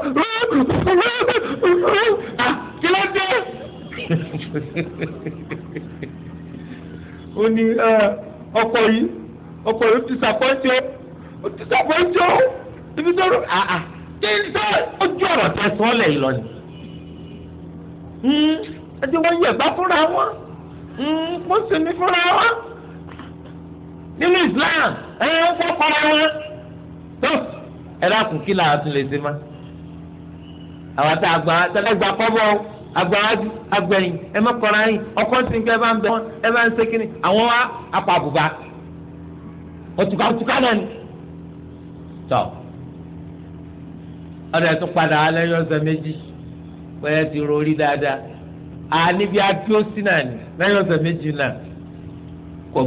kí ló dé. ó ní ah, ọkọ yìí ọkọ yìí ó ti sàpọ́ńtì ó ó ti sàpọ́ńtì ó ibi tó rú àà ah, ah, kí n sọ ojú ọ̀rọ̀ tẹ sọ́ọ̀lẹ̀ yìí lọ ni. Hmm, ẹjẹ wọn yẹ bá fúnra wọn hmm, wọn sì ní fúnra wọn nínú Islam ẹ ń fọ́ fọ́ra wọn ẹ dákun kí làwọn tún lè ṣe má àwọn tá a gbà wá tẹ́lẹ̀ gbà kọ́bọ̀ agbáwájú agbẹ̀yìn ẹ má kọ́ra yín ọkọ tí ń bẹ bá ń bẹ wọn ẹ bá ń ṣe kínní àwọn wa apá àbùbá òtùkà òtùkà náà ni tọ ọdọ ẹ tún padà alẹ́ yọ ọ̀sẹ̀ méjì pẹ̀lẹ́ ti rori dáadáa àníbi adúró sí náà ni lẹ́yìn ọ̀sẹ̀ méjì náà kò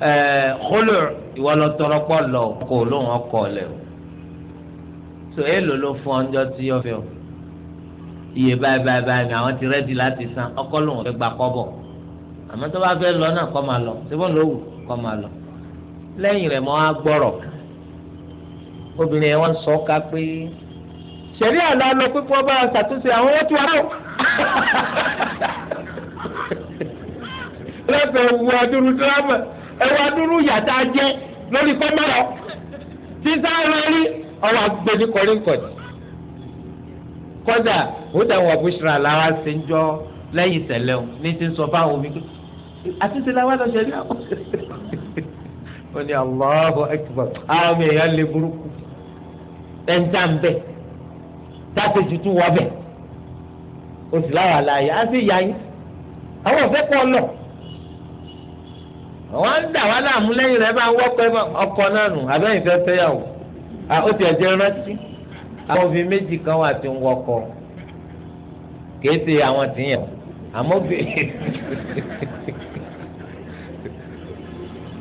ẹ kólò ìwọ lọ tọrọ pọ lọ kó lóun ọkọ lẹ o so èèlò ló fún ọjọ tí yọ fẹ o iye báyìí báyìí báyìí ni àwọn ti rẹ́dì láti san ọkọ lóun fẹ́ gba kọ́bọ̀ àmọ́ tó bá fẹ́ lọ náà kọ́ máa lọ síbọn ló wù kọ́ máa lọ lẹ́yìn rẹ̀ mọ́ á gbọ́rọ̀ obìnrin yẹn wọ́n sọ ká pé ṣẹ̀rí àná lọ pípọ́ bá ṣàtúnṣe àwọn owó tí wọ́n rò lọ́sẹ̀ wù ọdún dírámà ẹwà dúró yàtá jẹ lórí kọ́mọ́rọ́ sísá rẹ́rí ọwọ́ agbẹ́ni kọ́rínkọ́dì kọ́dà ó dà wà bùsùlà làwa ṣe ń jọ lẹ́yìn ìṣẹ̀lẹ̀ o ní ti ń sọ fáwọn omi pé àtúnṣe làwa lọ ṣẹlẹ̀ àwọn ó ní Allahu Akbar àwọn ọmọ èèyàn lè burúkú ẹ̀ńtà ń bẹ̀ tàtẹ̀jù tún wọ́ bẹ̀ o sì láwàá á sì yá yín àwọn ọ̀fẹ́ pọ̀ lọ wọ́n ń dà wá láàmú lẹ́yìn rẹ̀ bá ń wọ́pẹ́ ọkọ náà nù abẹ́yìn fẹ́ fẹ́ yàwó ó ti ẹ̀jẹ̀ rántí àwọn obìnrin méjì kan wà tí ń wọkọ kìí ṣe àwọn tìyàn àmọ́ bẹ́ẹ̀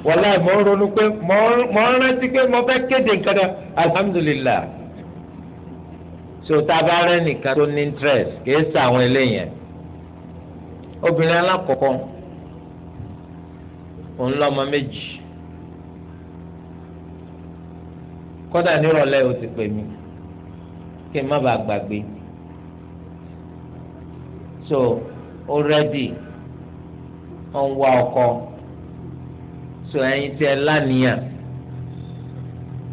wọlé mọ ronú pé mọ rántí pé mo fẹ́ kéde nǹkan náà alhamdulilah so nìkan tó ní interest kìí ṣe àwọn eléyẹn obìnrin alákọ̀ọ́kọ́ òun lọ́mọ méjì kódà nírọ̀lẹ́ o ti pè mí kí n má bàa gbàgbé so ó rẹ́dì ó ń wá ọkọ so ẹ̀yin tí ẹ lánìyàn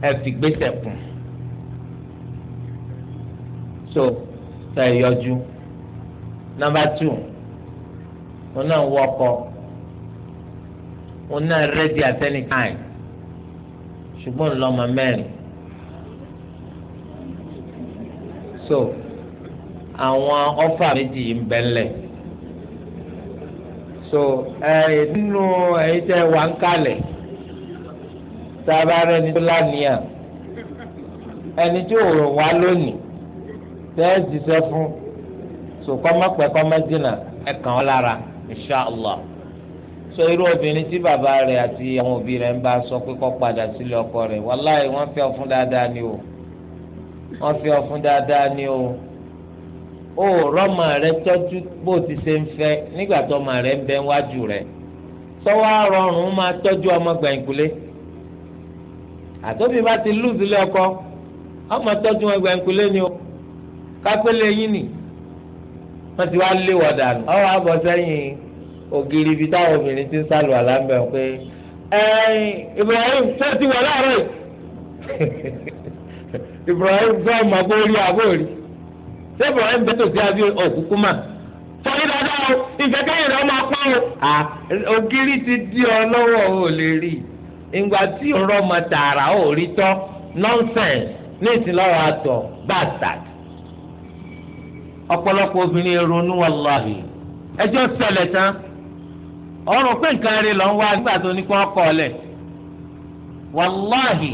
ẹ fi gbèsè kùn so tẹ yọjú nọ́mbà tù òun náà ń wọ ọkọ. òun náà rẹ́dí at any time ṣùgbọ́n mẹ́rin so àwọn ọfà méjì ń so ẹ nínú ẹ̀yin tẹ́ wà ń kalẹ̀ tá a bá rẹ ní tó ẹni tí so kọ́mọ́pẹ́ kọ́mọ́dínà ẹ̀ kàn án lára inṣàlá. sọ irú obìnrin tí bàbá rẹ̀ àti àwọn òbí rẹ̀ ń bá sọ pé kó padà sílé ọkọ rẹ̀ wàláì wọ́n fẹ́ ọ fún dáadáa ni o wọ́n fẹ́ ọ dáadáa ni o ó rọ́mà rẹ̀ tọ́jú bó ti ṣe ń fẹ́ nígbà tó ọmọ rẹ̀ ń bẹ wájú rẹ̀ sọ́wọ́ rọrùn máa tọ́jú ọmọ gbẹ̀ǹkulé àtọ́bí bá ti lù sílé ọkọ ọmọ tọ́jú wọn gbẹ̀ǹkulé ni o kápẹ́lẹ́ yín nì wọ́n ti wá lé wọ̀ dànù ọwọ́ àbọ̀ sẹ́yìn ògiri ibi táwọn obìnrin ti ń sálù àlámbẹ pé Ibrahim tó ti wà láàárọ̀ Ibrahim gbọ́ ọmọ kó rí àbórí ṣé Ibrahim bẹ́ẹ̀ tó ti àbí òkúkú mà sọ̀rọ̀ dáadáa o ìfẹ́kẹ́yìn rẹ̀ máa pọ́n o. ògiri ti di ọ lọ́wọ́ o lè rí ìgbà tí ọ̀rọ̀ ọmọ tààrà ò rí tọ́ nọ́ńsẹ̀nsì ní ìsìnlọ́wọ́ àtọ̀ bastard ọ̀pọ̀lọpọ̀ obìnrin ronú wàláhì ẹjọ́ ṣẹlẹ̀ tán ọrùn pé nǹkan rẹ lọ ń wá nígbà tó ní kí wọ́n kọ́ ọ wàláhì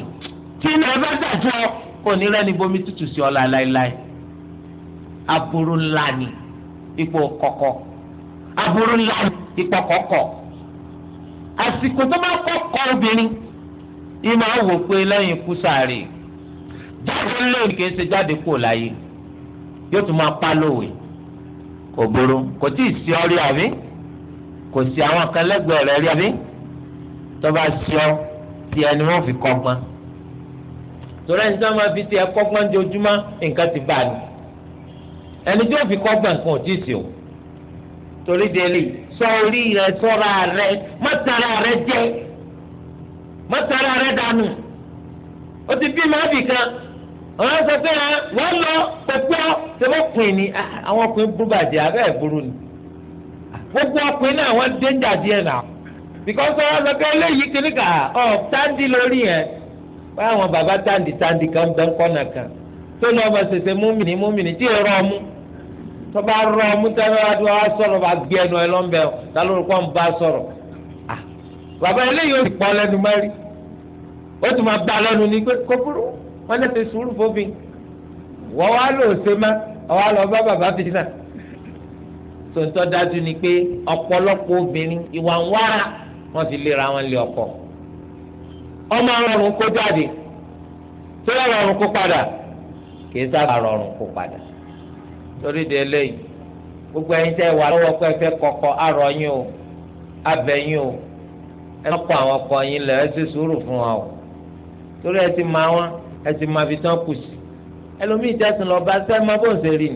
tí kò ní rẹ́ni bomi tútù sí ọ̀la láéláé aburú ńlá ni ipò kọkọ aburú ńlá ni ipò kọ̀kọ̀ àsìkò tó máa kọ́kọ́ obìnrin yìí máa wò lẹ́yìn ikú sáré jáde lónìí kì í ṣe jáde láyé yóò kò tí ì sí kò sí àwọn kan lẹ́gbẹ̀ẹ́ rẹ̀ rí àbí tọ́ba sí ọ tí ẹni wọ́n fi kọ́gbọ́n torí ẹni tí wọ́n máa fi ti ẹ kọ́gbọ́n ojoojúmọ́ nǹkan ti bá a nù ẹni tí wọ́n fi kọ́gbọ́n nǹkan ò tí ì sí o torí délé sọ orí rẹ sọ́ra rẹ mọ́tara rẹ jẹ́ mọ́tara rẹ dànù ó ti bí màá bì kan àwọn sọ pé wọ́n lọ pẹ̀pẹ́ ṣe wọ́n pin ni ah, àwọn ọkùnrin burú bàjẹ́ abẹ́ ẹ̀ burú ni gbogbo ọkùnrin náà wọ́n dénjà díẹ̀ náà bìkọ́sọ́ wọn sọ pé eléyìí kìíní kà ọ̀ táǹdì lórí yẹn báwọn bàbá táǹdì táǹdì kan bẹ́ ń kọ́nà kan tó ní ọmọ ṣẹṣẹ múmìnì múmìnì tí èrò ọmú tó bá rọ ọmú tẹ́lẹ̀ wá tó wá sọ̀rọ̀ bá gbé ẹnu ẹ lọ́nbẹ̀ lálórúkọ ń bá sọ̀rọ̀ bàbá eléyìí ó sì pọ̀ lẹ́nu mẹ́rí ó tún máa gbà lẹ́nu ní pé kókóró wọn ní ti sùúrù fóbi wọ́n wá lò ó ṣe má ọ wá lọ bá bàbá fìdí náà tontọ́ dájú ni pé ọ̀pọ̀lọpọ̀ obìnrin ìwà ń wá wọn ti lera wọn lé ọkọ ọmọ rọrùn kó jáde tó rọrùn kó padà kì í sábà rọrùn kó padà torí de eléyìí gbogbo ẹ̀yin tẹ́ wà lọ́wọ́ pé ẹfẹ kọkọ arọ yín o abẹ yín o ẹ kọ àwọn ọkọ yín lẹ ẹ sùúrù fún wa o torí ẹ ti máa wọn ẹ ti máa fi tán kù ẹlòmíì tẹsán lọ bá sẹ ẹ máa bọ̀ ń ṣe ni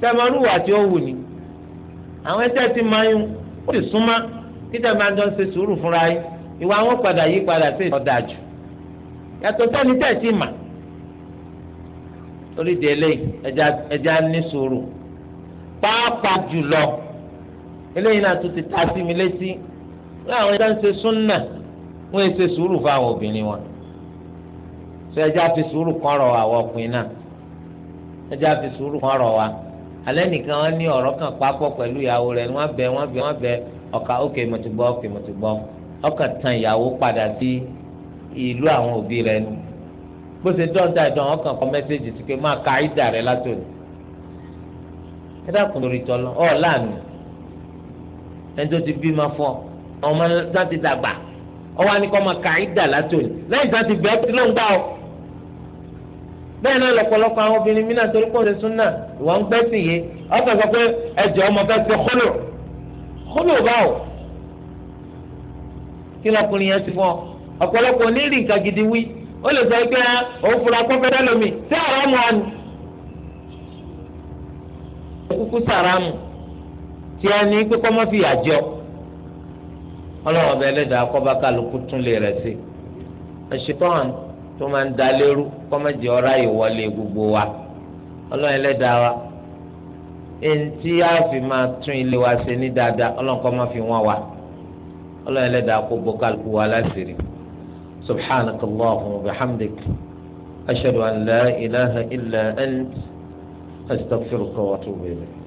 sẹ ẹ máa rúwà tí ó wù ni. àwọn ẹsẹ̀ ti máa yún ó sì súnmọ́ títẹ̀ máa jọ ń ṣe sùúrù fúnra yín ìwà wọn padà yí padà sí ọ̀dà jù yàtọ̀ sẹ́ni tẹ̀ sí mà torí ẹja ní sùúrù pàápàá jùlọ eléyìí náà tún ti ta sí mi létí wọn àwọn ẹja ń ṣe súnnà wọn ń ṣe sùúrù fi sùúrù kan àwọn ọkùnrin alẹ́ nìkan wọn ní ọ̀rọ̀ kan papọ̀ pẹ̀lú ìyàwó rẹ̀ wọ́n bẹ wọ́n bẹ wọ́n bẹ ọ̀ka ókè mo ti gbọ́ ókè mo ti gbọ́ ọkàn tan ìyàwó padà sí ìlú àwọn òbí rẹ̀ ni bó ṣe dọ́ọ̀dà ìdán ọkàn kọ mẹ́sẹ́jì sí pé máa ka ìdà rẹ̀ látòní ẹ dákun lórí tọ́lọ́ ọ̀ láàánú ẹni tó ti bí máa fọ́ ọmọ náà ti dàgbà ọwọ́ á máa ka ìdà látòní lẹ́yìn tó ti bẹ́ẹ̀ ọ́ bẹ́ẹ̀ náà lọ́pọ̀lọpọ̀ àwọn obìnrin mìíràn torí kò ṣe súnà ìwọ̀n ń gbẹ́sìn yìí ọkọ̀ sọ pé ẹ̀jẹ̀ ọmọ fẹ́ ṣe kólò kólò báwò kí lọkùnrin yẹn ti fọ́ ọ̀pọ̀lọpọ̀ onírìn nǹkan gidi wí ó lè sọ pé òun fura kọ́fẹ́ lẹ́lómi sí àrámù àná kúkú sàrámù tí a ní pé kọ́mọ́ fi àjọ ọlọ́run ọbẹ̀ ẹlẹ́dàá kọ́ bá kálukú tún lè rẹ̀ sí ẹ̀ṣin tó máa ń da lérú kọ́mọ̀jì ọ̀rá ìwọlé gbogbo wa ọlọ́run ẹlẹ́dàá wa èyí tí a fi máa tún ilé wa ṣe ní dáadáa ọlọ́run kọ́ máa fi wọ́n wa ọlọ́run ẹlẹ́dàá kó bọ́ kálukú wa láṣìírí subhanak allahumma wa bihamdik an la ilaha illa ant astaghfiruka wa atubu ilayk.